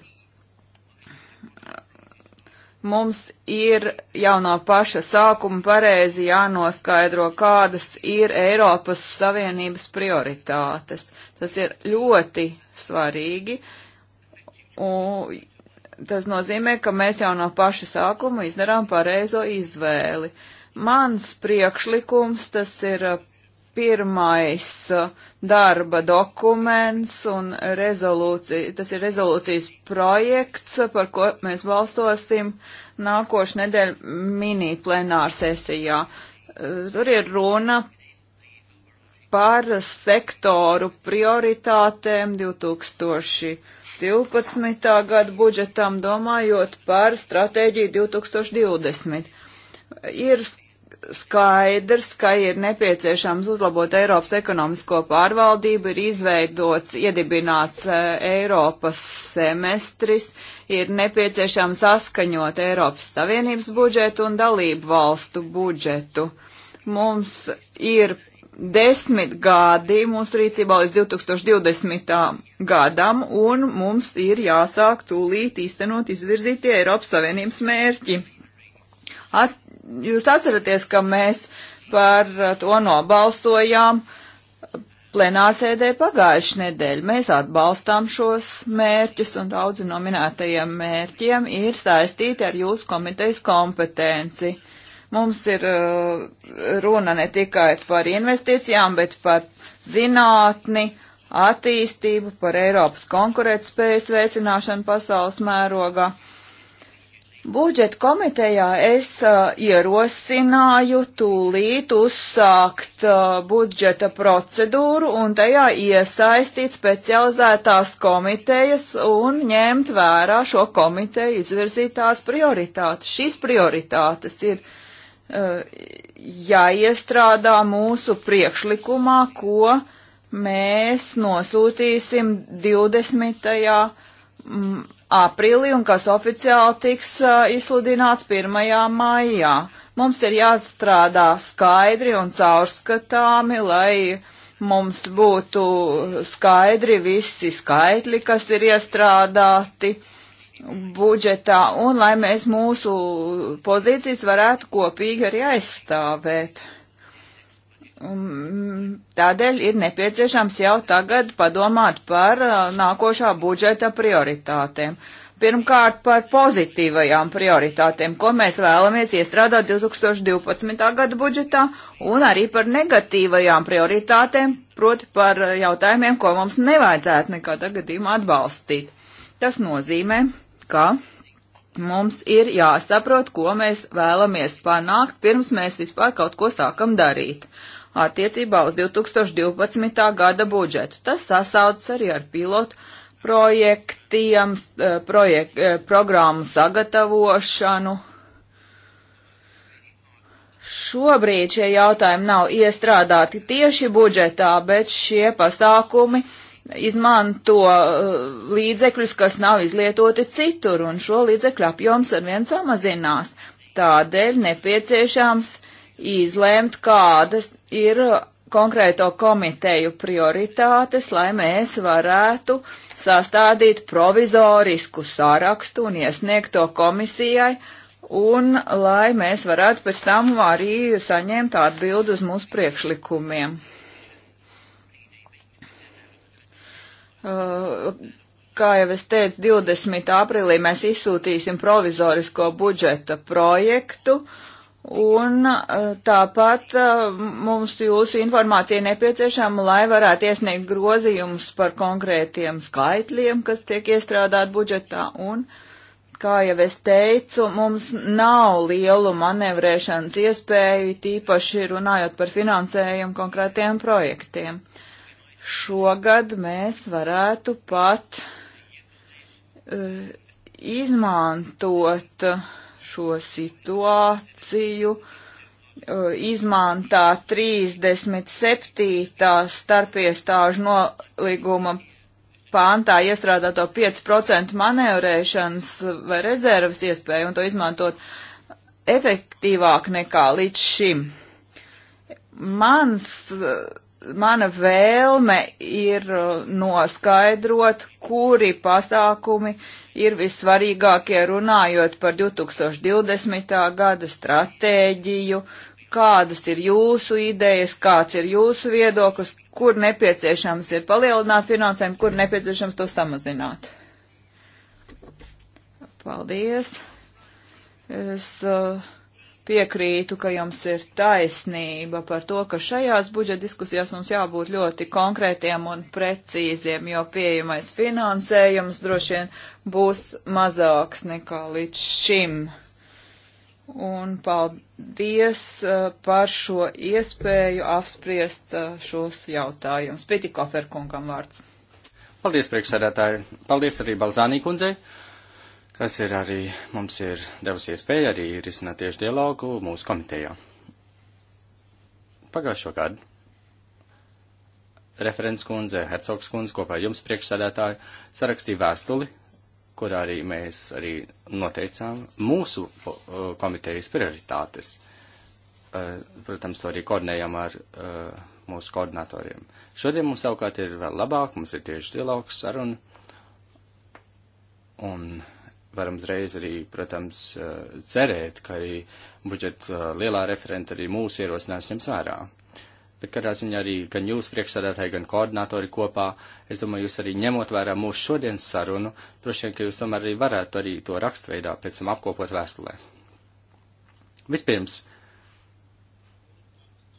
mums ir jau no paša sākuma pareizi jānoskaidro, kādas ir Eiropas Savienības prioritātes. Tas ir ļoti svarīgi. Un tas nozīmē, ka mēs jau no paša sākuma izdarām pareizo izvēli. Mans priekšlikums tas ir pirmais uh, darba dokuments un rezolūcija, tas ir rezolūcijas projekts, uh, par ko mēs balsosim nākošu nedēļu mini plenāru sesijā. Uh, tur ir runa par sektoru prioritātēm 2012. gada budžetam, domājot par stratēģiju 2020. Ir skaidrs, ka ir nepieciešams uzlabot Eiropas ekonomisko pārvaldību, ir izveidots, iedibināts e, Eiropas semestris, ir nepieciešams saskaņot Eiropas Savienības budžetu un dalību valstu budžetu. Mums ir desmit gadi mūsu rīcībā līdz 2020. gadam, un mums ir jāsāk tūlīt īstenot izvirzītie Eiropas Savienības mērķi. At jūs atceraties, ka mēs par to nobalsojām plenārsēdē pagājušajā nedēļā. Mēs atbalstām šos mērķus, un daudzi no minētajiem mērķiem ir saistīti ar jūsu komitejas kompetenci. Mums ir uh, runa ne tikai par investīcijām, bet par zinātni, attīstību, par Eiropas konkurētspējas veicināšanu pasaules mērogā. Uh, Budžeta komitejā es uh, ierosināju tūlīt uzsākt uh, budžeta procedūru un tajā iesaistīt specializētās komitejas un ņemt vērā šo komiteju izvirzītās prioritātes. Šīs prioritātes ir uh, jāiestrādā mūsu priekšlikumā, ko mēs nosūtīsim 20. Mm, aprīlī un kas oficiāli tiks uh, izsludināts 1. maijā. Mums ir jāstrādā skaidri un caurskatāmi, lai mums būtu skaidri visi skaitļi, kas ir iestrādāti budžetā, un lai mēs mūsu pozīcijas varētu kopīgi arī aizstāvēt. Mm, tādēļ ir nepieciešams jau tagad padomāt par uh, nākošā budžeta prioritātēm. Pirmkārt, par pozitīvajām prioritātēm, ko mēs vēlamies iestrādāt 2012. gada budžetā, un arī par negatīvajām prioritātēm, proti par uh, jautājumiem, ko mums nevajadzētu nekādā gadījumā atbalstīt. Tas nozīmē, ka mums ir jāsaprot, ko mēs vēlamies panākt, pirms mēs vispār kaut ko sākam darīt. Uh, attiecībā uz 2012. gada budžetu. Tas sasaucas arī ar pilotu projektiem, e, projek, e, programmu sagatavošanu. Šobrīd šie jautājumi nav iestrādāti tieši budžetā, bet šie pasākumi izmanto e, līdzekļus, kas nav izlietoti citur, un šo līdzekļu apjoms ar vien samazinās. Tādēļ nepieciešams izlēmt, kādas ir uh, konkrēto komiteju prioritātes, lai mēs varētu sastādīt provizorisku sārakstu un iesniegt to komisijai, un lai mēs varētu pēc tam arī saņemt atbildi uz mūsu priekšlikumiem. Uh, kā jau es teicu, 20. aprīlī mēs izsūtīsim provizorisko budžeta projektu, uh, Un eh, tāpat eh, mums jūsu informācija nepieciešama, lai varētu iesniegt grozījumus par konkrētiem skaitļiem, kas tiek iestrādāt budžetā. Un, kā jau es teicu, mums nav lielu manevrēšanas iespēju, tīpaši runājot par finansējumu konkrētiem projektiem. Šogad mēs varētu pat uh, izmantot uh, šo situāciju, e, izmantā 37. starpiestāžu nolīguma pāntā iestrādāto 5% manevrēšanas vai rezervas iespēju un to izmantot efektīvāk nekā līdz šim. Mans, mana vēlme ir e, noskaidrot, kuri pasākumi uh, ir visvarīgākie runājot par 2020. gada stratēģiju, kādas ir jūsu idejas, kāds ir jūsu viedoklis, kur nepieciešams ir palielināt finansējumu, kur nepieciešams to samazināt. Paldies! Es, uh, piekrītu, ka jums ir taisnība par to, ka šajās budžeta diskusijās mums jābūt ļoti konkrētiem un precīziem, jo pieejamais finansējums droši vien būs mazāks nekā līdz šim. Un paldies uh, par šo iespēju apspriest uh, šos jautājumus. Pitikofer kungam vārds. Paldies, priekšsēdētāji. Paldies arī Balzānī kundzei kas ir arī mums ir devusi iespēju arī risināt tieši dialogu mūsu komitejā. Pagājušo gadu referents kundze, hercogs kundze kopā ar jums priekšsēdētāju sarakstīja vēstuli, kurā arī mēs arī noteicām mūsu uh, komitejas prioritātes. Uh, protams, to arī koordinējam ar uh, mūsu koordinatoriem. Šodien mums savukārt ir vēl labāk, mums ir tieši dialogs, saruna. Un, un varam uzreiz arī, protams, eh, cerēt, ka arī budžeta eh, lielā referenta arī mūsu ierosinās ņems vērā. Bet kādā ziņā arī gan jūs priekšsādātāji, gan koordinātori kopā, es domāju, jūs arī ņemot vērā mūsu šodienas sarunu, droši vien, ka jūs tomēr arī varētu arī to rakstveidā pēc tam apkopot vēstulē. Vispirms,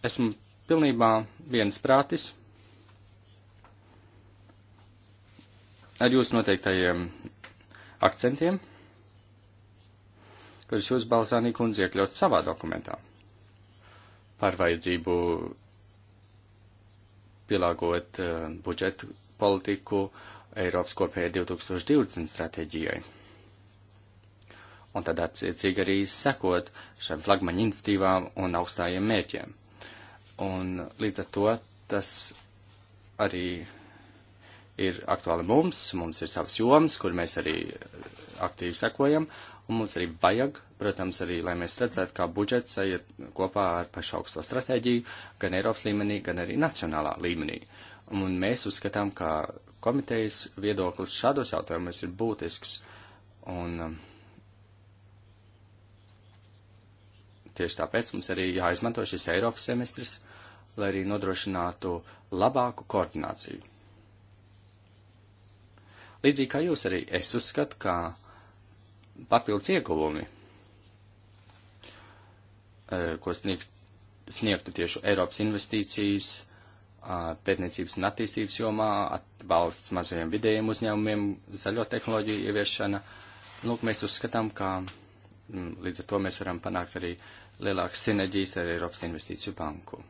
esmu pilnībā viens prātis ar jūsu noteiktajiem akcentiem, kurus jūs, Balzānī kundze, iekļaut savā dokumentā par vajadzību pielāgot uh, budžetu politiku Eiropas kopējai 2020 stratēģijai. Un tad attiecīgi arī sekot šiem flagmaņu institīvām un augstājiem mēķiem. Un līdz ar to tas arī ir aktuāli mums, mums ir savas jomas, kur mēs arī eh, aktīvi sekojam, un mums arī vajag, protams, arī, lai mēs redzētu, kā budžets iet kopā ar pašu augsto stratēģiju, gan Eiropas līmenī, gan arī nacionālā līmenī. Un mēs uzskatām, ka komitejas viedoklis šādos jautājumos ir būtisks. Un, um, Tieši tāpēc mums arī jāizmanto šis Eiropas semestris, lai arī nodrošinātu labāku koordināciju Līdzīgi kā jūs arī, es uzskatu, ka papildus ieguvumi, e, ko sniegt, sniegtu tieši Eiropas investīcijas, pētniecības un attīstības jomā, atbalsts mazajiem vidējiem uzņēmumiem, zaļo tehnoloģiju ieviešana. Lūk, mēs uzskatām, ka mm, līdz ar to mēs varam panākt arī lielākas sinerģijas ar Eiropas investīciju banku.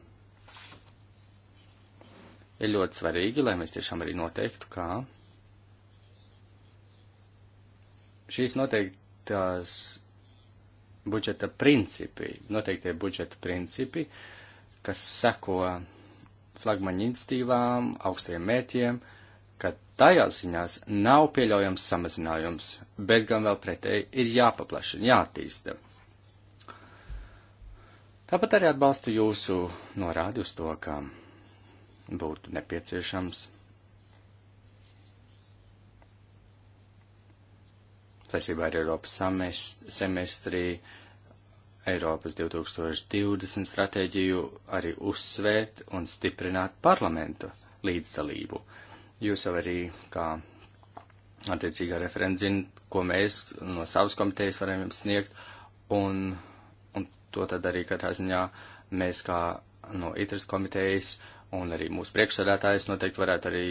Ir ļoti svarīgi, lai mēs tiešām arī noteiktu, kā Šīs noteiktās budžeta principi, noteiktie budžeta principi, kas seko flagmaņa institīvām, augstiem mērķiem, ka tajās ziņās nav pieļaujams samazinājums, bet gan vēl pretēji ir jāpaplašina, jātīsta. Tāpat arī atbalstu jūsu norādi uz to, ka būtu nepieciešams saistībā ar Eiropas semestrī, Eiropas 2020 stratēģiju arī uzsvērt un stiprināt parlamentu līdzdalību. Jūs jau arī kā attiecīgā referenta zina, ko mēs no savas komitejas varam jums sniegt, un, un to tad arī katrā ziņā mēs kā no ITRS komitejas un arī mūsu priekšsādātājs noteikti varētu arī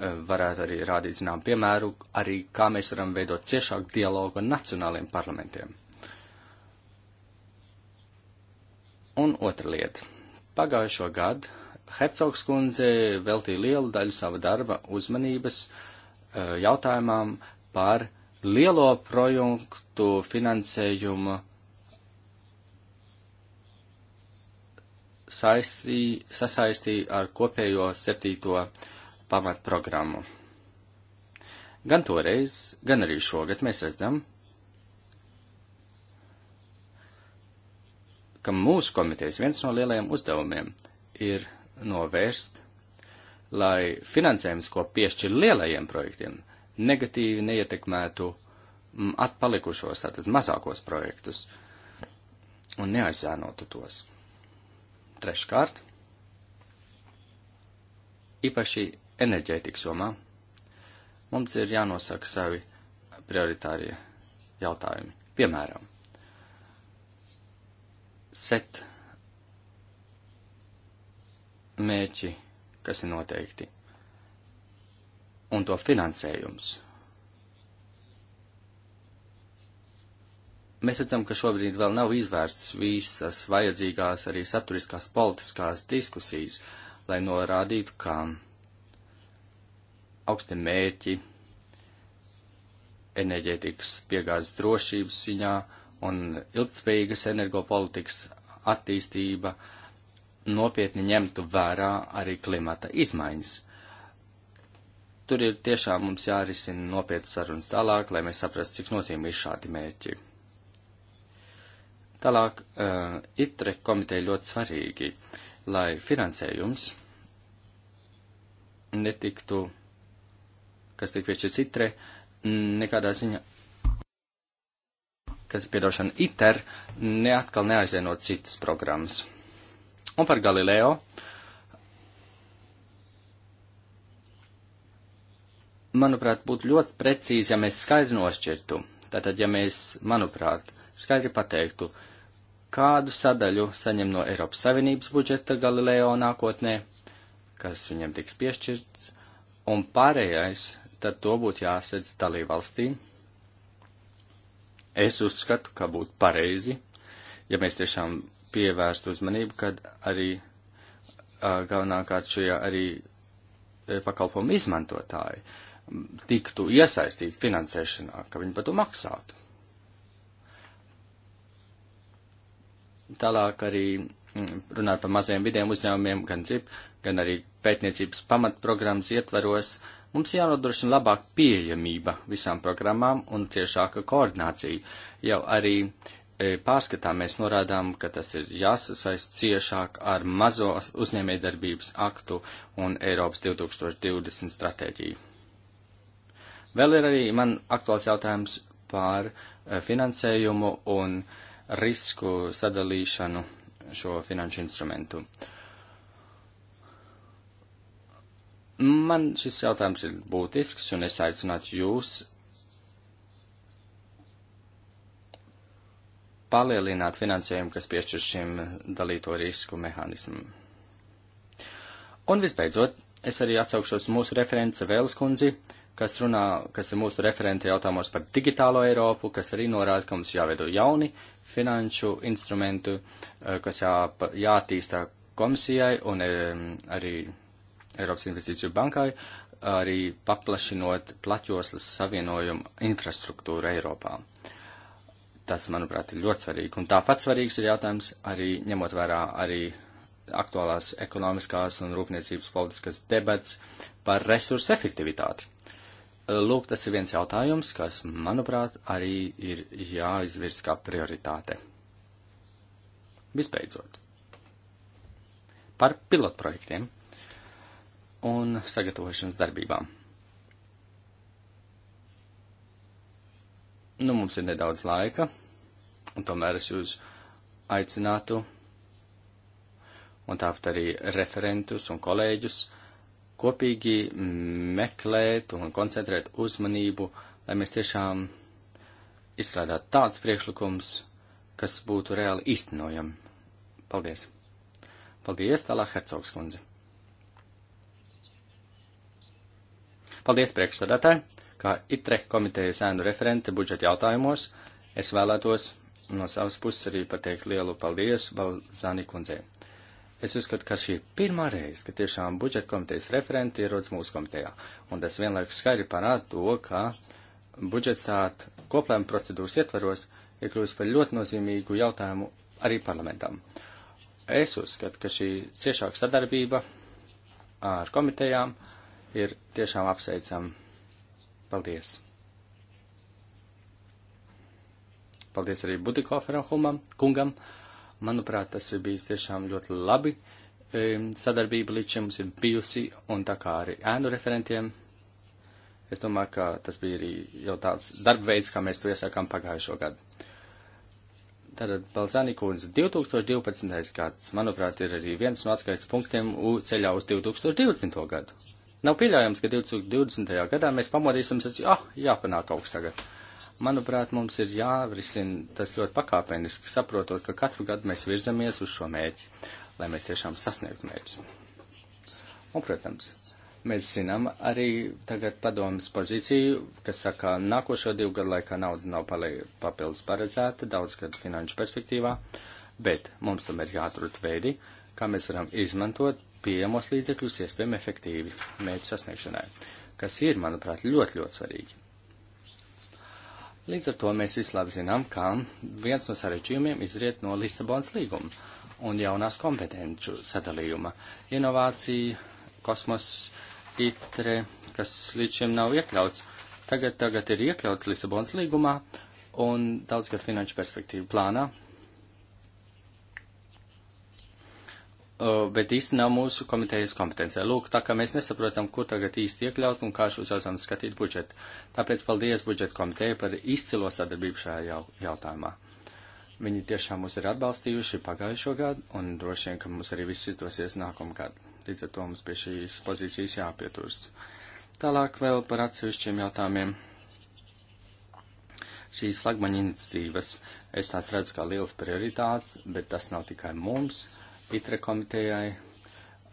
varētu arī rādīt zinām piemēru, arī kā mēs varam veidot ciešāku dialogu ar nacionāliem parlamentiem. Un otra lieta. Pagājušo gadu Hercogs kundze veltīja lielu daļu sava darba uzmanības eh, jautājumām par lielo projektu finansējumu saistī, sasaistī ar kopējo septīto uh, pamatprogrammu. Gan toreiz, gan arī šogad mēs redzam, ka mūsu komitejas viens no lielajiem uzdevumiem ir novērst, lai finansējums, ko piešķir lielajiem projektiem, negatīvi neietekmētu mm, atpalikušos, tātad mazākos projektus un neaizsēnotu tos. Treškārt, īpaši enerģētikas jomā mums ir jānosaka savi prioritārie jautājumi. Piemēram, set mērķi, kas ir noteikti, un to finansējums. Mēs redzam, ka šobrīd vēl nav izvērstas visas vajadzīgās arī saturiskās politiskās diskusijas, lai norādītu, ka augsti mērķi enerģētikas piegādes drošības ziņā un ilgtspējīgas energopolitikas attīstība nopietni ņemtu vērā arī klimata izmaiņas. Tur ir tiešām mums jārisina nopietnas sarunas tālāk, lai mēs saprastu, cik nozīmīgi šādi mērķi. Tālāk, uh, ITRE komiteja ļoti svarīgi, lai finansējums netiktu kas tiek piešķirts itre, nekādā ziņā, kas piedošana iter, neatkal neaizienot citas programmas. Un par Galileo. Manuprāt, būtu ļoti precīzi, ja mēs skaidri nošķirtu. Tātad, ja mēs, manuprāt, skaidri pateiktu, kādu sadaļu saņem no Eiropas Savienības budžeta Galileo nākotnē, kas viņam tiks piešķirts, Un pārējais, tad to būtu jāsadz dalībvalstī. Es uzskatu, ka būtu pareizi, ja mēs tiešām pievērstu uzmanību, kad arī galvenākārt šie arī pakalpojumu izmantotāji tiktu iesaistīti finansēšanā, ka viņi par to maksātu. Tālāk arī Mm, runāt par mazajiem vidiem uzņēmumiem, gan CIP, gan arī pētniecības pamatprogrammas ietveros, mums jānodrošina labāk pieejamība visām programmām un ciešāka koordinācija. Jau arī e, pārskatā mēs norādām, ka tas ir jāsasaist ciešāk ar mazo uzņēmējdarbības aktu un Eiropas 2020 stratēģiju. Vēl ir arī man aktuāls jautājums par e, finansējumu un risku sadalīšanu šo finanšu instrumentu. Man šis jautājums ir būtisks, un es aicinātu jūs palielināt finansējumu, kas piešķir šim dalīto risku mehānismam. Un visbeidzot, es arī atsaukšos mūsu referents Vēles kundzi, uh, kas runā, kas ir mūsu referenta jautājumos par digitālo Eiropu, kas arī norāda, ka mums jāveido jauni finanšu instrumentu, eh, kas jā, jātīstā komisijai un eh, arī Eiropas investīciju bankai, arī paplašinot plaķoslas savienojumu infrastruktūru Eiropā. Tas, manuprāt, ir ļoti svarīgi. Un tāpat svarīgs ir jautājums arī ņemot vērā arī aktuālās ekonomiskās un rūpniecības politiskas debats par resursu efektivitāti. Eh, lūk, tas ir viens jautājums, kas, manuprāt, arī ir jāizvirs kā prioritāte. Visbeidzot, par pilotprojektiem un sagatavošanas darbībām. Nu, mums ir nedaudz laika, un tomēr es jūs aicinātu, un tāpat arī referentus un kolēģus, uh, kopīgi meklēt un koncentrēt uzmanību, lai mēs tiešām izstrādātu tāds priekšlikums, kas būtu reāli īstenojami. Paldies! Paldies, tālāk Hercogs kundze. Paldies priekšsadatāji, kā ITRE komitejas ēnu referente budžeta jautājumos. Es vēlētos no savas puses arī pateikt lielu paldies Balzāni kundzei. Es uzskatu, ka šī ir pirmā reize, ka tiešām budžeta komitejas referenti ierodas mūsu komitejā, un tas vienlaikus skaidri parāda to, ka budžets tāt koplēma procedūras ietvaros ir kļūst par ļoti nozīmīgu jautājumu arī parlamentam. Es uzskatu, ka šī ciešāka sadarbība ar komitejām ir tiešām apsveicama. Paldies! Paldies arī Budikoferam kungam! Manuprāt, tas ir bijis tiešām ļoti labi. E, sadarbība līdz šim mums ir bijusi, un tā kā arī ēnu referentiem. Es domāju, ka tas bija arī jau tāds darba veids, kā mēs to iesākām pagājušo gadu. Tātad Balzāni kundze 2012. gads, manuprāt, ir arī viens no atskaits punktiem ceļā uz 2020. gadu. Nav pieļaujams, ka 2020. gadā mēs pamodīsim, ka ah, jāpanāk kaut kas tagad. Manuprāt, mums ir jārisina tas ļoti pakāpeniski, saprotot, ka katru gadu mēs virzamies uz šo mērķi, lai mēs tiešām sasniegtu mērķus. Un, protams, mēs zinām arī tagad padomas pozīciju, kas saka, nākošo divu gadu laikā nauda nav papildus paredzēta daudz gadu finanšu perspektīvā, bet mums tomēr jāatrod veidi, kā mēs varam izmantot pieejamos līdzekļus iespējami efektīvi mērķu sasniegšanai, kas ir, manuprāt, ļoti, ļoti svarīgi. Līdz ar to mēs visi labi zinām, ka viens no sarežģījumiem izriet no Lisabonas līguma un jaunās kompetenču sadalījuma. Inovācija, kosmos, itre, kas līdz šim nav iekļauts, tagad, tagad ir iekļauts Lisabonas līgumā un daudzgad finanšu perspektīvu plānā, Uh, bet īsti nav mūsu komitejas kompetencija. Lūk, tā kā mēs nesaprotam, kur tagad īsti iekļaut un kā šos jautājumus skatīt budžetu. Tāpēc paldies budžeta komiteja par izcilo sadarbību šajā jautājumā. Viņi tiešām mūs ir atbalstījuši pagājušo gadu un droši vien, ka mums arī viss izdosies nākamgad. Līdz ar to mums pie šīs pozīcijas jāpieturas. Tālāk vēl par atsevišķiem jautājumiem. Šīs flagmaņa iniciatīvas es tās redzu kā liels prioritāts, bet tas nav tikai mums. Uh, ITRE komitejai.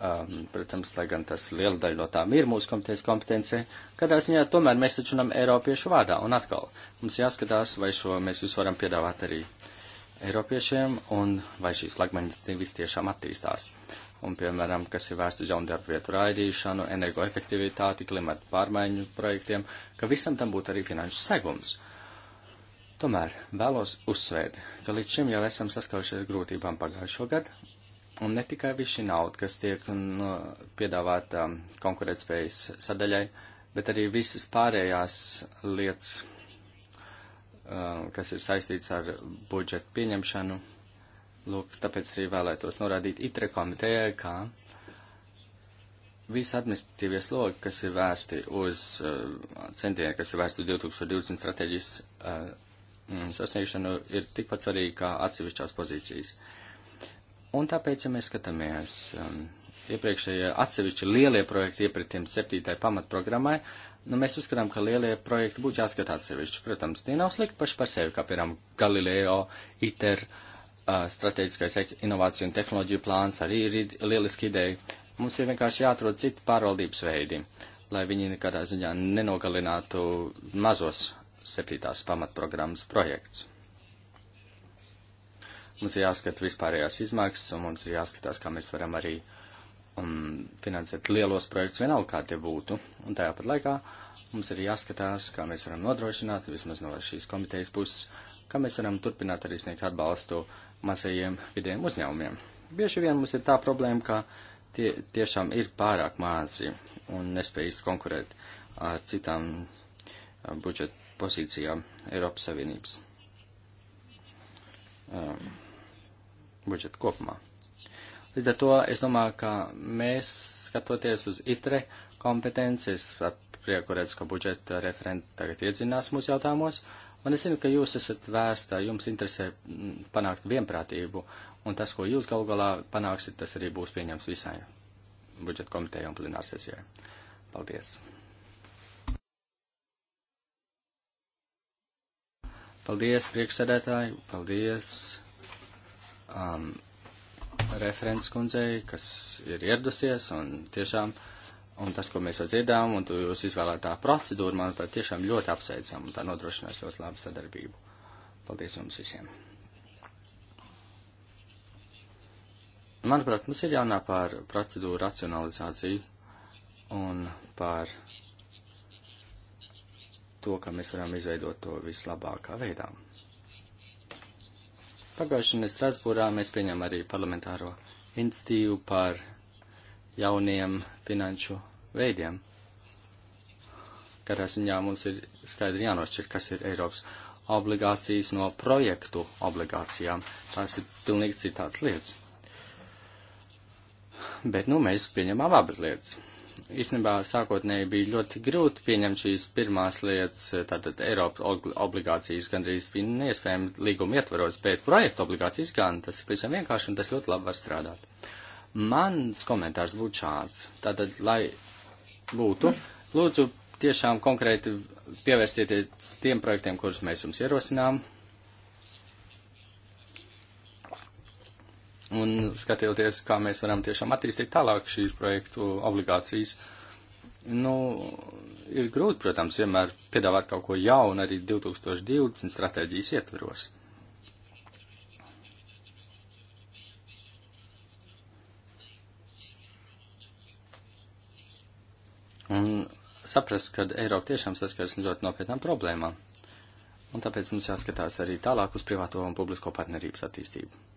Um, protams, lai gan tas liela daļa no tām ir mūsu komitejas kompetence, kādā ziņā tomēr mēs taču nam Eiropiešu vārdā. Un atkal, mums jāskatās, vai šo mēs jūs varam piedāvāt arī Eiropiešiem, un vai šīs flagmaņas tiešām attīstās. Un, piemēram, kas ir vērsts uz jaunu darbu vietu raidīšanu, energoefektivitāti, klimatu pārmaiņu projektiem, ka visam tam būtu arī finanšu segums. Tomēr vēlos uzsvērt, ka līdz šim jau esam saskaušies grūtībām pagājušo gadu, Un ne tikai visu naudu, kas tiek nu, piedāvāta um, konkurētspējas sadaļai, bet arī visas pārējās lietas, um, kas ir saistīts ar budžetu pieņemšanu. Lūk, tāpēc arī vēlētos norādīt ITRE komitejai, ka visi administratīvie slogi, kas ir vērsti uz uh, centieni, kas ir vērsti uz 2020 stratēģijas uh, sasniegšanu, ir tikpat svarīgi kā atsevišķās pozīcijas. Uh, Un tāpēc, ja mēs skatāmies um, iepriekšējie atsevišķi lielie projekti iepratiem septītai pamatprogrammai, nu mēs uzskatām, ka lielie projekti būtu jāskatā atsevišķi. Protams, tie nav slikti paši par sevi, kā piemēram Galileo, ITER, uh, strateģiskais inovāciju un tehnoloģiju plāns arī ir lieliski ideja. Mums ir vienkārši jāatrod citi pārvaldības veidi, lai viņi nekādā ziņā nenogalinātu mazos septītās pamatprogrammas projekts. Mums ir jāskata vispārējās izmaksas, un mums ir jāskatās, kā mēs varam arī um, finansēt lielos projektus, vienalga kā tie būtu. Un tajā pat laikā mums ir jāskatās, kā mēs varam nodrošināt, vismaz no šīs komitejas puses, kā mēs varam turpināt arī sniegt atbalstu mazajiem vidiem uzņēmumiem. Bieži vien mums ir tā problēma, ka tie tiešām ir pārāk mazi un nespēj īsti konkurēt ar citām uh, budžeta pozīcijām Eiropas Savienības um, budžetu kopumā. Līdz ar to es domāju, ka mēs, skatoties uz ITRE kompetences, prieku redz, ka budžeta referenti tagad iedzinās mūsu jautājumos, un es zinu, ka jūs esat vērsta, jums interesē mm, panākt vienprātību, un tas, ko jūs gal galā panāksiet, tas arī būs pieņems visai budžeta komitejai un plenārsesijai. Paldies! Paldies, priekšsēdētāji, paldies! um, referents kundzei, kas ir ieradusies un tiešām, un tas, ko mēs jau dzirdām, un jūs izvēlētā procedūra, manuprāt, tiešām ļoti apsveicama un tā nodrošinās ļoti labu sadarbību. Paldies jums visiem! Manuprāt, mums ir jānāk par procedūru racionalizāciju un par to, ka mēs varam izveidot to vislabākā veidā. Pagājušajā Strasbūrā mēs pieņēmām arī parlamentāro institīvu par jauniem finanšu veidiem. Katrā ziņā mums ir skaidri jānošķir, kas ir Eiropas obligācijas no projektu obligācijām. Tās ir pilnīgi citāds lietas. Bet, nu, mēs pieņemam abas lietas īstenībā sākotnēji bija ļoti grūti pieņemt šīs pirmās lietas, tātad Eiropas obligācijas gandrīz bija neiespējami līguma ietvaros, bet projektu obligācijas gan, tas ir pavisam vienkārši un tas ļoti labi var strādāt. Mans komentārs būtu šāds, tātad, lai būtu, lūdzu tiešām konkrēti pievērsties tiem projektiem, kurus mēs jums ierosinām, un skatoties, kā mēs varam tiešām attīstīt tālāk šīs projektu obligācijas. Nu, ir grūti, protams, vienmēr piedāvāt kaut ko jaunu arī 2020 stratēģijas ietveros. Un saprast, ka Eiropa tiešām saskaras ļoti nopietnām problēmām. Un tāpēc mums jāskatās arī tālāk uz privāto un publisko partnerības attīstību.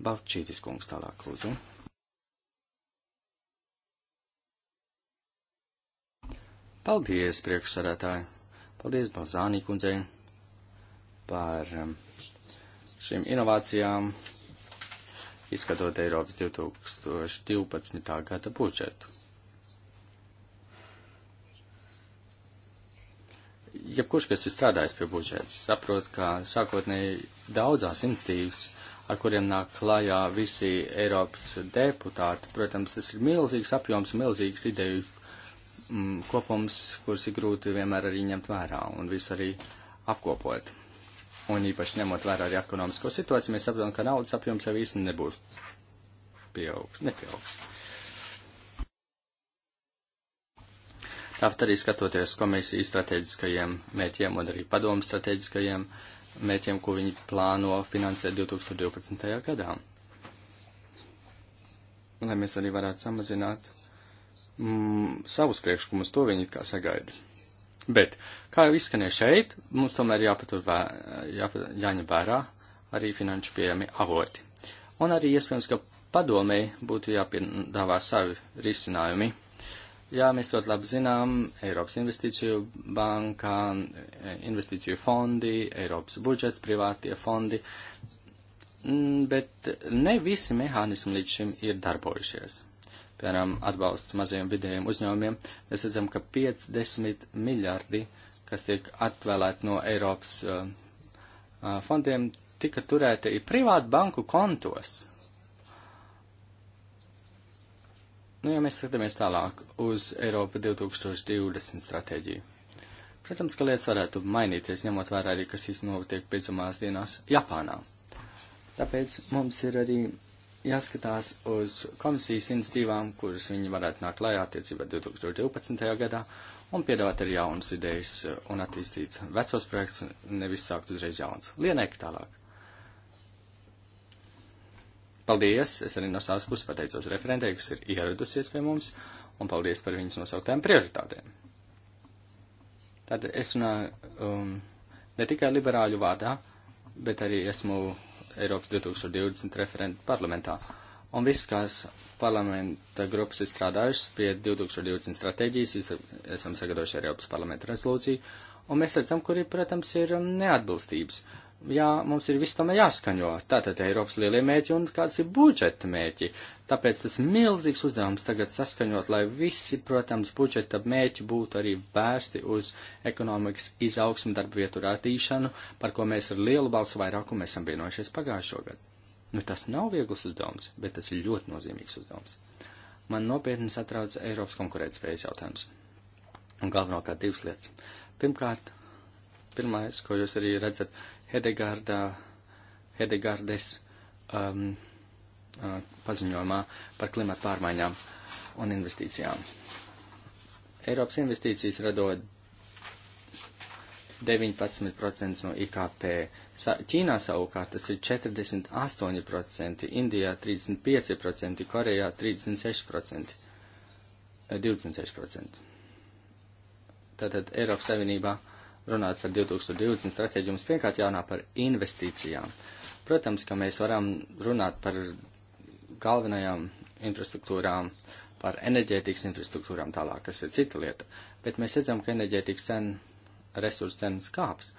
Balčītis kungs tālāk lūdzu. Paldies, priekšsarētāji! Paldies Balzānī kundzei par um, šīm inovācijām, izskatot Eiropas 2012. gada budžetu. Jebkurš, kas ir strādājis pie budžeta, saprot, ka sākotnēji daudzās institīvas ar kuriem nāk klajā visi Eiropas deputāti. Protams, tas ir milzīgs apjoms, milzīgs ideju mm, kopums, kurus ir grūti vienmēr arī ņemt vērā un visu arī apkopot. Un īpaši ņemot vērā arī ekonomisko situāciju, mēs saprotam, ka naudas apjoms jau īsti nebūs pieaugs, nepieaugs. Tāpat arī skatoties komisijas strateģiskajiem mēķiem un arī padomu strateģiskajiem uh, mērķiem, ko viņi plāno finansēt 2012. gadā. Lai mēs arī varētu samazināt mm, savus priekšlikumus, to viņi kā sagaida. Bet, kā jau izskanēja šeit, mums tomēr jāpatur vē, jāpa, jāņem vērā arī finanšu pieejami avoti. Un arī iespējams, ka padomēji būtu jāpiedāvā savi risinājumi Jā, mēs ļoti labi zinām, Eiropas investīciju bankā, investīciju fondi, Eiropas budžets, privātie fondi, mm, bet ne visi mehānismi līdz šim ir darbojušies. Piemēram, atbalsts mazajiem vidējiem uzņēmumiem. Mēs redzam, ka 50 miljardi, kas tiek atvēlēti no Eiropas uh, uh fondiem, tika turēti privātu banku kontos. Nu, ja mēs skatāmies tālāk uz Eiropa 2020 stratēģiju, protams, ka lietas varētu mainīties, ņemot vērā arī, kas īsti notiek piecumās dienās Japānā. Tāpēc mums ir arī jāskatās uz komisijas institīvām, kuras viņi varētu nākt klājā attiecībā 2012. gadā un piedāvāt arī jaunas idejas un attīstīt vecos projekts, nevis sākt uzreiz jauns. Lienēk tālāk. Paldies! Es arī no savas puses pateicos referentei, kas ir ieradusies pie mums, un paldies par viņas nosauktām prioritātēm. Tad es runāju um, ne tikai liberāļu vārdā, bet arī esmu Eiropas 2020 referenta parlamentā. Un viss, kas parlamenta grupas ir strādājušas pie 2020 stratēģijas, esam sagatavojuši Eiropas parlamenta rezolūciju, un mēs redzam, kur, ir, protams, ir um, neatbilstības. Uh, jā, mums ir viss tomēr jāskaņo. Tātad Eiropas lielie mērķi un kāds ir budžeta mērķi. Tāpēc tas milzīgs uzdevums tagad saskaņot, lai visi, protams, budžeta mērķi būtu arī vērsti uz ekonomikas izaugsmu darba vietu radīšanu, par ko mēs ar lielu balsu vairākumu esam vienojušies pagājušo gadu. Nu, tas nav viegls uzdevums, bet tas ir ļoti nozīmīgs uzdevums. Man nopietni satrauc Eiropas konkurētspējas jautājums. Un galvenokārt divas lietas. Pirmkārt, pirmais, ko jūs arī redzat, Hedegārda, Hedegārdes um, uh, paziņojumā par klimatu pārmaiņām un investīcijām. Eiropas investīcijas radot 19% no IKP. Sa Ķīnā savukārt tas ir 48%, Indijā 35%, Korejā 36%, 26%. Eh, Tātad Eiropas Savienībā runāt par 2020 stratēģiju, mums vienkārši jārunā par investīcijām. Protams, ka mēs varam runāt par galvenajām infrastruktūrām, par enerģētikas infrastruktūrām tālāk, kas ir cita lieta, bet mēs redzam, ka enerģētikas cena, resursu cenas kāps.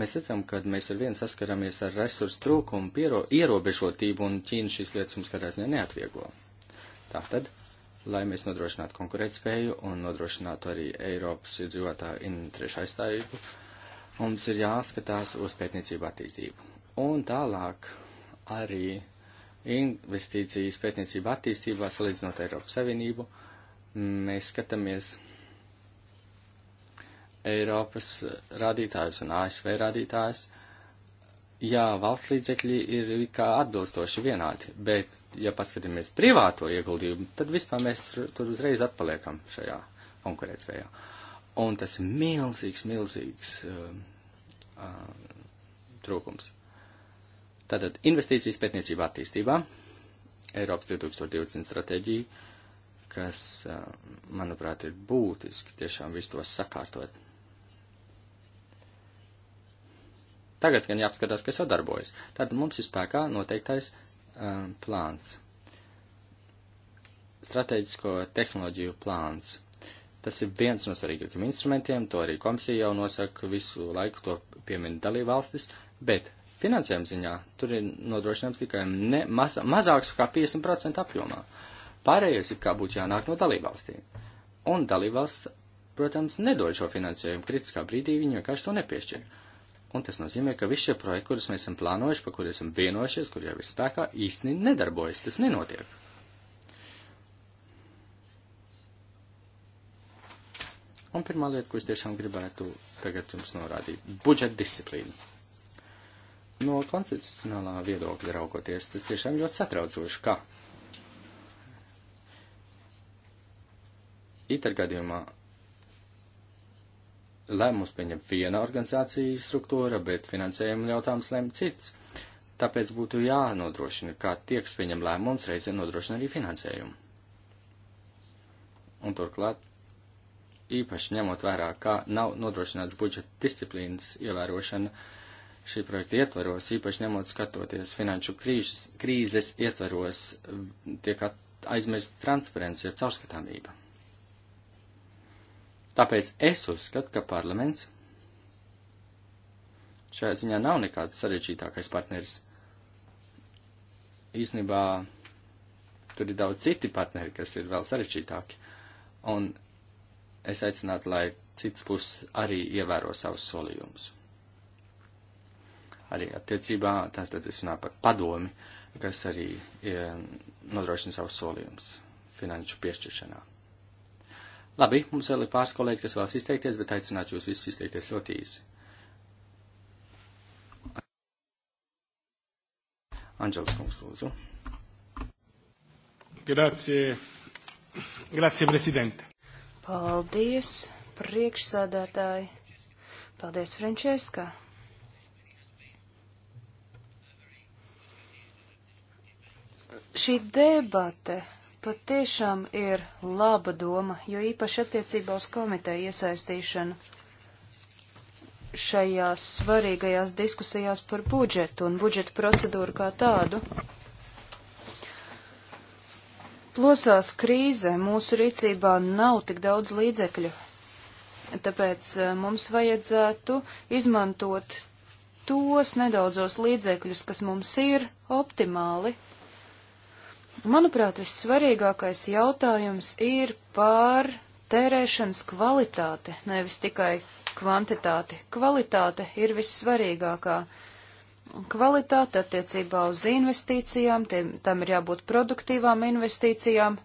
Mēs redzam, ka mēs ar vienu saskaramies ar resursu trūkumu, piero, ierobežotību, un Ķīna šīs lietas mums kādreiz neatvieglo. Tātad lai mēs nodrošinātu konkurētspēju un nodrošinātu arī Eiropas iedzīvotāju interešu aizstājību, mums ir jāskatās uz pētniecību attīstību. Un tālāk arī investīcijas pētniecība attīstībā, salīdzinot Eiropas Savienību, mēs skatāmies Eiropas rādītājus un ASV rādītājus jā, valsts līdzekļi ir kā atbilstoši vienādi, bet, ja paskatāmies privāto ieguldījumu, tad vispār mēs tur uzreiz atpaliekam šajā konkurētspējā. Un tas ir milzīgs, milzīgs uh, uh, trūkums. Tātad investīcijas pētniecībā attīstībā, Eiropas 2020 stratēģija, kas, uh, manuprāt, ir būtiski tiešām visu to sakārtot. Tagad gan jāapskatās, kas sadarbojas. Tad mums ir spēkā noteiktais um, plāns. Strateģisko tehnoloģiju plāns. Tas ir viens no svarīgākiem instrumentiem, to arī komisija jau nosaka visu laiku, to piemin dalībvalstis, bet finansējuma ziņā tur ir nodrošinājums tikai ne, maz, mazāks kā 50% apjomā. Pārējais ir kā būtu jānāk no dalībvalstīm. Un dalībvalsts, protams, nedod šo finansējumu kritiskā brīdī, viņi vienkārši to nepiešķir. Un tas nozīmē, ka visi šie projekti, kurus mēs esam plānojuši, par kuriem esam vienojušies, kur jau ir spēkā, īsti nedarbojas. Tas nenotiek. Un pirmā lieta, ko es tiešām gribētu tagad jums norādīt - budžeta disciplīna. No konstitucionālā viedokļa raugoties, tas tiešām ļoti satraucoši, ka ITER gadījumā lēmumus pieņem viena organizācija struktūra, bet finansējuma jautājums lem cits. Tāpēc būtu jānodrošina, kā tie, kas pieņem lēmumus, reizē nodrošina arī finansējumu. Un turklāt, īpaši ņemot vērā, kā nav nodrošināts budžeta disciplīnas ievērošana šī projekta ietvaros, īpaši ņemot skatoties finanšu krīzes, krīzes ietvaros, tiek aizmirst transparents, ja caurskatāmība. Tāpēc es uzskatu, ka parlaments šajā ziņā nav nekāds sarežģītākais partneris. Īsnībā tur ir daudz citi partneri, kas ir vēl sarežģītāki. Un es aicinātu, lai cits puses arī ievēro savus solījumus. Arī attiecībā, tātad es runāju par padomi, kas arī eh, nodrošina savus solījumus finanšu piešķiršanā. Labi, mums vēl ir pāris kolēģi, kas vēlas izteikties, bet aicinātu jūs visus izteikties ļoti īsi. Anģels kungs, lūdzu. Grazie. Grazie, prezidente. Paldies, priekšsādātāji. Paldies, Frančeska. Šī debate patiešām ir laba doma, jo īpaši attiecībā uz komiteju iesaistīšanu šajās svarīgajās diskusijās par budžetu un budžeta procedūru kā tādu. Plosās krīze mūsu rīcībā nav tik daudz līdzekļu, tāpēc eh, mums vajadzētu izmantot tos nedaudzos līdzekļus, kas mums ir optimāli Manuprāt, vissvarīgākais jautājums ir par tērēšanas kvalitāti, nevis tikai kvantitāti. Kvalitāte ir vissvarīgākā. Kvalitāte attiecībā uz investīcijām, tiem, tam ir jābūt produktīvām investīcijām.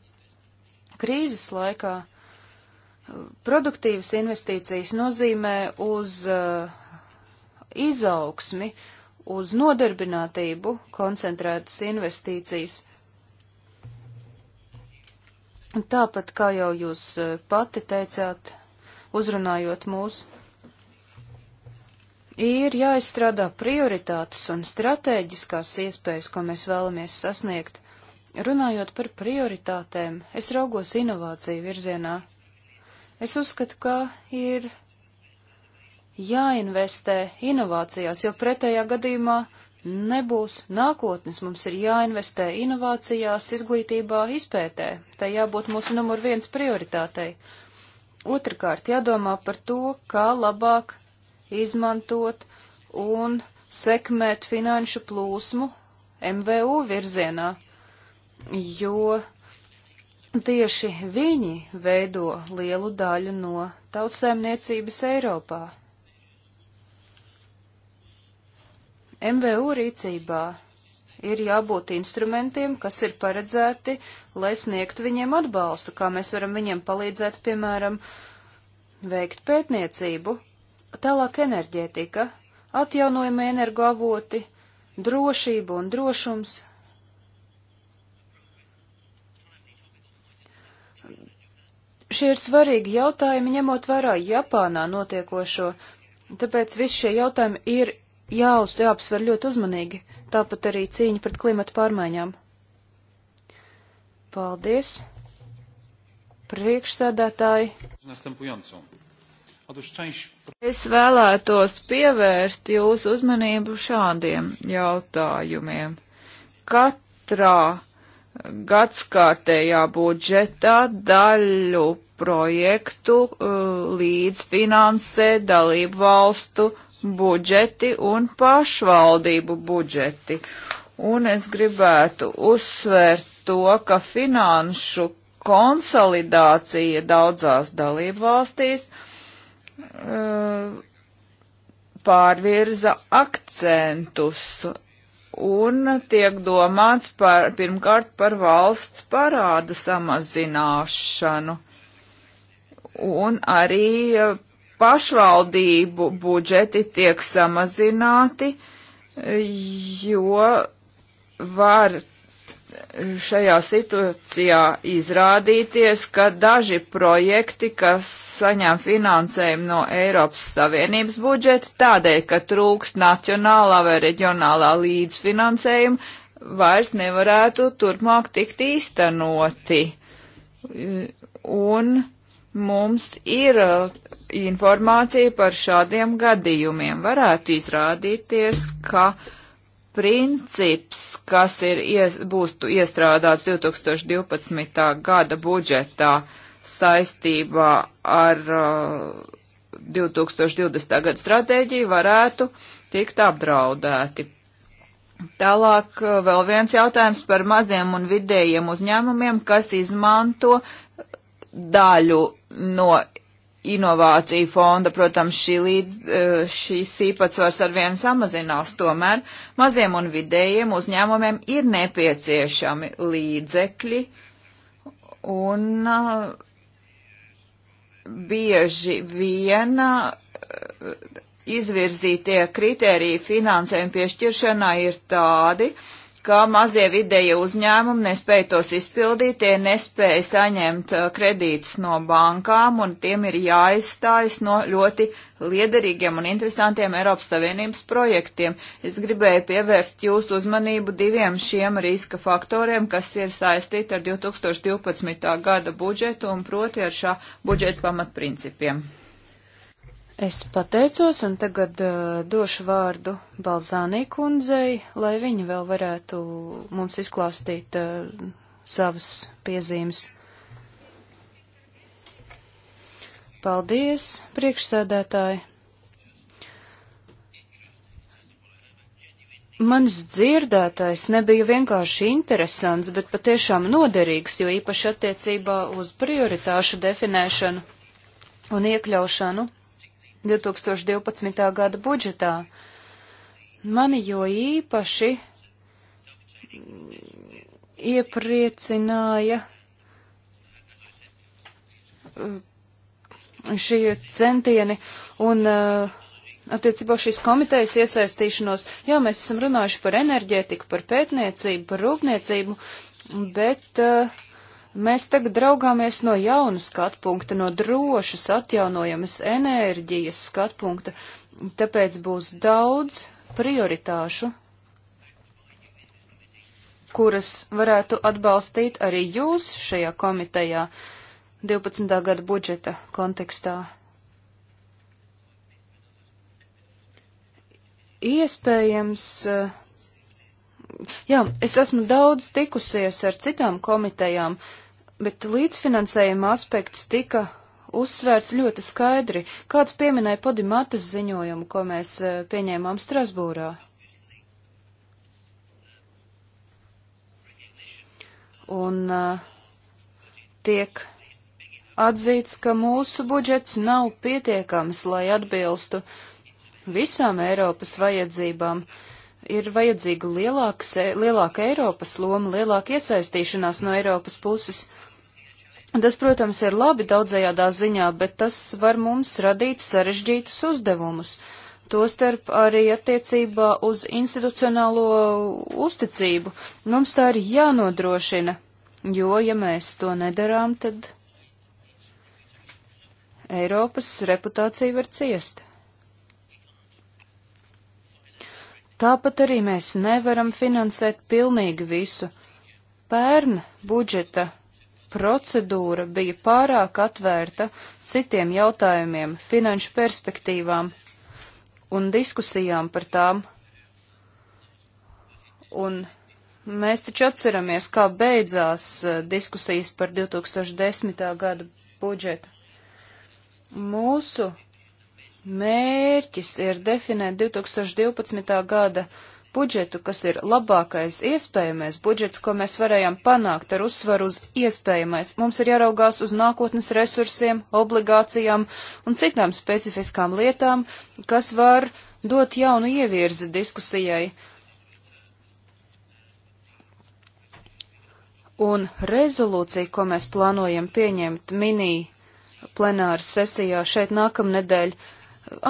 Krīzes laikā uh, produktīvas investīcijas nozīmē uz uh, izaugsmi, uz nodarbinātību koncentrētas investīcijas. Tāpat kā jau jūs eh, pati teicāt, uzrunājot mūs, ir jāizstrādā prioritātes un stratēģiskās iespējas, ko mēs vēlamies sasniegt. Runājot par prioritātēm, es raugos inovāciju virzienā. Es uzskatu, ka ir jāinvestē inovācijās, jo pretējā gadījumā nebūs nākotnes. Mums ir jāinvestē inovācijās, izglītībā, izpētē. Tā jābūt mūsu numur viens prioritātei. Otrakārt, jādomā par to, kā labāk izmantot un sekmēt finanšu plūsmu MVU virzienā, jo tieši viņi veido lielu daļu no tautsēmniecības Eiropā. MVU rīcībā ir jābūt instrumentiem, kas ir paredzēti, lai sniegtu viņiem atbalstu, kā mēs varam viņiem palīdzēt, piemēram, veikt pētniecību, tālāk enerģētika, atjaunojama energoavoti, drošība un drošums. Šie ir svarīgi jautājumi, ņemot vērā Japānā notiekošo, tāpēc visi šie jautājumi ir jāuz, jāapsver ļoti uzmanīgi, tāpat arī cīņa pret klimatu pārmaiņām. Paldies! Priekšsēdētāji! Es vēlētos pievērst jūsu uzmanību šādiem jautājumiem. Katrā gadskārtējā budžetā daļu projektu uh, līdzfinansē dalību valstu uh, budžeti un pašvaldību budžeti. Un es gribētu uzsvērt to, ka finanšu konsolidācija daudzās dalību valstīs uh, eh, pārvirza akcentus un tiek domāts par, pirmkārt par valsts parāda samazināšanu un arī eh, pašvaldību budžeti tiek samazināti, jo var šajā situācijā izrādīties, ka daži projekti, kas saņem finansējumu no Eiropas Savienības budžeta, tādēļ, ka trūkst nacionālā vai reģionālā līdzfinansējuma, vairs nevarētu turpmāk tikt īstenoti. Un mums ir uh, informācija par šādiem gadījumiem. Varētu izrādīties, ka princips, kas ir, ies, būs iestrādāts 2012. gada budžetā saistībā ar uh, 2020. gada stratēģiju, varētu tikt apdraudēti. Tālāk uh, vēl viens jautājums par maziem un vidējiem uzņēmumiem, kas izmanto uh, daļu no inovāciju fonda, protams, šī līdz, e, šīs īpatsvars arvien samazinās, tomēr maziem un vidējiem uzņēmumiem ir nepieciešami līdzekļi un e, bieži viena e, izvirzītie kritēriji finansējuma piešķiršanā ir tādi, uh, ka mazie vidēji uzņēmumi nespēja tos izpildīt, tie nespēja saņemt uh, kredītus no bankām un tiem ir jāizstājas no ļoti liederīgiem un interesantiem Eiropas Savienības projektiem. Es gribēju pievērst jūsu uzmanību diviem šiem riska faktoriem, kas ir saistīti ar 2012. gada budžetu un proti ar šā budžeta pamatprincipiem. Es pateicos un tagad uh, došu vārdu Balzānī kundzei, lai viņa vēl varētu mums izklāstīt uh, savas piezīmes. Paldies, priekšsēdētāji! Mans dzirdētais nebija vienkārši interesants, bet patiešām noderīgs, jo īpaši attiecībā uz prioritāšu definēšanu un iekļaušanu 2012. gada budžetā. Mani jo īpaši iepriecināja uh, šie centieni un uh, attiecībā šīs komitejas iesaistīšanos. Jā, mēs esam runājuši par enerģētiku, par pētniecību, par rūpniecību, bet uh, Mēs tagad raugāmies no jauna skatu punkta, no drošas atjaunojamas enerģijas skatu punkta, tāpēc būs daudz prioritāšu, kuras varētu atbalstīt arī jūs šajā komitejā 12. gada budžeta kontekstā. Iespējams, eh, jā, es esmu daudz tikusies ar citām komitejām, uh, bet līdzfinansējuma aspekts tika uzsvērts ļoti skaidri. Kāds pieminēja Podimatas ziņojumu, ko mēs e, pieņēmām Strasbūrā? Un e, tiek atzīts, ka mūsu budžets nav pietiekams, lai atbilstu visām Eiropas vajadzībām. Ir vajadzīga lielāka, e, lielāka Eiropas loma, lielāka iesaistīšanās no Eiropas puses. Tas, protams, ir labi daudzējādā ziņā, bet tas var mums radīt sarežģītus uzdevumus. Tostarp arī attiecībā uz institucionālo uzticību. Mums tā ir jānodrošina, jo, ja mēs to nedarām, tad Eiropas reputācija var ciest. Tāpat arī mēs nevaram finansēt pilnīgi visu. Pērn budžeta procedūra bija pārāk atvērta citiem jautājumiem, finanšu perspektīvām un diskusijām par tām. Un mēs taču atceramies, kā beidzās eh, diskusijas par 2010. gada budžetu. Mūsu mērķis ir definēt 2012. gada budžetu budžetu, kas ir labākais iespējamais budžets, ko mēs varējām panākt ar uzsvaru uz iespējamais. Mums ir jāraugās uz nākotnes resursiem, obligācijām un citām specifiskām lietām, kas var dot jaunu ievirzi diskusijai. Un rezolūcija, ko mēs plānojam pieņemt mini plenāras sesijā šeit nākamnedēļ, uh,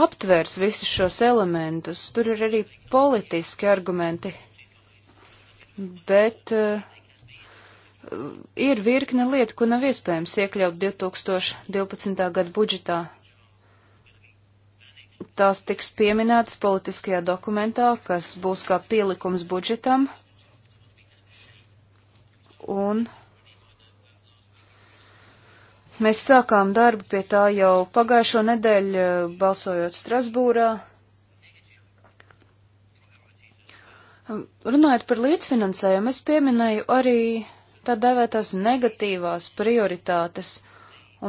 aptvērs visus šos elementus. Tur ir arī politiski argumenti. Bet uh, ir virkne lietu, ko nav iespējams iekļaut 2012. gada budžetā. Tās tiks pieminētas politiskajā dokumentā, kas būs kā pielikums budžetam. Un Mēs sākām darbu pie tā jau pagājušo nedēļu, balsojot Strasbūrā. Runājot par līdzfinansējumu, es pieminēju arī tā dēvētās negatīvās prioritātes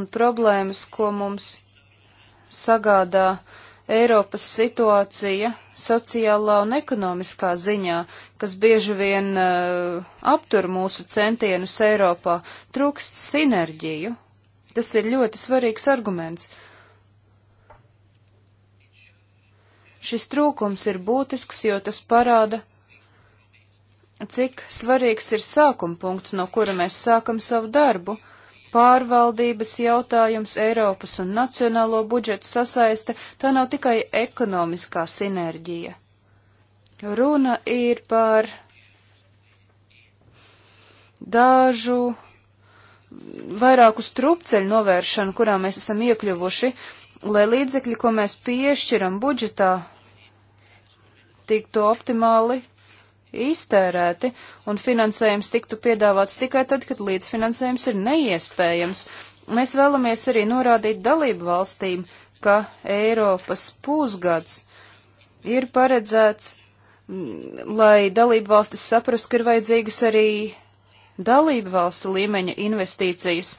un problēmas, ko mums sagādā Eiropas situācija sociālā un ekonomiskā ziņā, kas bieži vien uh, aptur mūsu centienus Eiropā, trūkst sinerģiju Tas ir ļoti svarīgs arguments. Šis trūkums ir būtisks, jo tas parāda, cik svarīgs ir sākuma punkts, no kura mēs sākam savu darbu pārvaldības jautājums, Eiropas un nacionālo budžetu sasaiste, tā nav tikai ekonomiskā sinerģija. Runa ir par dažu vairāk uz trupceļu novēršanu, kurā mēs esam iekļuvuši, lai līdzekļi, ko mēs piešķiram budžetā, tiktu optimāli iztērēti un finansējums tiktu piedāvāts tikai tad, kad līdzfinansējums ir neiespējams. Mēs vēlamies arī norādīt dalību valstīm, ka Eiropas pusgads ir paredzēts, lai dalību valstis saprastu, ka ir vajadzīgas arī dalību valstu līmeņa investīcijas,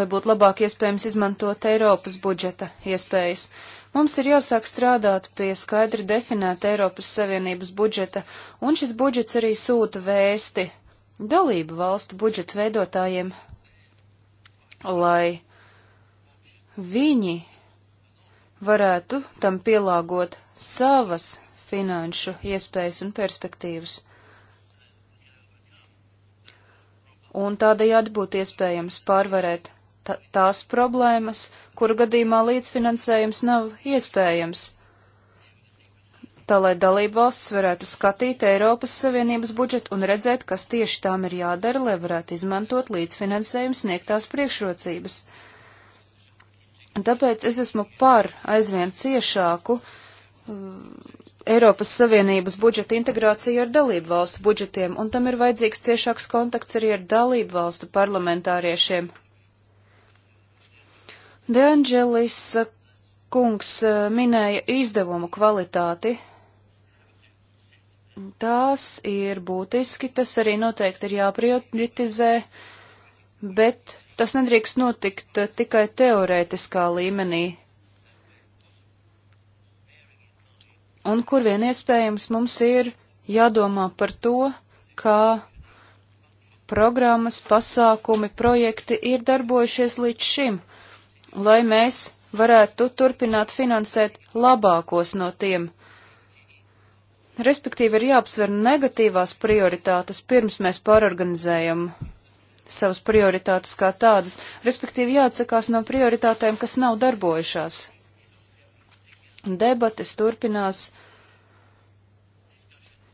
lai būtu labāk iespējams izmantot Eiropas budžeta iespējas. Mums ir jāsāk strādāt pie skaidri definēta Eiropas Savienības budžeta, un šis budžets arī sūta vēsti dalību valstu budžetu veidotājiem, lai viņi varētu tam pielāgot savas finanšu iespējas un perspektīvas. un tādējādi būtu iespējams pārvarēt tās problēmas, kuru gadījumā līdzfinansējums nav iespējams, tā lai dalību valsts varētu skatīt Eiropas Savienības budžetu un redzēt, kas tieši tām ir jādara, lai varētu izmantot līdzfinansējumu sniegtās priekšrocības. Tāpēc es esmu par aizvien ciešāku Eiropas Savienības budžeta integrāciju ar dalību valstu budžetiem, un tam ir vajadzīgs ciešāks kontakts arī ar dalību valstu parlamentāriešiem. De Angelis eh, kungs eh, minēja izdevumu kvalitāti. Tās ir būtiski, tas arī noteikti ir jāprioritizē, bet tas nedrīkst notikt eh, tikai teorētiskā līmenī, un kur vien iespējams mums ir jādomā par to, kā programmas, pasākumi, projekti ir darbojušies līdz šim, lai mēs varētu turpināt finansēt labākos no tiem. Respektīvi ir jāapsver negatīvās prioritātes, pirms mēs pārorganizējam savas prioritātes kā tādas, respektīvi jāatsakās no prioritātēm, kas nav darbojušās. Debates turpinās,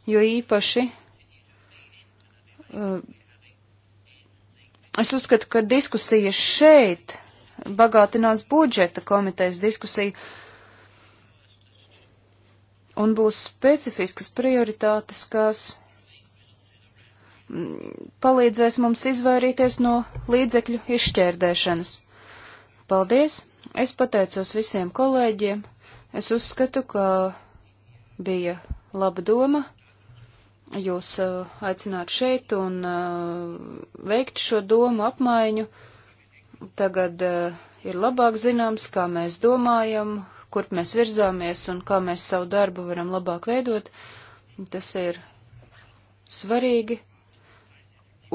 jo īpaši uh, es uzskatu, ka diskusija šeit bagātinās budžeta komitejas diskusiju un būs specifiskas prioritātes, kas mm, palīdzēs mums izvairīties no līdzekļu izšķērdēšanas. Paldies! Es pateicos visiem kolēģiem! Es uzskatu, ka bija laba doma jūs uh, aicināt šeit un uh, veikt šo domu apmaiņu. Tagad uh, ir labāk zināms, kā mēs domājam, kurp mēs virzāmies un kā mēs savu darbu varam labāk veidot. Tas ir svarīgi.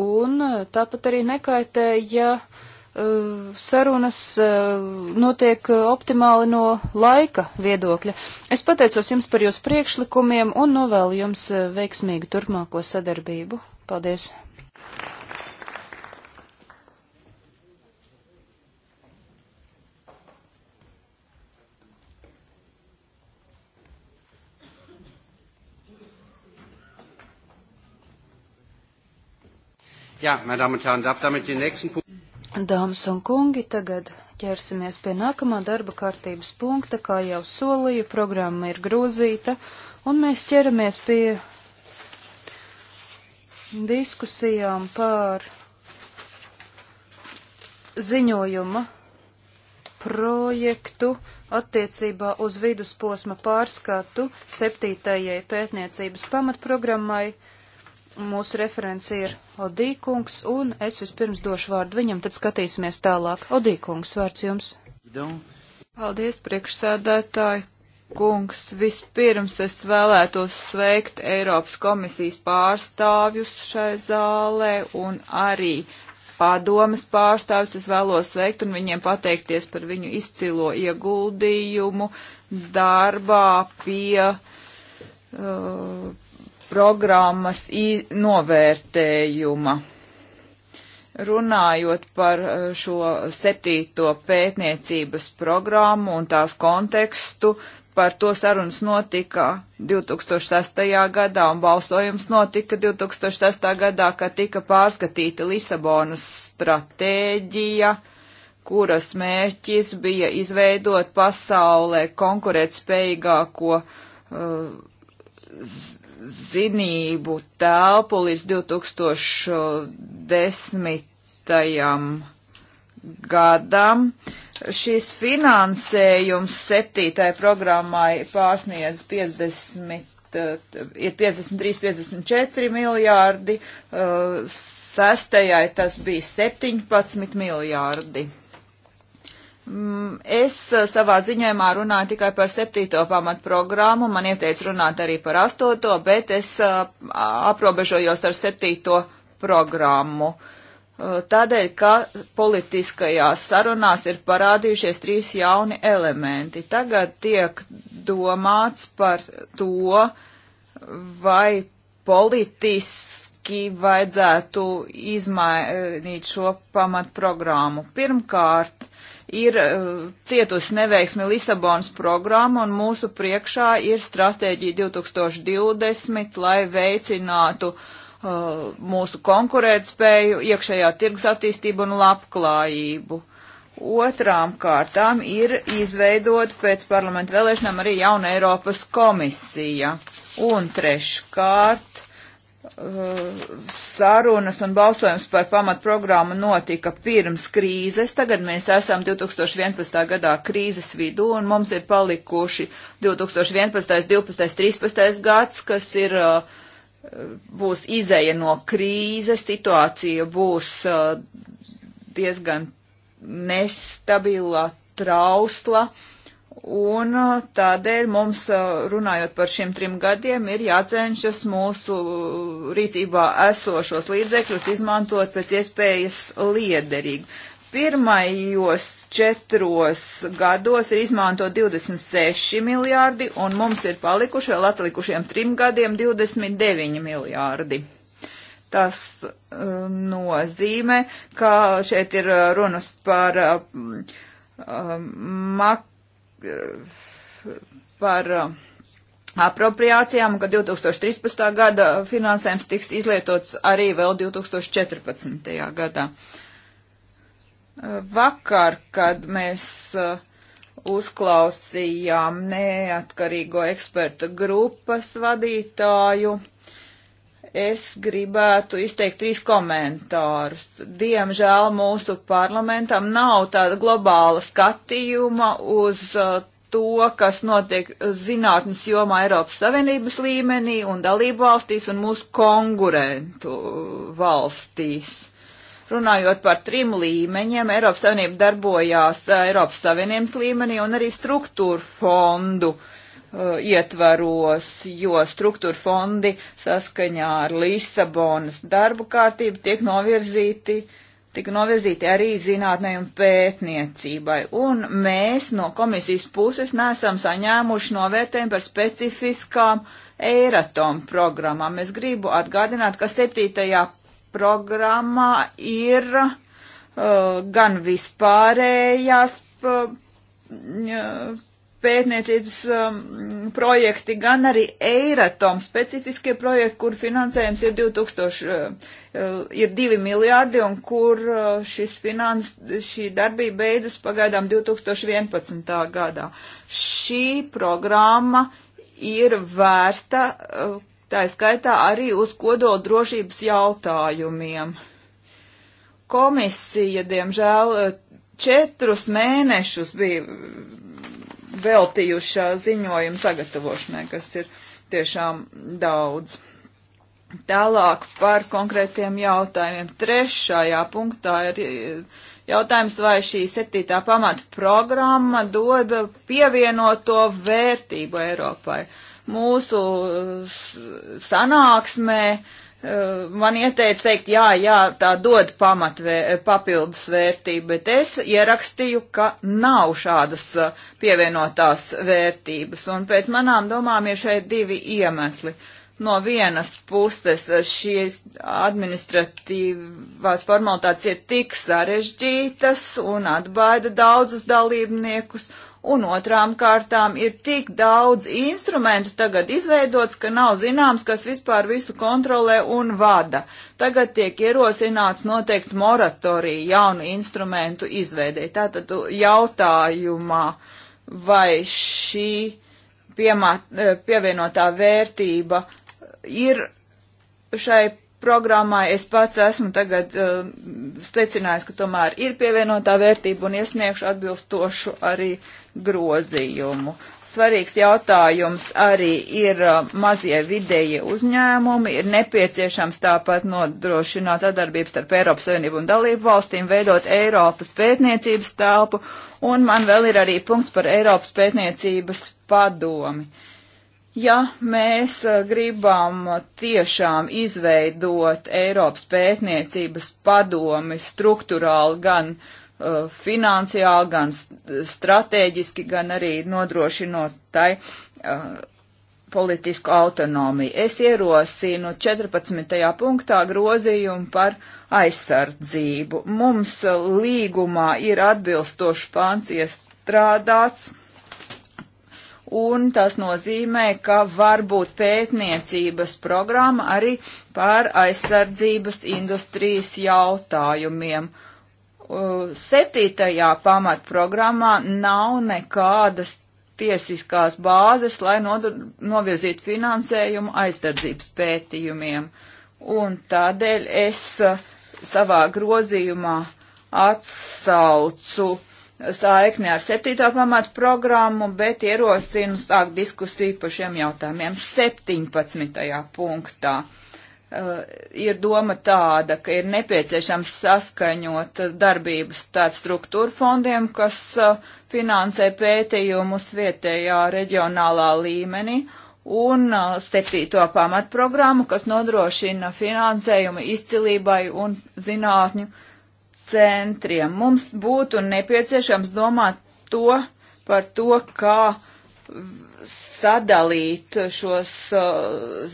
Un tāpat arī nekaitē, ja uh, Eh, sarunas eh, notiek eh, optimāli no laika viedokļa. Es pateicos jums par jūsu priekšlikumiem un novēlu jums veiksmīgu turpmāko sadarbību. Paldies! Ja, meine Damen und Herren, darf damit den nächsten Punkt. Dāmas un kungi, tagad ķersimies pie nākamā darba kārtības punkta. Kā jau solīju, programma ir grozīta, un mēs ķeramies pie diskusijām par ziņojuma projektu attiecībā uz vidusposma pārskatu septītajai pētniecības pamatprogrammai Mūsu referents ir Odīkungs, un es vispirms došu vārdu viņam, tad skatīsimies tālāk. Odīkungs, vārds jums. Paldies, priekšsēdētāji. Kungs, vispirms es vēlētos sveikt Eiropas komisijas pārstāvjus šai zālē un arī padomas pārstāvis es vēlos sveikt un viņiem pateikties par viņu izcilo ieguldījumu darbā pie uh, programmas novērtējuma. Runājot par uh, šo septīto pētniecības programmu un tās kontekstu, par to sarunas notika 2006. gadā un balsojums notika 2006. gadā, kad tika pārskatīta Lisabonas stratēģija kuras mērķis bija izveidot pasaulē konkurētspējīgāko uh, zinību telpu līdz 2010. gadam. Šis finansējums septītai programmai pārsniedz 50, eh, ir 53-54 miljārdi, eh, sestajai tas bija 17 miljārdi. Mm, es uh, savā ziņojumā runāju tikai par septīto pamatprogrammu, man ieteica runāt arī par astoto, bet es uh, aprobežojos ar septīto programmu. Uh, tādēļ, ka politiskajās sarunās ir parādījušies trīs jauni elementi. Tagad tiek domāts par to, vai politiski vajadzētu izmainīt šo pamatprogrammu. Pirmkārt, ir eh, cietusi neveiksmi Lisabonas programma un mūsu priekšā ir stratēģija 2020, lai veicinātu uh, mūsu konkurētspēju, iekšējā tirgus attīstību un labklājību. Otrām kārtām ir izveidot pēc parlamentu vēlēšanām arī jauna Eiropas komisija. Un treškārt Uh, sarunas un balsojums par pamatprogrammu notika pirms krīzes. Tagad mēs esam 2011. gadā krīzes vidū un mums ir palikuši 2011., 12., 13. gads, kas ir uh, būs izēja no krīzes, situācija būs uh, diezgan nestabila, trausla. Uh, Un uh, tādēļ mums, uh, runājot par šiem trim gadiem, ir jācenšas mūsu rīcībā esošos līdzekļus izmantot pēc iespējas liederīgi. Pirmajos četros gados ir izmanto 26 miljārdi, un mums ir palikuši vēl atlikušiem trim gadiem 29 miljārdi. Tas uh, nozīmē, ka šeit ir runas par um, mak par uh, apropriācijām, ka 2013. gada finansējums tiks izlietots arī vēl 2014. gadā. Uh, vakar, kad mēs uh, uzklausījām neatkarīgo ekspertu grupas vadītāju, es gribētu izteikt trīs komentārus. Diemžēl mūsu parlamentam nav tāda globāla skatījuma uz uh, to, kas notiek zinātnes jomā Eiropas Savienības līmenī un dalību valstīs un mūsu konkurentu uh, valstīs. Runājot par trim līmeņiem, Eiropas Savienība darbojās uh, Eiropas Savienības līmenī un arī struktūra fondu uh, Uh, ietvaros, jo struktūra fondi saskaņā ar Lisabonas darbu kārtību tiek novirzīti, tika novirzīti arī zinātnē un pētniecībai. Un mēs no komisijas puses nesam saņēmuši novērtējumu par specifiskām Eiratom programmām. Es gribu atgādināt, ka septītajā programmā ir uh, gan vispārējās uh, pētniecības um, projekti, gan arī Eiratom specifiskie projekti, kur finansējums ir 2000, uh, uh, ir 2 miljārdi un kur uh, šis finans, šī darbība beidzas pagaidām 2011. gadā. Šī programma ir vērsta, uh, tā skaitā arī uz kodola drošības jautājumiem. Komisija, diemžēl, uh, četrus mēnešus bija veltījušā ziņojuma sagatavošanai, kas ir tiešām daudz. Tālāk par konkrētiem jautājumiem. Trešajā punktā ir jautājums, vai šī septītā pamata programma dod pievienoto vērtību Eiropai. Mūsu sanāksmē uh, Eh, man ieteica teikt, jā, jā, tā dod pamatvē, papildus vērtību, bet es ierakstīju, ka nav šādas eh, pievienotās vērtības. Un pēc manām domām ir šeit divi iemesli. No vienas puses eh, šīs administratīvās formalitātes ir tik sarežģītas un atbaida daudzus dalībniekus, un otrām kārtām ir tik daudz instrumentu tagad izveidots, ka nav zināms, kas vispār visu kontrolē un vada. Tagad tiek ierosināts noteikti moratorija jaunu instrumentu izveidē. Tātad jautājumā, vai šī piemāt, eh, pievienotā vērtība ir šai programmai. Es pats esmu tagad uh, secinājis, ka tomēr ir pievienotā vērtība un iesniegšu atbilstošu arī grozījumu. Svarīgs jautājums arī ir uh, mazie vidējie uzņēmumi. Ir nepieciešams tāpat nodrošināt sadarbības starp Eiropas Savienību un dalību valstīm, veidot Eiropas pētniecības telpu, un man vēl ir arī punkts par Eiropas pētniecības padomi. Ja mēs uh, gribam tiešām izveidot Eiropas pētniecības padomi struktūrāli gan uh, Uh, finansiāli, gan strateģiski, gan arī nodrošinot tai uh, politisku autonomiju. Es ierosinu 14. punktā grozījumu par aizsardzību. Mums uh, līgumā ir atbilstošs pāns iestrādāts, un tas nozīmē, ka var būt pētniecības programma arī par aizsardzības industrijas jautājumiem. Uh, Uh, septītajā pamatprogrammā nav nekādas tiesiskās bāzes, lai novirzītu finansējumu aizsardzības pētījumiem. Un tādēļ es uh, savā grozījumā atsaucu saikni ar septīto pamatu programmu, bet ierosinu sākt diskusiju par šiem jautājumiem 17. punktā. Eh, ir doma tāda, ka ir nepieciešams saskaņot darbības starp struktūra fondiem, kas eh, finansē pētījumus vietējā reģionālā līmenī, un eh, septīto pamatprogrammu, kas nodrošina finansējumu izcilībai un zinātņu centriem. Mums būtu nepieciešams domāt to par to, kā sadalīt šos uh,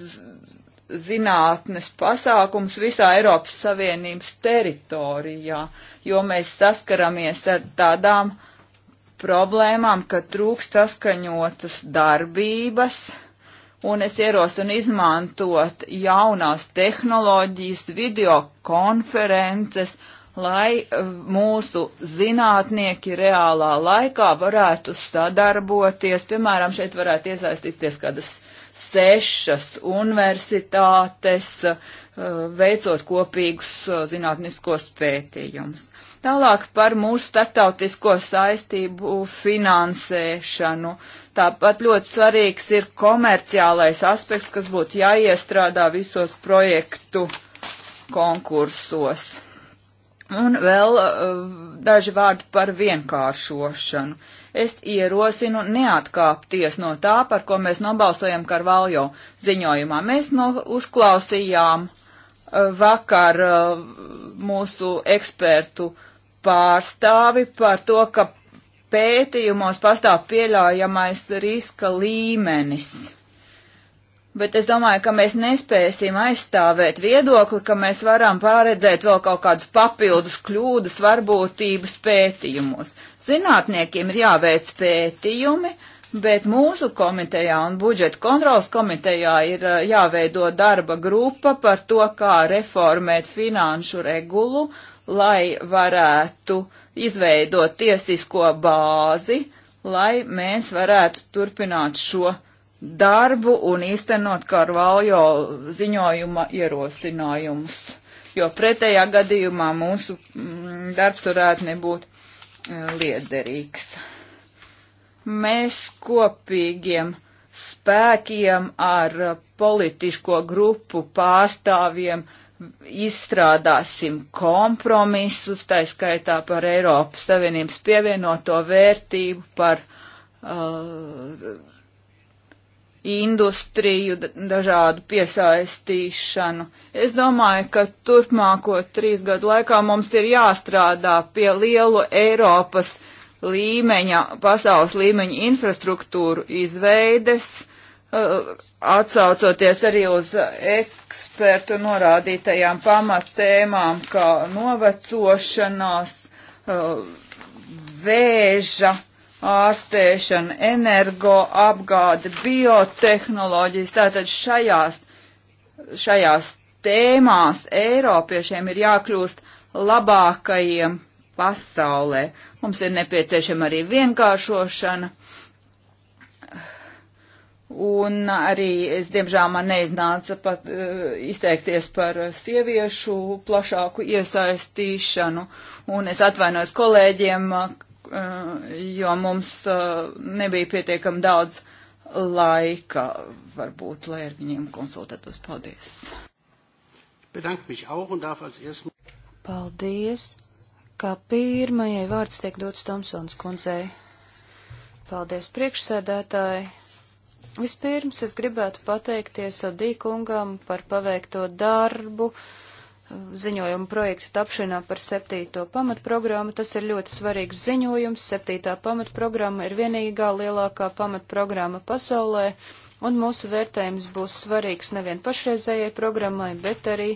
zinātnes pasākums visā Eiropas Savienības teritorijā, jo mēs saskaramies ar tādām problēmām, ka trūkst saskaņotas darbības, un es ierosinu izmantot jaunās tehnoloģijas, videokonferences, lai eh, mūsu zinātnieki reālā laikā varētu sadarboties. Piemēram, šeit varētu iesaistīties kādas sešas universitātes, eh, veicot kopīgus eh, zinātniskos pētījumus. Tālāk par mūsu startautisko saistību finansēšanu. Tāpat ļoti svarīgs ir komerciālais aspekts, kas būtu jāiestrādā visos projektu konkursos. Un vēl uh, daži vārdi par vienkāršošanu. Es ierosinu neatkāpties no tā, par ko mēs nobalsojam Karvaljo ziņojumā. Mēs no, uzklausījām uh, vakar uh, mūsu ekspertu pārstāvi par to, ka pētījumos pastāv pieļaujamais riska līmenis Bet es domāju, ka mēs nespēsim aizstāvēt viedokli, ka mēs varam pārredzēt vēl kaut kādas papildus kļūdas varbūtības pētījumos. Zinātniekiem ir jāveic pētījumi, bet mūsu komitejā un budžeta kontrolas komitejā ir eh, jāveido darba grupa par to, kā reformēt finanšu regulu, lai varētu izveidot tiesisko bāzi, lai mēs varētu turpināt šo procesu darbu un īstenot Karvaljo ziņojuma ierosinājumus, jo pretējā gadījumā mūsu mm, darbs varētu nebūt e, liederīgs. Mēs kopīgiem spēkiem ar politisko grupu pārstāvjiem izstrādāsim kompromisus, tā skaitā par Eiropas Savienības pievienoto vērtību, par uh, industriju, dažādu piesaistīšanu. Es domāju, ka turpmāko trīs gadu laikā mums ir jāstrādā pie lielu Eiropas līmeņa, pasaules līmeņa infrastruktūru izveides, uh, atsaucoties arī uz ekspertu norādītajām pamattēmām, kā novecošanās, uh, vēža ārstēšana, energoapgāde, biotehnoloģijas. Tātad šajās, šajās tēmās Eiropiešiem ir jākļūst labākajiem pasaulē. Mums ir nepieciešama arī vienkāršošana. Un arī, es diemžēl man neiznāca pat uh, izteikties par sieviešu plašāku iesaistīšanu, un es atvainojos kolēģiem, uh, Eh, jo mums eh, nebija pietiekam daudz laika, varbūt, lai ar viņiem konsultētos. Paldies! Paldies, ka pirmajai vārds tiek dots Tomsons kundzei. Paldies, priekšsēdētāji! Vispirms es gribētu pateikties Odī kungam par paveikto darbu ziņojuma projekta tapšanā par septīto pamatprogrammu. Tas ir ļoti svarīgs ziņojums. Septītā pamatprogramma ir vienīgā lielākā pamatprogramma pasaulē, un mūsu vērtējums būs svarīgs nevien pašreizējai programmai, bet arī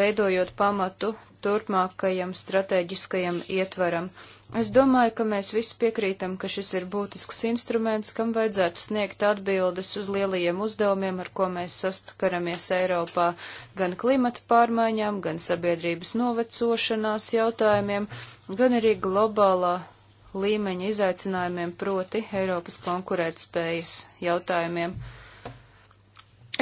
veidojot pamatu turpmākajam strateģiskajam ietvaram. Es domāju, ka mēs visi piekrītam, ka šis ir būtisks instruments, kam vajadzētu sniegt atbildes uz lielajiem uzdevumiem, ar ko mēs sastkaramies Eiropā, gan klimata pārmaiņām, gan sabiedrības novecošanās jautājumiem, gan arī globālā līmeņa izaicinājumiem, proti Eiropas konkurētspējas jautājumiem.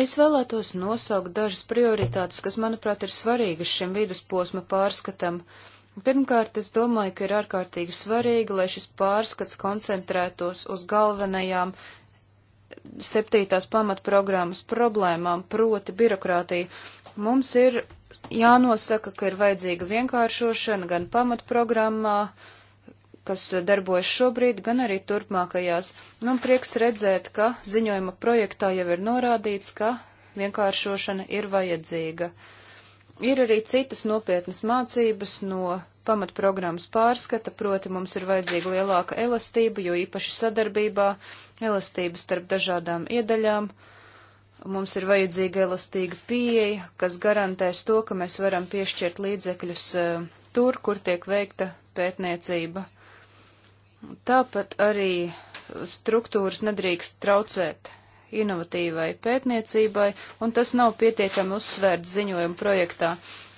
Es vēlētos nosaukt dažas prioritātes, kas, manuprāt, ir svarīgas šim vidusposma pārskatam. Uh, Pirmkārt, es domāju, ka ir ārkārtīgi svarīgi, lai šis pārskats koncentrētos uz galvenajām septītās pamatprogrammas problēmām, proti birokrātiju. Mums ir jānosaka, ka ir vajadzīga vienkāršošana gan pamatprogrammā, kas darbojas šobrīd, gan arī turpmākajās. Man nu, prieks redzēt, ka ziņojuma projektā jau ir norādīts, ka vienkāršošana ir vajadzīga. Uh, Ir arī citas nopietnas mācības no pamatprogrammas pārskata, proti mums ir vajadzīga lielāka elastība, jo īpaši sadarbībā, elastība starp dažādām iedaļām. Mums ir vajadzīga elastīga pieeja, kas garantēs to, ka mēs varam piešķirt līdzekļus e, tur, kur tiek veikta pētniecība. Tāpat arī struktūras nedrīkst traucēt inovatīvai pētniecībai, un tas nav pietiekami uzsvērts ziņojuma projektā.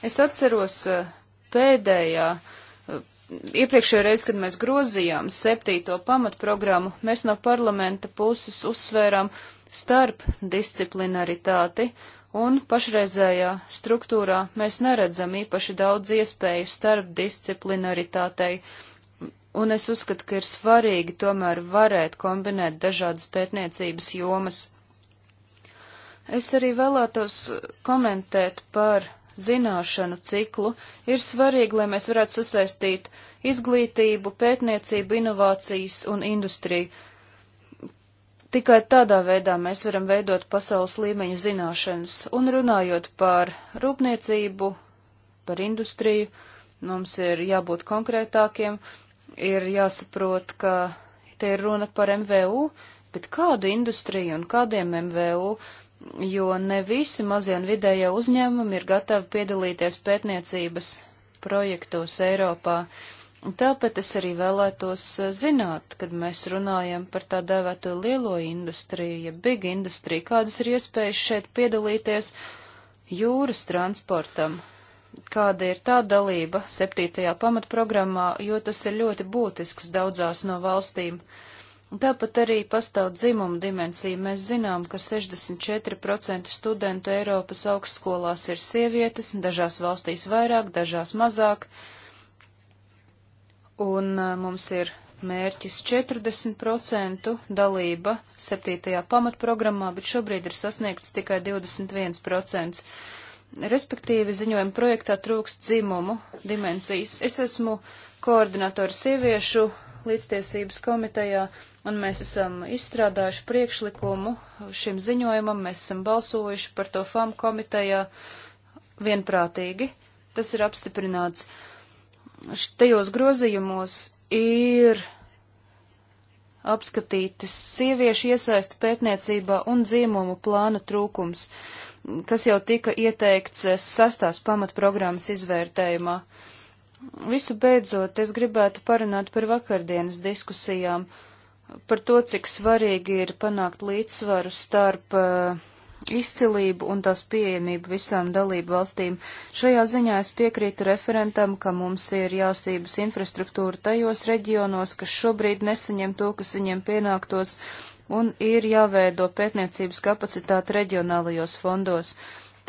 Es atceros eh, pēdējā, eh, iepriekšējā reize, kad mēs grozījām septīto pamatprogrammu, mēs no parlamenta puses uzsvērām starp disciplinaritāti, un pašreizējā struktūrā mēs neredzam īpaši daudz iespēju starp disciplinaritātei un es uzskatu, ka ir svarīgi tomēr varēt kombinēt dažādas pētniecības jomas. Es arī vēlētos komentēt par zināšanu ciklu. Ir svarīgi, lai mēs varētu sasaistīt izglītību, pētniecību, inovācijas un industriju. Tikai tādā veidā mēs varam veidot pasaules līmeņa zināšanas, un runājot par rūpniecību, par industriju, mums ir jābūt konkrētākiem, ir jāsaprot, ka te ir runa par MVU, bet kādu industriju un kādiem MVU, jo ne visi mazie un vidējie uzņēmumi ir gatavi piedalīties pētniecības projektos Eiropā. Tāpēc es arī vēlētos eh, zināt, kad mēs runājam par tā dēvēto lielo industriju, ja big industriju, kādas ir iespējas šeit piedalīties jūras transportam, kāda ir tā dalība septītajā pamatprogrammā, jo tas ir ļoti būtisks daudzās no valstīm. Tāpat arī pastāv dzimuma dimensija. Mēs zinām, ka 64% studentu Eiropas augstskolās ir sievietes, dažās valstīs vairāk, dažās mazāk, un uh, mums ir mērķis 40% dalība septītajā pamatprogrammā, bet šobrīd ir sasniegts tikai 21% respektīvi ziņojuma projektā trūkst dzimumu dimensijas. Es esmu koordinators sieviešu līdztiesības komitejā, un mēs esam izstrādājuši priekšlikumu šim ziņojumam, mēs esam balsojuši par to FAM komitejā vienprātīgi. Tas ir apstiprināts. Tajos grozījumos ir apskatītas sieviešu iesaisti pētniecībā un dzīmumu plāna trūkums. Uh, kas jau tika ieteikts sastās pamatprogrammas izvērtējumā. Visu beidzot, es gribētu parunāt par vakardienas diskusijām, par to, cik svarīgi ir panākt līdzsvaru starp uh, izcilību un tās pieejamību visām dalību valstīm. Šajā ziņā es piekrītu referentam, ka mums ir jāstības infrastruktūra tajos reģionos, kas šobrīd nesaņem to, kas viņiem pienāktos, un ir jāveido pētniecības kapacitāte reģionālajos fondos.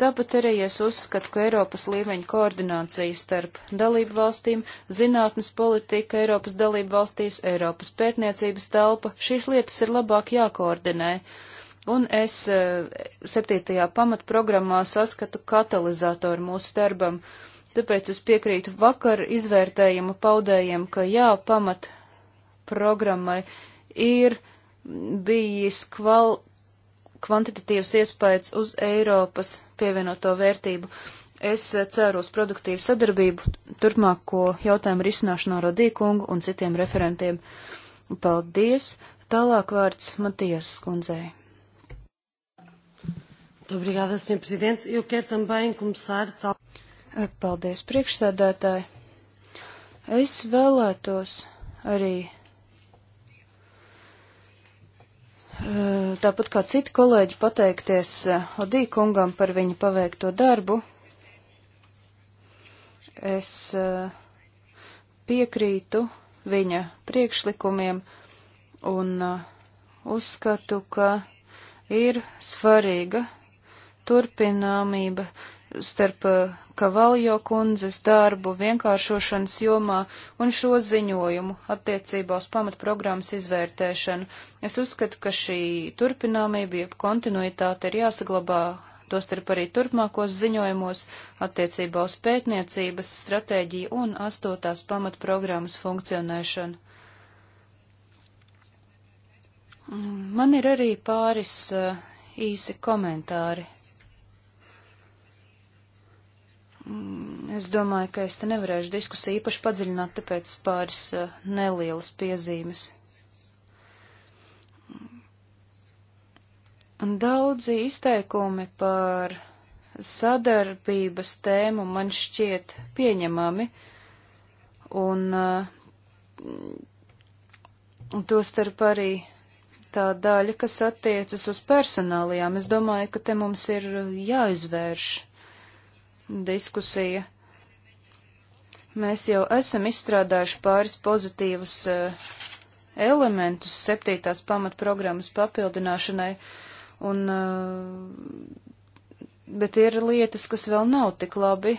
Tāpat arī es uzskatu, ka Eiropas līmeņa koordinācija starp dalību valstīm, zinātnes politika Eiropas dalību valstīs, Eiropas pētniecības telpa, šīs lietas ir labāk jākoordinē. Un es eh, septītajā pamatprogrammā saskatu katalizatoru mūsu darbam, tāpēc es piekrītu vakar izvērtējuma paudējiem, ka jā, pamat programmai ir bijis kval, kvantitatīvs iespējas uz Eiropas pievienoto vērtību. Es eh, ceru uz produktīvu sadarbību turpmāko jautājumu risināšanā ar Rodīkungu un citiem referentiem. Paldies! Tālāk vārds Matijas skundzei. Obrigada, Sr. Presidente. Eu quero também começar tal. Eh, paldies, priekšsēdētāji. Es vēlētos arī Eh, tāpat kā citi kolēģi, pateikties eh, Odī kungam par viņa paveikto darbu. Es eh, piekrītu viņa priekšlikumiem un uzskatu, ka ir svarīga turpināmība starp uh, Kavaljo kundzes darbu vienkāršošanas jomā un šo ziņojumu attiecībā uz pamatprogrammas izvērtēšanu. Es uzskatu, ka šī turpināmība, jeb kontinuitāte ir jāsaglabā, tostarp arī turpmākos ziņojumos attiecībā uz pētniecības stratēģiju un astotās pamatprogrammas funkcionēšanu. Man ir arī pāris uh, īsi komentāri Mm, es domāju, ka es te nevarēšu diskusiju īpaši padziļināt, tāpēc pāris eh, nelielas piezīmes. Daudzi izteikumi par sadarbības tēmu man šķiet pieņemami, un, eh, un to starp arī tā daļa, kas attiecas uz personālajām. Es domāju, ka te mums ir eh, jāizvērš diskusija. Mēs jau esam izstrādājuši pāris pozitīvus uh, elementus septītās pamatprogrammas papildināšanai, un, uh, bet ir lietas, kas vēl nav tik labi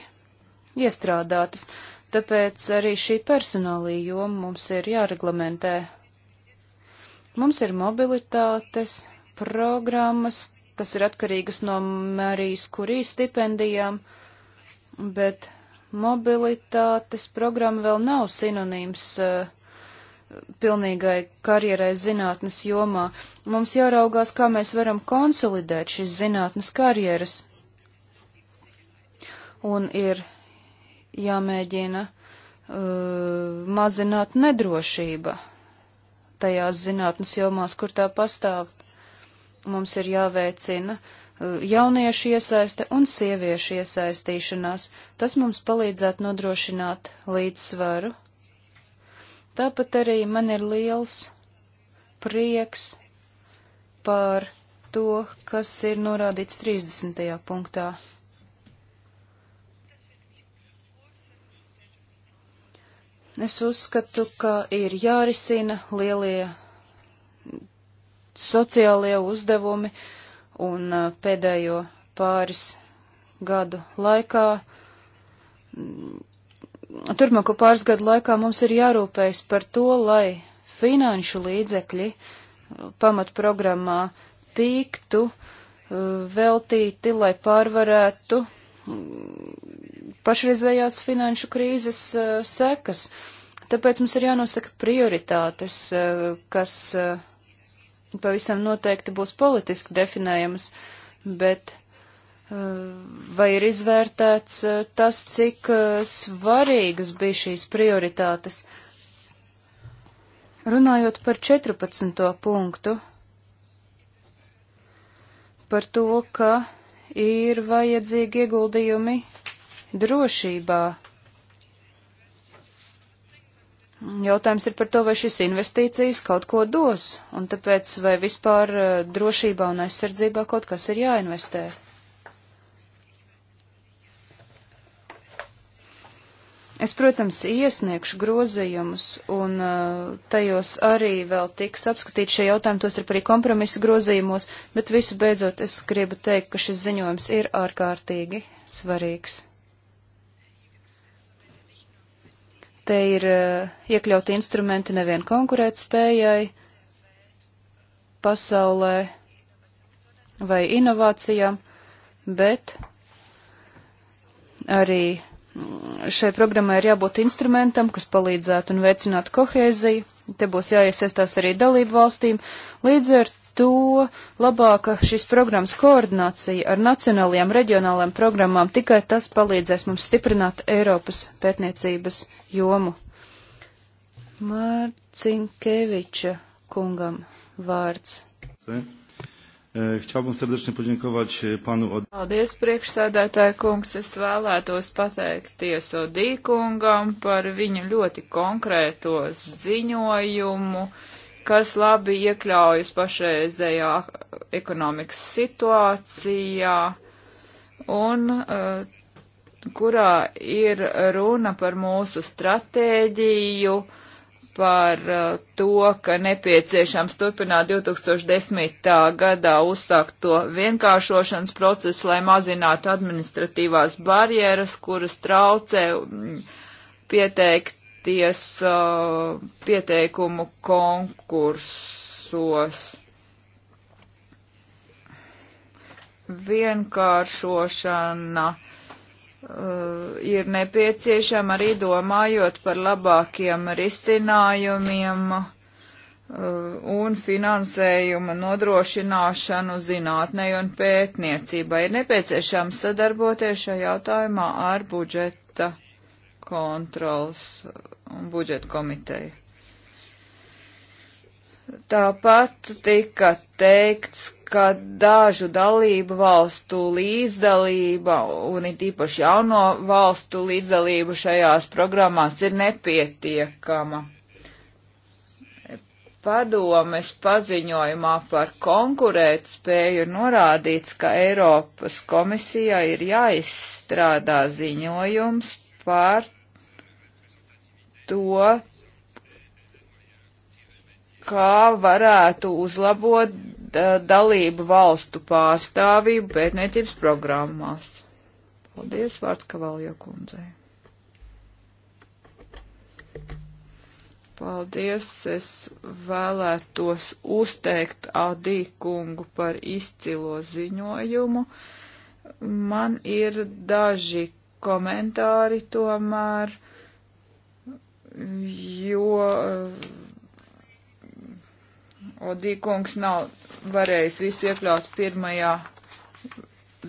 iestrādātas, tāpēc arī šī personālī joma mums ir jāreglamentē. Mums ir mobilitātes programmas, kas ir atkarīgas no Mērijas Kurī stipendijām. Uh, bet mobilitātes programma vēl nav sinonīms uh, pilnīgai karjerai zinātnes jomā. Mums jāraugās, kā mēs varam konsolidēt šīs zinātnes karjeras. Un ir jāmēģina uh, mazināt nedrošība tajās zinātnes jomās, kur tā pastāv. Mums ir jāveicina uh, jauniešu iesaiste un sieviešu iesaistīšanās. Tas mums palīdzētu nodrošināt līdzsvaru. Tāpat arī man ir liels prieks par to, kas ir norādīts 30. punktā. Es uzskatu, ka ir jārisina lielie sociālie uzdevumi, uh, un uh, pēdējo pāris gadu laikā, mm, turpmāko pāris gadu laikā mums ir jārūpējas par to, lai finanšu līdzekļi uh, pamatprogrammā tiktu uh, veltīti, lai pārvarētu mm, pašreizējās finanšu krīzes sekas. Tāpēc mums ir jānosaka prioritātes, kas pavisam noteikti būs politiski definējamas, bet eh, vai ir izvērtēts eh, tas, cik eh, svarīgas bija šīs prioritātes? Runājot par 14. punktu, par to, ka ir vajadzīgi ieguldījumi drošībā Jautājums ir par to, vai šis investīcijas kaut ko dos, un tāpēc vai vispār eh, drošībā un aizsardzībā kaut kas ir jāinvestē. Es, protams, iesniegšu grozījumus, un eh, tajos arī vēl tiks apskatīt šie jautājumi, tos ir arī kompromisa grozījumos, bet visu beidzot es gribu teikt, ka šis ziņojums ir ārkārtīgi svarīgs. Te ir eh, iekļauti instrumenti nevien konkurētspējai pasaulē vai inovācijām, bet arī mm, šai programmai ir jābūt instrumentam, kas palīdzētu un veicinātu kohēziju. Te būs jāiesaistās arī dalību valstīm. Līdz ar to labāka šīs programmas koordinācija ar nacionālajām reģionālajām programmām tikai tas palīdzēs mums stiprināt Eiropas pētniecības jomu. Marcinkeviča kungam vārds. E, Chciałbym serdecznie podziękować e, panu od... Paldies, priekšsēdētāja kungs. Es vēlētos pateikties Odī kungam par viņa ļoti konkrēto ziņojumu. Uh, kas labi iekļaujas pašreizējā ekonomikas situācijā un uh, kurā ir runa par mūsu stratēģiju, par uh, to, ka nepieciešams turpināt 2010. gadā uzsākt to vienkāršošanas procesu, lai mazinātu administratīvās barjeras, kuras traucē m, mm, pieteikt piedalīties uh, pieteikumu konkursos. Vienkāršošana uh, ir nepieciešama arī domājot par labākiem risinājumiem uh, un finansējuma nodrošināšanu zinātnei un pētniecībai. Ir nepieciešams sadarboties šajā jautājumā ar budžeta kontrols un budžeta komiteja. Tāpat tika teikts, ka dažu dalību valstu līdzdalība un it īpaši jauno valstu līdzdalība šajās programmās ir nepietiekama. Padomes paziņojumā par konkurētspēju ir norādīts, ka Eiropas komisijā ir jāizstrādā ziņojums par to, kā varētu uzlabot dalību valstu pārstāvību pētniecības programmās. Paldies, vārds Kavaljo kundzei. Paldies, es vēlētos uzteikt Adī kungu par izcilo ziņojumu. Man ir daži komentāri tomēr jo eh, Odīkungs nav varējis visu iekļaut pirmajā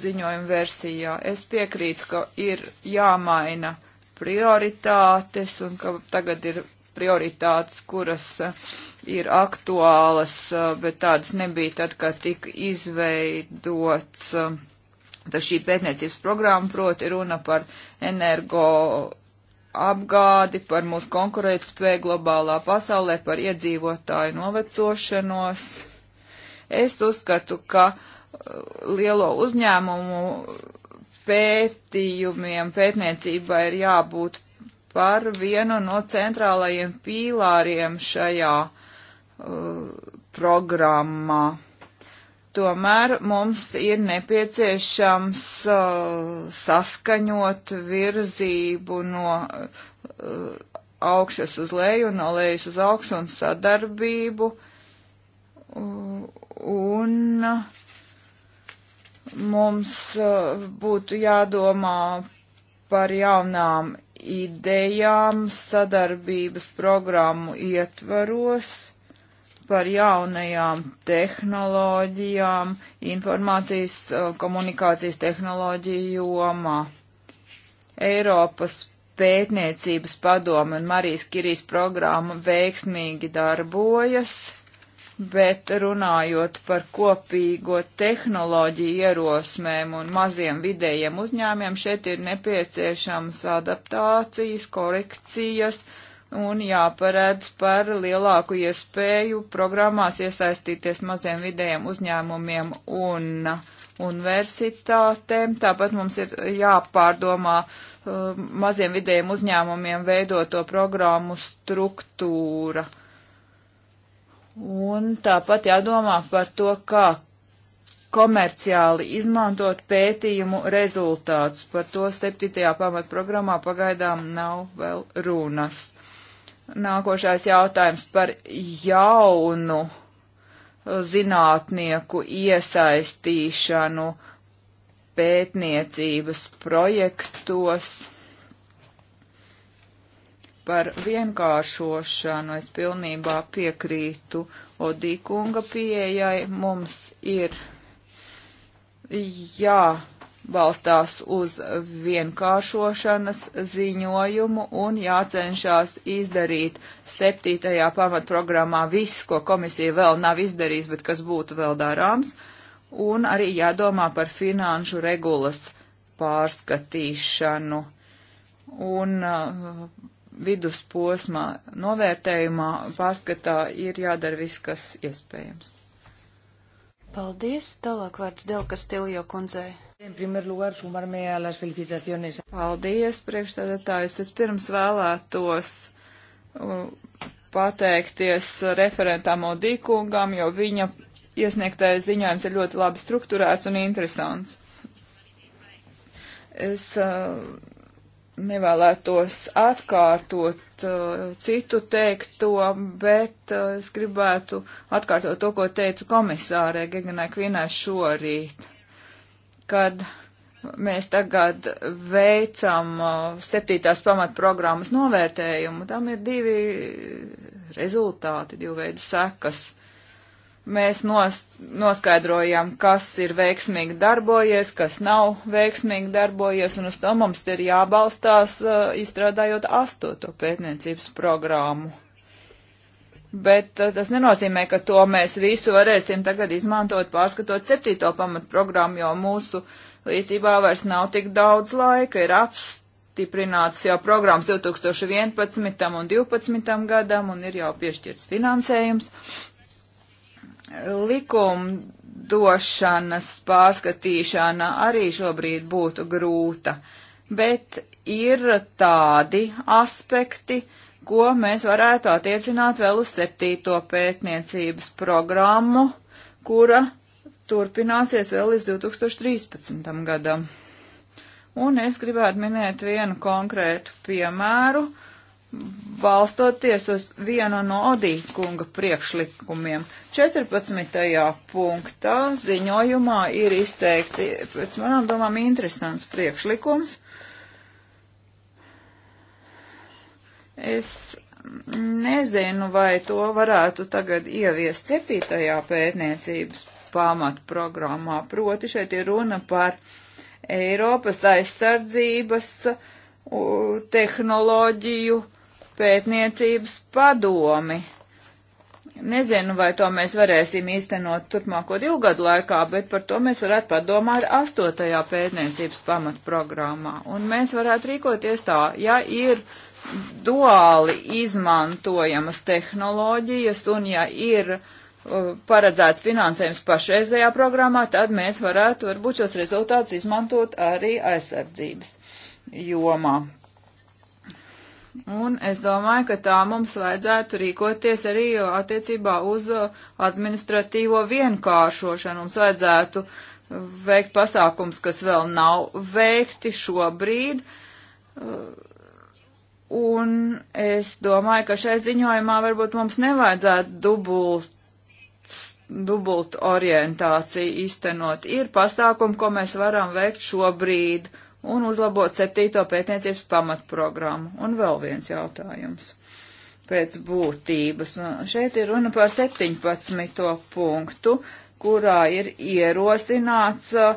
ziņojuma versijā. Es piekrītu, ka ir jāmaina prioritātes un ka tagad ir prioritātes, kuras eh, ir aktuālas, eh, bet tādas nebija tad, kad tika izveidots tā šī pētniecības programma, proti runa par energo apgādi, par mūsu konkurētspēju globālā pasaulē, par iedzīvotāju novecošanos. Es uzskatu, ka uh, lielo uzņēmumu pētījumiem, pētniecībai ir jābūt par vienu no centrālajiem pīlāriem šajā uh, programmā. Tomēr mums ir nepieciešams uh, saskaņot virzību no uh, augšas uz leju, no lejas uz augšu un sadarbību. Uh, un mums uh, būtu jādomā par jaunām idejām sadarbības programmu ietvaros par jaunajām tehnoloģijām, informācijas eh, komunikācijas tehnoloģiju jomā. Eiropas pētniecības padome un Marijas Kirijas programma veiksmīgi darbojas, bet runājot par kopīgo tehnoloģiju ierosmēm un maziem vidējiem uzņēmiem, šeit ir nepieciešams adaptācijas, korekcijas, uh, un jāparedz par lielāku iespēju programmās iesaistīties maziem vidējiem uzņēmumiem un universitātēm. Tāpat mums ir jāpārdomā uh, maziem vidējiem uzņēmumiem veidoto programmu struktūra. Un tāpat jādomā par to, kā komerciāli izmantot pētījumu rezultātus. Par to septītajā pamatprogrammā pagaidām nav vēl runas. Nākošais jautājums par jaunu zinātnieku iesaistīšanu pētniecības projektos par vienkāršošanu. Es pilnībā piekrītu Odīkunga pieejai. Mums ir jā. Ja, balstās uz vienkāršošanas ziņojumu un jācenšas izdarīt septītajā pamatprogrammā viss, ko komisija vēl nav izdarījis, bet kas būtu vēl darāms, un arī jādomā par finanšu regulas pārskatīšanu. Un uh, vidusposmā novērtējumā pārskatā ir jādara viss, kas iespējams. Paldies, tālāk vārds Delka Stiljo kundzei. Lugar, Paldies, priekšstādātājs. Es pirms vēlētos pateikties referentam Odīkungam, jo viņa iesniegtais ziņojums ir ļoti labi strukturēts un interesants. Es uh, nevēlētos atkārtot uh, citu teikto, bet uh, es gribētu atkārtot to, ko teicu komisārē Geganai Kvinai šorīt kad mēs tagad veicam uh, septītās pamatprogrammas novērtējumu, tam ir divi rezultāti, divu veidu sekas. Mēs nos, noskaidrojam, kas ir veiksmīgi darbojies, kas nav veiksmīgi darbojies, un uz to mums ir jābalstās, uh, izstrādājot astoto pētniecības programmu Bet uh, tas nenozīmē, ka to mēs visu varēsim tagad izmantot, pārskatot septīto pamatprogrammu, jo mūsu līdzībā vairs nav tik daudz laika, ir apstiprināts jau programmas 2011. un 2012. gadam un ir jau piešķirts finansējums. Likumdošanas pārskatīšana arī šobrīd būtu grūta, bet ir tādi aspekti, uh, ko mēs varētu attiecināt vēl uz septīto pētniecības programmu, kura turpināsies vēl līdz 2013. gadam. Un es gribētu minēt vienu konkrētu piemēru, balstoties uz vienu no Odīkunga priekšlikumiem. 14. punktā ziņojumā ir izteikti, pēc manām domām, interesants priekšlikums Es nezinu, vai to varētu tagad ieviest septītajā pētniecības pamatprogrammā. Proti šeit ir runa par Eiropas aizsardzības tehnoloģiju pētniecības padomi. Nezinu, vai to mēs varēsim īstenot turpmāko divu gadu laikā, bet par to mēs varētu padomāt astotajā pētniecības pamatprogrammā. Un mēs varētu rīkoties tā, ja ir uh, duāli izmantojamas tehnoloģijas, un ja ir uh, paredzēts finansējums pašreizējā programmā, tad mēs varētu varbūt šos rezultātus izmantot arī aizsardzības jomā. Un es domāju, ka tā mums vajadzētu rīkoties arī attiecībā uz uh, administratīvo vienkāršošanu. Mums vajadzētu veikt pasākums, kas vēl nav veikti šobrīd. Uh, Un es domāju, ka šai ziņojumā varbūt mums nevajadzētu dubult, dubult orientāciju īstenot. Ir pasākumi, ko mēs varam veikt šobrīd un uzlabot septīto pētniecības pamatprogrammu. Un vēl viens jautājums pēc būtības. Un šeit ir runa par 17. punktu, kurā ir ierosināts uh,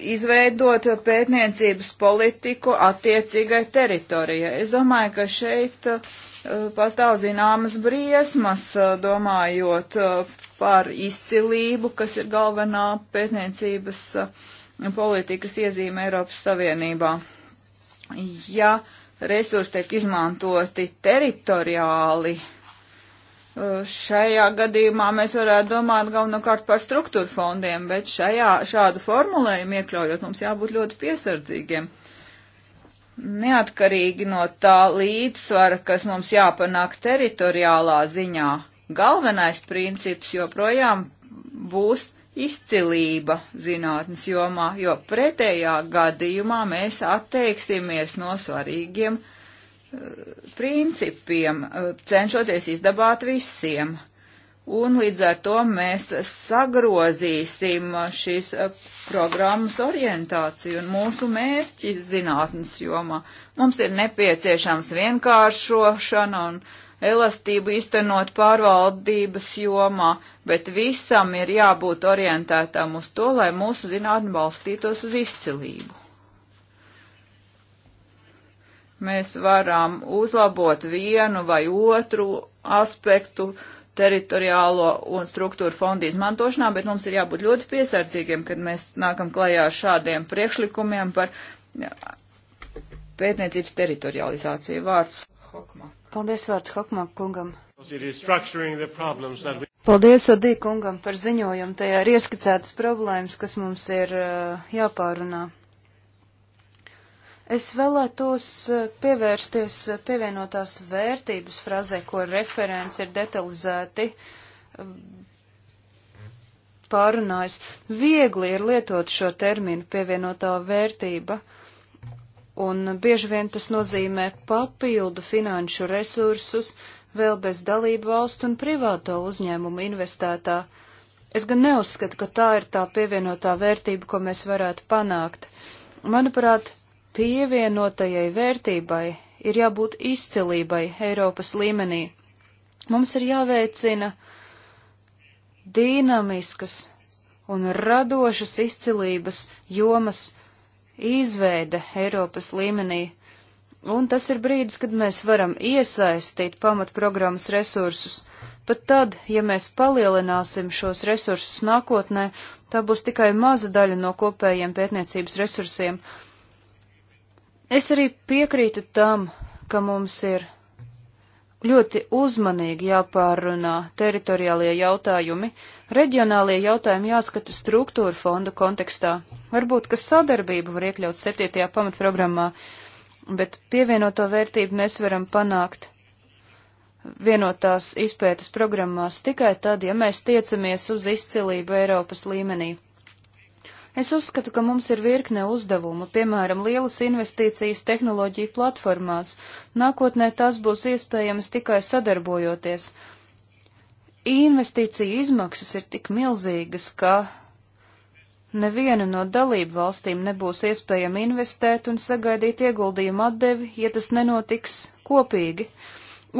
izveidot pētniecības politiku attiecīgai teritorijai. Es domāju, ka šeit uh, pastāv zināmas briesmas, uh, domājot uh, par izcilību, kas ir galvenā pētniecības politikas iezīme Eiropas Savienībā. Ja resursi tiek izmantoti teritoriāli, uh, Šajā gadījumā mēs varētu domāt galvenokārt par struktūra fondiem, bet šajā, šādu formulējumu iekļaujot mums jābūt ļoti piesardzīgiem. Neatkarīgi no tā līdzsvara, kas mums jāpanāk teritoriālā ziņā, galvenais princips joprojām būs izcilība zinātnes jomā, jo pretējā gadījumā mēs atteiksimies no svarīgiem uh, principiem, eh, cenšoties izdabāt visiem. Un līdz ar to mēs sagrozīsim šīs eh, programmas orientāciju un mūsu mērķi zinātnes jomā. Mums ir nepieciešams vienkāršošana un elastību iztenot pārvaldības jomā, bet visam ir jābūt orientētam uz to, lai mūsu zinātne balstītos uz izcilību. Mēs varam uzlabot vienu vai otru aspektu teritoriālo un struktūru fondu izmantošanā, bet mums ir jābūt ļoti piesardzīgiem, kad mēs nākam klajā ar šādiem priekšlikumiem par jā, pētniecības teritorializāciju. Vārds Hokma. Paldies vārds Hokma kungam. Paldies Odī kungam par ziņojumu. Tajā ir ieskicētas problēmas, kas mums ir uh, jāpārunā. Es vēlētos eh, pievērsties eh, pievienotās vērtības frazē, ko referents ir detalizēti mm, pārunājis. Viegli ir lietot šo terminu pievienotā vērtība, un bieži vien tas nozīmē papildu finanšu resursus vēl bez dalību valstu un privāto uzņēmumu investētā. Es gan neuzskatu, ka tā ir tā pievienotā vērtība, ko mēs varētu panākt. Manuprāt, pievienotajai vērtībai ir jābūt izcilībai Eiropas līmenī. Mums ir jāveicina dīnamiskas un radošas izcilības jomas izveide Eiropas līmenī, un tas ir brīdis, kad mēs varam iesaistīt pamatprogrammas resursus. Pat tad, ja mēs palielināsim šos resursus nākotnē, tā būs tikai maza daļa no kopējiem pētniecības resursiem, Es arī piekrītu tam, ka mums ir ļoti uzmanīgi jāpārunā teritoriālie jautājumi, reģionālie jautājumi jāskata struktūra fonda kontekstā. Varbūt, ka sadarbību var iekļaut 7. pamatprogrammā, bet pievienoto vērtību mēs varam panākt vienotās izpētes programmās tikai tad, ja mēs tiecamies uz izcilību Eiropas līmenī. Es uzskatu, ka mums ir virkne uzdevumu, piemēram, lielas investīcijas tehnoloģiju platformās. Nākotnē tās būs iespējamas tikai sadarbojoties. Investīciju izmaksas ir tik milzīgas, ka neviena no dalību valstīm nebūs iespējama investēt un sagaidīt ieguldījumu atdevi, ja tas nenotiks kopīgi.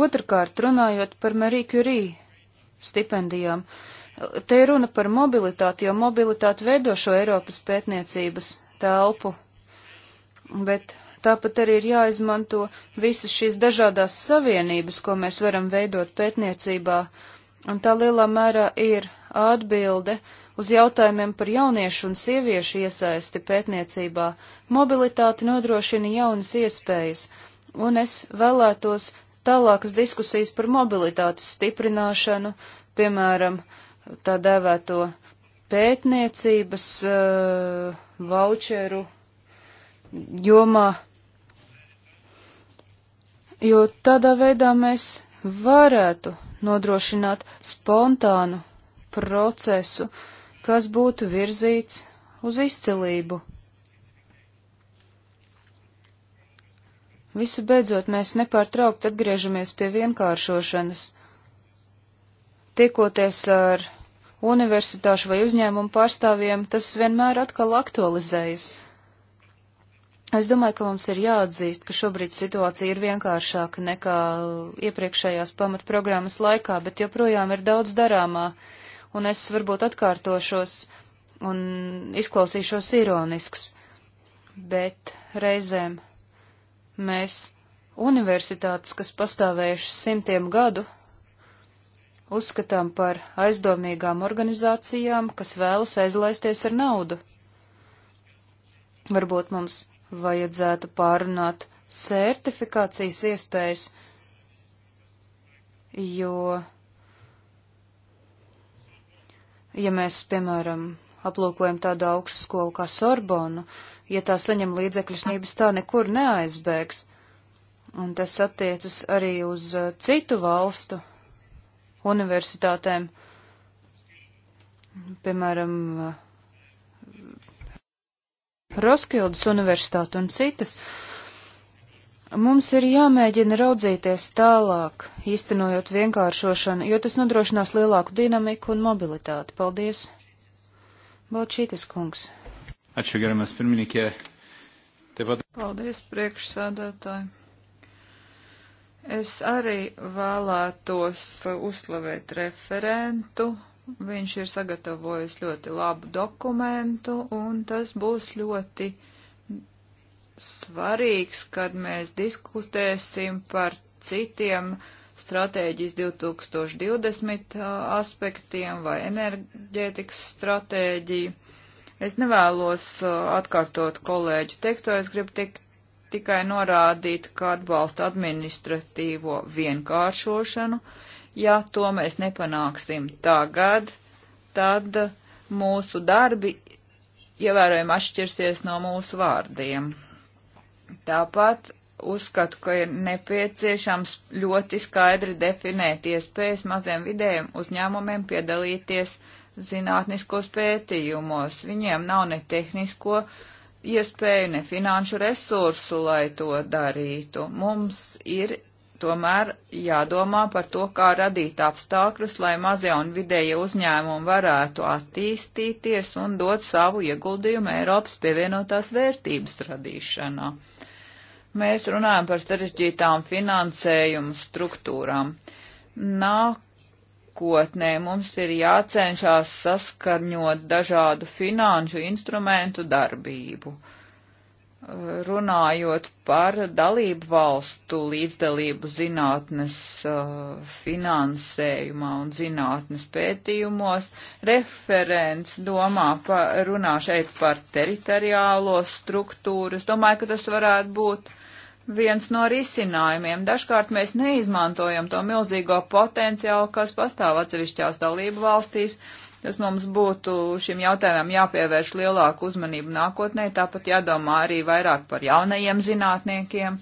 Otrkārt, runājot par Marie Curie stipendijām, uh, Te ir runa par mobilitāti, jo mobilitāti veido šo Eiropas pētniecības telpu, bet tāpat arī ir jāizmanto visas šīs dažādās savienības, ko mēs varam veidot pētniecībā, un tā lielā mērā ir atbilde uz jautājumiem par jauniešu un sieviešu iesaisti pētniecībā. Mobilitāte nodrošina jaunas iespējas, un es vēlētos tālākas diskusijas par mobilitātes stiprināšanu, piemēram, uh, tā dēvēto pētniecības uh, voucheru jomā, jo tādā veidā mēs varētu nodrošināt spontānu procesu, kas būtu virzīts uz izcilību. Visu beidzot, mēs nepārtraukti atgriežamies pie vienkāršošanas, tiekoties ar universitāšu vai uzņēmumu pārstāvjiem, tas vienmēr atkal aktualizējas. Es domāju, ka mums ir jāatzīst, ka šobrīd situācija ir vienkāršāka nekā iepriekšējās pamatprogrammas laikā, bet joprojām ir daudz darāmā, un es varbūt atkārtošos un izklausīšos ironisks, bet reizēm mēs universitātes, kas pastāvējušas simtiem gadu, uzskatām par aizdomīgām organizācijām, kas vēlas aizlaisties ar naudu. Varbūt mums vajadzētu pārunāt sertifikācijas iespējas, jo, ja mēs, piemēram, aplūkojam tādu augstu skolu kā Sorbonu, ja tā saņem līdzekļus nības, tā nekur neaizbēgs, un tas attiecas arī uz uh, citu valstu universitātēm. Piemēram, eh, Roskildes universitāte un citas. Mums ir jāmēģina raudzīties tālāk, īstenojot vienkāršošanu, jo tas nodrošinās lielāku dinamiku un mobilitāti. Paldies! Balčītis kungs! Atšķirīgamies pirmininkie! Tepat... Paldies, priekšsēdētāji! Es arī vēlētos uzslavēt referentu. Viņš ir sagatavojis ļoti labu dokumentu, un tas būs ļoti svarīgs, kad mēs diskutēsim par citiem stratēģijas 2020 aspektiem vai enerģētikas stratēģiju. Es nevēlos atkārtot kolēģu teikto, es gribu tik, tikai norādīt, ka atbalsta administratīvo vienkāršošanu. Ja to mēs nepanāksim tagad, tad mūsu darbi ievērojami atšķirsies no mūsu vārdiem. Tāpat uzskatu, ka ir nepieciešams ļoti skaidri definēt iespējas maziem vidējiem uzņēmumiem piedalīties zinātniskos pētījumos. Viņiem nav ne tehnisko uh, iespēju, ne finanšu resursu, lai to darītu. Mums ir tomēr jādomā par to, kā radīt apstākļus, lai mazie un vidēji uzņēmumi varētu attīstīties un dot savu ieguldījumu Eiropas pievienotās vērtības radīšanā. Mēs runājam par sarežģītām finansējumu struktūrām. Nāk nākotnē mums ir jācenšas saskarņot dažādu finanšu instrumentu darbību. Runājot par dalību valstu līdzdalību zinātnes uh, finansējumā un zinātnes pētījumos, referents domā par, runā šeit par teritoriālo struktūru. Es domāju, ka tas varētu būt uh, viens no risinājumiem. Dažkārt mēs neizmantojam to milzīgo potenciālu, kas pastāv atsevišķās dalību valstīs. Tas mums būtu šim jautājumam jāpievērš lielāku uzmanību nākotnē, tāpat jādomā arī vairāk par jaunajiem zinātniekiem.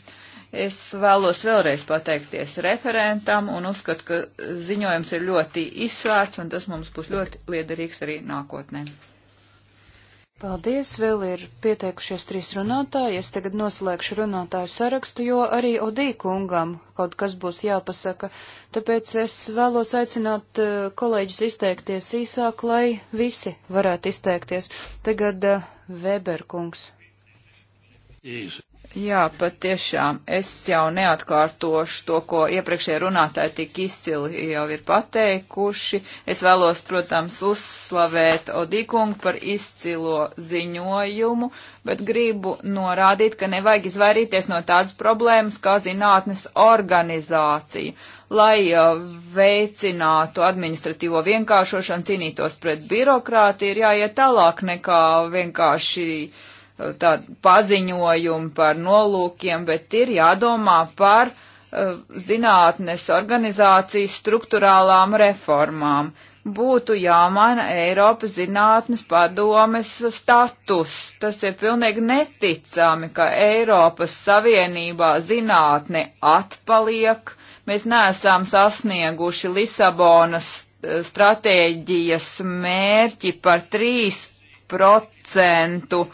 Es vēlos vēlreiz pateikties referentam un uzskatu, ka ziņojums ir ļoti izsvērts un tas mums būs ļoti liederīgs arī nākotnē. Paldies, vēl ir pieteikušies trīs runātāji. Es tagad noslēgšu runātāju sarakstu, jo arī Odī kungam kaut kas būs jāpasaka. Tāpēc es vēlos aicināt uh, kolēģus izteikties īsāk, lai visi varētu izteikties. Tagad uh, Weber kungs. Īsi. Jā, pat tiešām es jau neatkārtošu to, ko iepriekšējie runātāji tik izcili jau ir pateikuši. Es vēlos, protams, uzslavēt Odīkungu par izcilo ziņojumu, bet gribu norādīt, ka nevajag izvairīties no tādas problēmas kā zinātnes organizācija, lai uh, veicinātu administratīvo vienkāršošanu, cīnītos pret birokrātiju, ir jāiet tālāk nekā vienkārši tādu paziņojumu par nolūkiem, bet ir jādomā par uh, zinātnes organizācijas struktūrālām reformām. Būtu jāmaina Eiropas zinātnes padomes status. Tas ir pilnīgi neticami, ka Eiropas Savienībā zinātne atpaliek. Mēs neesam sasnieguši Lisabonas uh, stratēģijas mērķi par 3%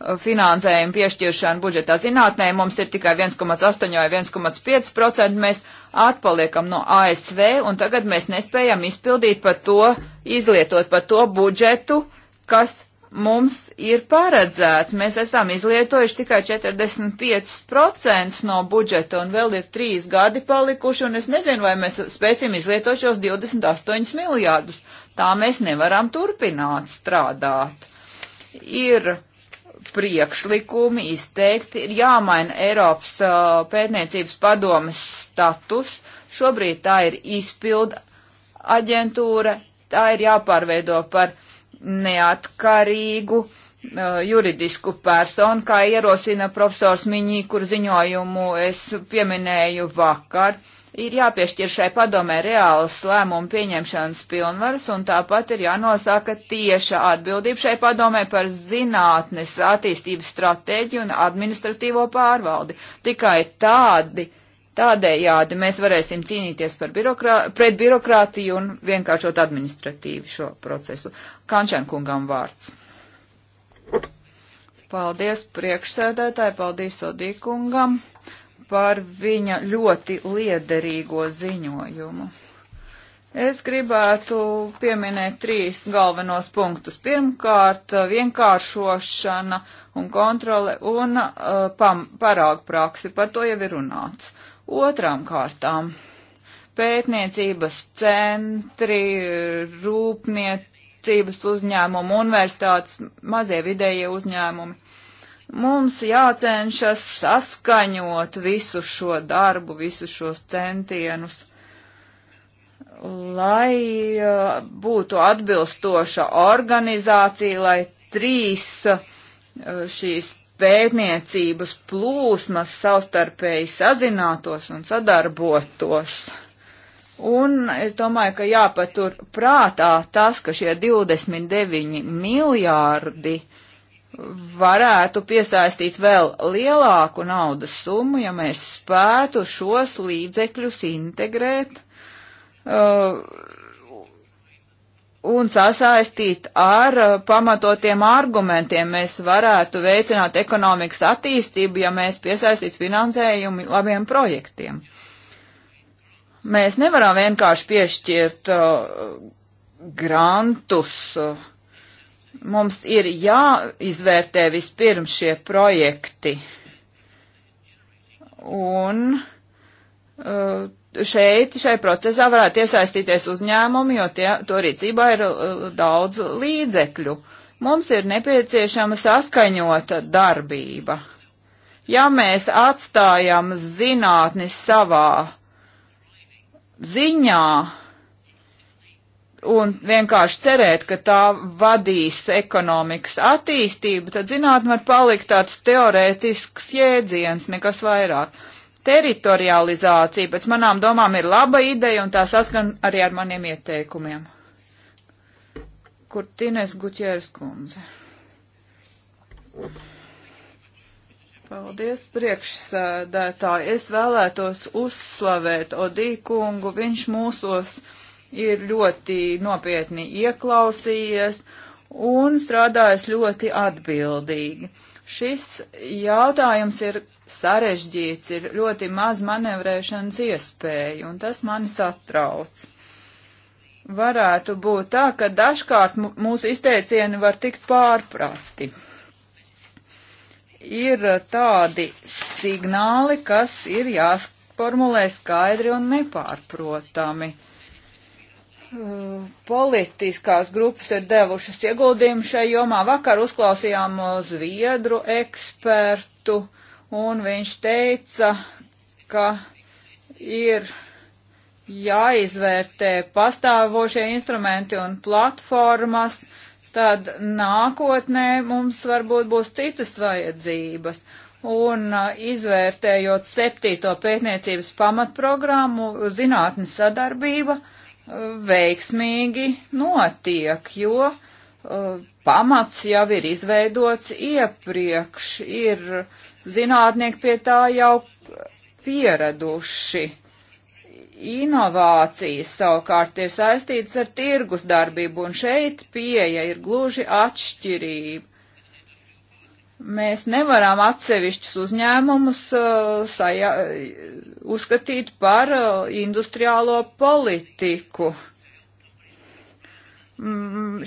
finansējumu piešķiršanu budžetā zinātnē mums ir tikai 1,8 vai 1,5%. Mēs atpaliekam no ASV un tagad mēs nespējam izpildīt par to, izlietot par to budžetu, kas mums ir paredzēts. Mēs esam izlietojuši tikai 45% no budžeta un vēl ir trīs gadi palikuši un es nezinu, vai mēs spēsim izlietot šos 28 miljārdus. Tā mēs nevaram turpināt strādāt. Ir priekšlikumi izteikti, ir jāmaina Eiropas uh, pētniecības padomes status. Šobrīd tā ir izpilda aģentūra, tā ir jāpārveido par neatkarīgu uh, juridisku personu, kā ierosina profesors Miņī, kur ziņojumu es pieminēju vakar. Uh, ir jāpiešķir šai padomē reālas lēmumu pieņemšanas pilnvaras, un tāpat ir jānosaka tieša atbildība šai padomē par zinātnes attīstības stratēģiju un administratīvo pārvaldi. Tikai tādi, tādējādi mēs varēsim cīnīties par birokrā, pret birokrātiju un vienkāršot administratīvu šo procesu. Kančankungam vārds. Paldies priekšsēdētāji, paldies Odīkungam par viņa ļoti liederīgo ziņojumu. Es gribētu pieminēt trīs galvenos punktus. Pirmkārt, vienkāršošana un kontrole un uh, pam, parāgu praksi, par to jau ir runāts. Otrām kārtām, pētniecības centri, rūpniecības uzņēmumi, universitātes, mazie vidējie uzņēmumi Mums jācenšas saskaņot visu šo darbu, visus šos centienus, lai uh, būtu atbilstoša organizācija, lai trīs uh, šīs pētniecības plūsmas savstarpēji sazinātos un sadarbotos. Un es domāju, ka jāpatur prātā tas, ka šie 29 miljārdi uh, varētu piesaistīt vēl lielāku naudas summu, ja mēs spētu šos līdzekļus integrēt uh, un sasaistīt ar uh, pamatotiem argumentiem. Mēs varētu veicināt ekonomikas attīstību, ja mēs piesaistītu finansējumu labiem projektiem. Mēs nevaram vienkārši piešķirt uh, grantus. Uh, mums ir jāizvērtē vispirms šie projekti. Un uh, šeit, šai procesā varētu iesaistīties uzņēmumi, jo tie, to rīcībā ir uh, daudz līdzekļu. Mums ir nepieciešama saskaņota darbība. Ja mēs atstājam zinātni savā ziņā, un vienkārši cerēt, ka tā vadīs ekonomikas attīstību, tad zinātnē var palikt tāds teorētisks jēdziens, nekas vairāk. Teritorializācija pēc manām domām ir laba ideja un tā saskan arī ar maniem ieteikumiem. Kurtines Guķēras kundze. Paldies, priekšsēdētāji. Es vēlētos uzslavēt Odīkungu. Viņš mūsos. Uh, ir ļoti nopietni ieklausījies un strādājis ļoti atbildīgi. Šis jautājums ir sarežģīts, ir ļoti maz manevrēšanas iespēju, un tas mani satrauc. Varētu būt tā, ka dažkārt mūsu izteicieni var tikt pārprasti. Ir tādi signāli, kas ir jāsformulē skaidri un nepārprotami. Uh, Eh, politiskās grupas ir devušas ieguldījumu šai jomā. Vakar uzklausījām eh, Zviedru ekspertu, un viņš teica, ka ir jāizvērtē pastāvošie instrumenti un platformas, tad nākotnē mums varbūt būs citas vajadzības. Un eh, izvērtējot septīto pētniecības pamatprogrammu, zinātnes sadarbība, uh, veiksmīgi notiek, jo uh, pamats jau ir izveidots iepriekš, ir zinātnieki pie tā jau pieraduši. Inovācijas savukārt ir saistītas ar tirgus darbību, un šeit pieeja ir gluži atšķirība, Mēs nevaram atsevišķus uzņēmumus uh, saja, uh, uzskatīt par uh, industriālo politiku. Mm,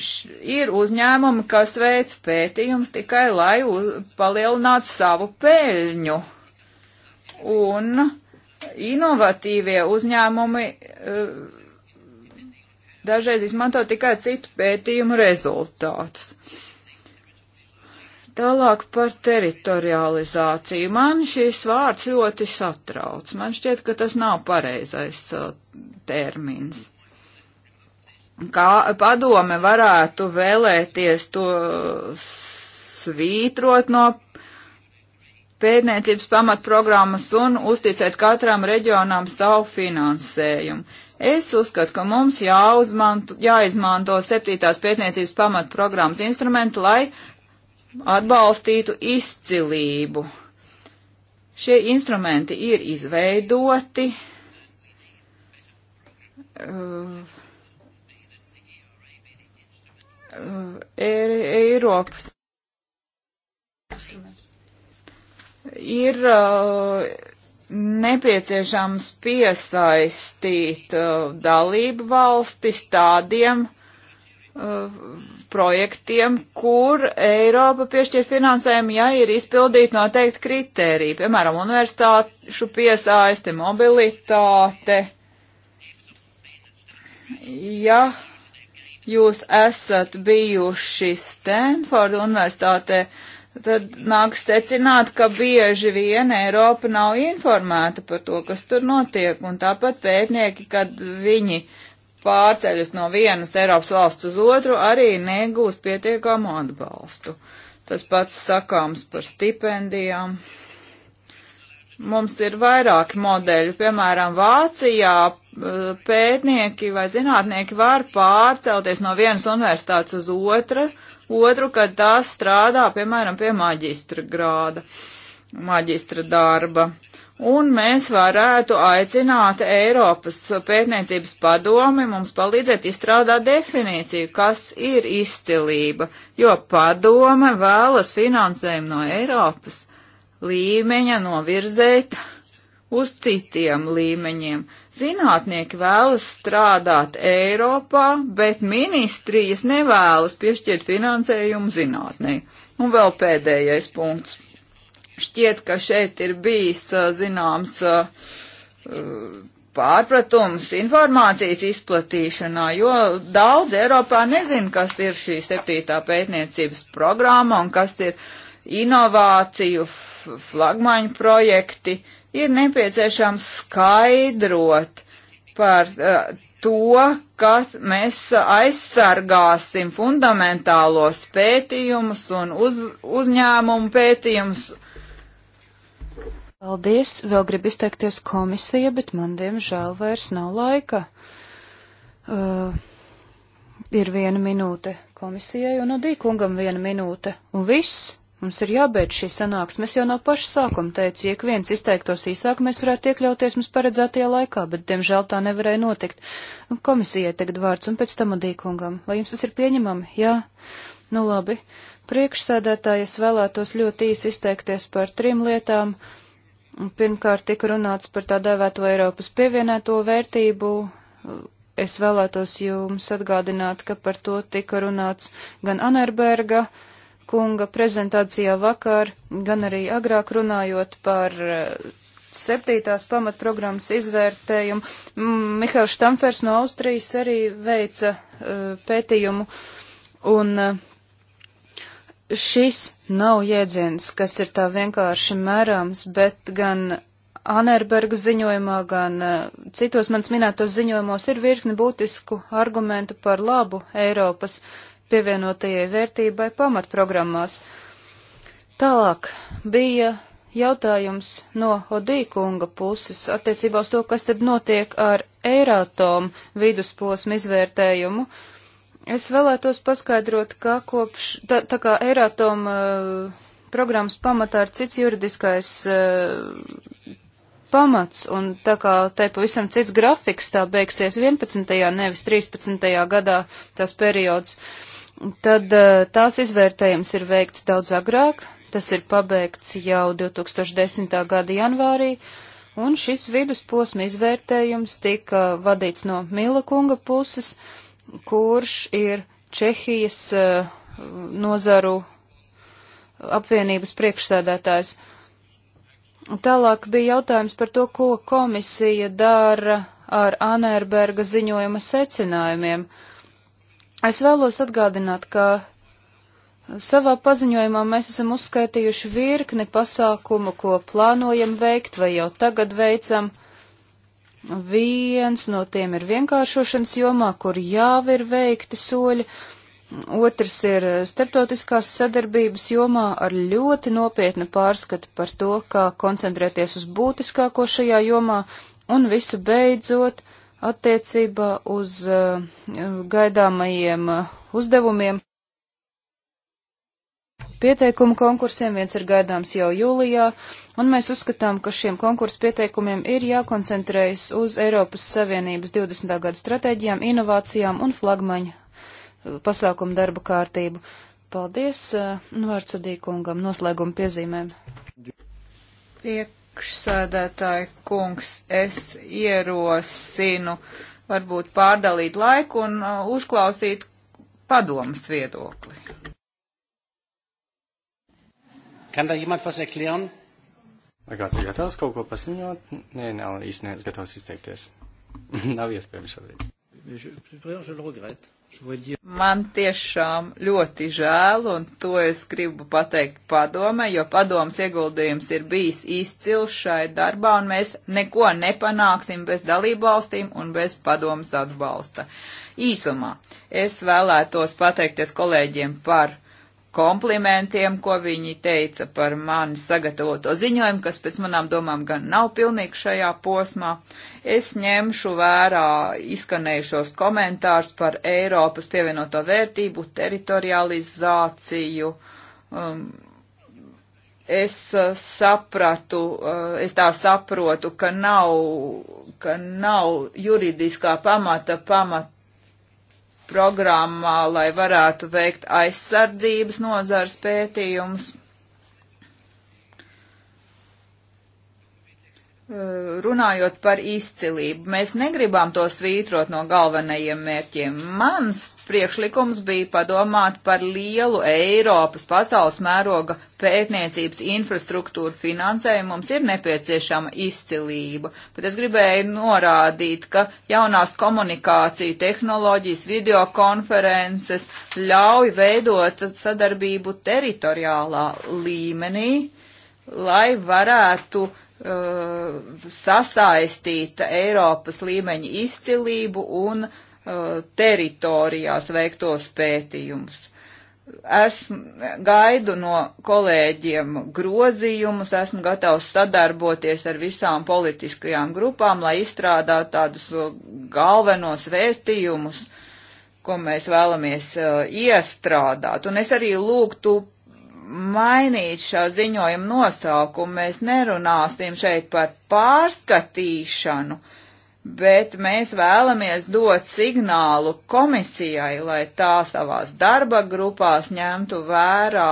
ir uzņēmumi, kas veic pētījumus tikai, lai uz, palielinātu savu peļņu. Un inovatīvie uzņēmumi dažreiz izmanto tikai citu pētījumu rezultātus. Tālāk par teritorializāciju. Man šis vārds ļoti satrauc. Man šķiet, ka tas nav pareizais uh, termins. Kā padome varētu vēlēties to svītrot no pētniecības pamatprogrammas un uzticēt katram reģionam savu finansējumu. Es uzskatu, ka mums jāuzmanto, jāizmanto septītās pētniecības pamatprogrammas instrumenti, lai atbalstītu izcilību. Šie instrumenti ir izveidoti. Uh, uh, Eiropas ir uh, nepieciešams piesaistīt uh, dalību valstis tādiem uh, projektiem, kur Eiropa piešķir finansējumu, ja ir izpildīti noteikti kritēriji, piemēram, universitāšu piesaiste, mobilitāte. Ja jūs esat bijuši Stanforda universitātē, tad nāk secināt, ka bieži vien Eiropa nav informēta par to, kas tur notiek, un tāpat pētnieki, kad viņi pārceļas no vienas Eiropas valsts uz otru, arī negūst pietiekamu atbalstu. Tas pats sakāms par stipendijām. Mums ir vairāki modeļi, piemēram, Vācijā eh, pētnieki vai zinātnieki var pārcelties no vienas universitātes uz otra, otru, kad tās strādā, piemēram, pie maģistra grāda, maģistra darba. Uh, un mēs varētu aicināt Eiropas pētniecības padomi mums palīdzēt izstrādāt definīciju, kas ir izcilība, jo padome vēlas finansējumu no Eiropas līmeņa novirzēt uz citiem līmeņiem. Zinātnieki vēlas strādāt Eiropā, bet ministrijas nevēlas piešķirt finansējumu zinātnē. Un vēl pēdējais punkts Šķiet, ka šeit ir bijis zināms pārpratums informācijas izplatīšanā, jo daudz Eiropā nezin, kas ir šī septītā pētniecības programma un kas ir inovāciju flagmaņu projekti. Ir nepieciešams skaidrot par uh, to, ka mēs aizsargāsim fundamentālos pētījumus un uz, uzņēmumu pētījumus Paldies, vēl grib izteikties komisija, bet man diemžēl vairs nav laika. Uh, ir viena minūte komisijai un Odīkungam viena minūte. Un viss, mums ir jābeidz šī sanāksme. Es jau no paša sākuma teicu, ja viens izteiktos īsāk, mēs varētu iekļauties mums paredzētajā laikā, bet diemžēl tā nevarēja notikt. Un komisijai tagad vārds un pēc tam Odīkungam. Vai jums tas ir pieņemami? Jā. Nu labi. Priekšsēdētāji, es vēlētos ļoti īsi izteikties par trim lietām. Uh, Pirmkārt, tika runāts par tā dēvēto Eiropas pievienēto vērtību. Es vēlētos jums atgādināt, ka par to tika runāts gan Anerberga kunga prezentācijā vakar, gan arī agrāk runājot par eh, septītās pamatprogrammas izvērtējumu. Mihails Štamfers no Austrijas arī veica uh, pētījumu, un uh, šis nav jēdziens, kas ir tā vienkārši mērāms, bet gan Anerberga ziņojumā, gan eh, citos mans minētos ziņojumos ir virkni būtisku argumentu par labu Eiropas pievienotajai vērtībai pamatprogrammās. Tālāk bija jautājums no Odīkunga puses attiecībā uz to, kas tad notiek ar Eirātom vidusposmu izvērtējumu. Uh, Es vēlētos paskaidrot, ka kopš, tā, tā kā Eiratom uh, programmas pamatā ir cits juridiskais uh, pamats, un tā kā tai pavisam cits grafiks, tā beigsies 11. nevis 13. gadā tās periods, tad uh, tās izvērtējums ir veikts daudz agrāk, tas ir pabeigts jau 2010. gada janvārī, un šis vidusposma izvērtējums tika vadīts no Mila kunga puses. Uh, kurš ir Čehijas uh, nozaru apvienības priekšsēdētājs. Tālāk bija jautājums par to, ko komisija dara ar Anērberga ziņojuma secinājumiem. Es vēlos atgādināt, ka savā paziņojumā mēs esam uzskaitījuši virkni pasākumu, ko plānojam veikt vai jau tagad veicam. Viens no tiem ir vienkāršošanas jomā, kur jau ir veikti soļi, otrs ir eh, starptautiskās sadarbības jomā ar ļoti nopietnu pārskatu par to, kā koncentrēties uz būtiskāko šajā jomā, un visu beidzot attiecībā uz uh, gaidāmajiem uh, uzdevumiem pieteikumu konkursiem, viens ir gaidāms jau jūlijā, un mēs uzskatām, ka šiem konkursu pieteikumiem ir jākoncentrējas uz Eiropas Savienības 20. gada stratēģijām, inovācijām un flagmaņu eh, pasākumu darba kārtību. Paldies eh, nu, Vārtsudīkungam noslēguma piezīmēm. Priekšsēdētāji kungs, es ierosinu varbūt pārdalīt laiku un eh, uzklausīt padomas viedokli. Kann da jemand was erklären? Vai kāds ir gatavs kaut ko pasiņot? Nē, nav īsti neviens gatavs izteikties. [LAUGHS] nav iespējams šobrīd. Man tiešām ļoti žēl, un to es gribu pateikt padomē, jo padomas ieguldījums ir bijis izcils šai darbā, un mēs neko nepanāksim bez dalībvalstīm un bez padomas atbalsta. Īsumā es vēlētos pateikties kolēģiem par komplimentiem, ko viņi teica par mani sagatavoto ziņojumu, kas pēc manām domām gan nav pilnīgi šajā posmā. Es ņemšu vērā izskanējušos komentārus par Eiropas pievienoto vērtību, teritorializāciju. Um, es uh, sapratu, uh, es tā saprotu, ka nav, ka nav juridiskā pamata pamat programmā, lai varētu veikt aizsardzības nozars pētījumus. runājot par izcilību, mēs negribam to svītrot no galvenajiem mērķiem. Mans priekšlikums bija padomāt par lielu Eiropas pasaules mēroga pētniecības infrastruktūru finansējumu. Mums ir nepieciešama izcilība, bet es gribēju norādīt, ka jaunās komunikāciju tehnoloģijas, videokonferences ļauj veidot sadarbību teritoriālā līmenī lai varētu uh, sasaistīt Eiropas līmeņa izcilību un uh, teritorijās veiktos pētījumus. Esmu gaidu no kolēģiem grozījumus, esmu gatavs sadarboties ar visām politiskajām grupām, lai izstrādātu tādus uh, galvenos vēstījumus, ko mēs vēlamies uh, iestrādāt. Un es arī lūgtu mainīt šā ziņojuma nosaukumu. Mēs nerunāsim šeit par pārskatīšanu, bet mēs vēlamies dot signālu komisijai, lai tā savās darba grupās ņemtu vērā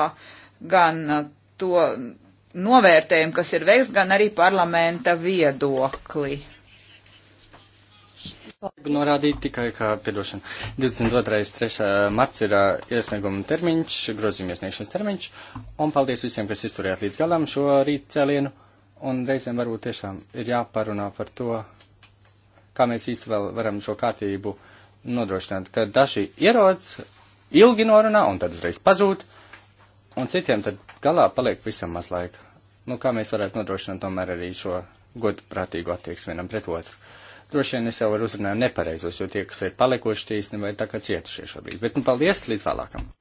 gan to novērtējumu, kas ir veikts, gan arī parlamenta viedokli. Gribu norādīt tikai, ka, piedošana, 22.3. marts ir iesnieguma termiņš, grozījuma iesniegšanas termiņš, un paldies visiem, kas izturējāt līdz galam šo rīt cēlienu, un reizēm varbūt tiešām ir jāparunā par to, kā mēs īsti vēl varam šo kārtību nodrošināt, ka daži ierodas, ilgi norunā, un tad uzreiz pazūd, un citiem tad galā paliek visam maz laika. Nu, kā mēs varētu nodrošināt tomēr arī šo godprātīgu attieksmi vienam pret otru. Droši vien es jau varu uzrunāt nepareizos, jo tie, kas ir palikuši, tie īstenībā ir tā kā cietušie šobrīd. Bet nu paldies, līdz vēlākam!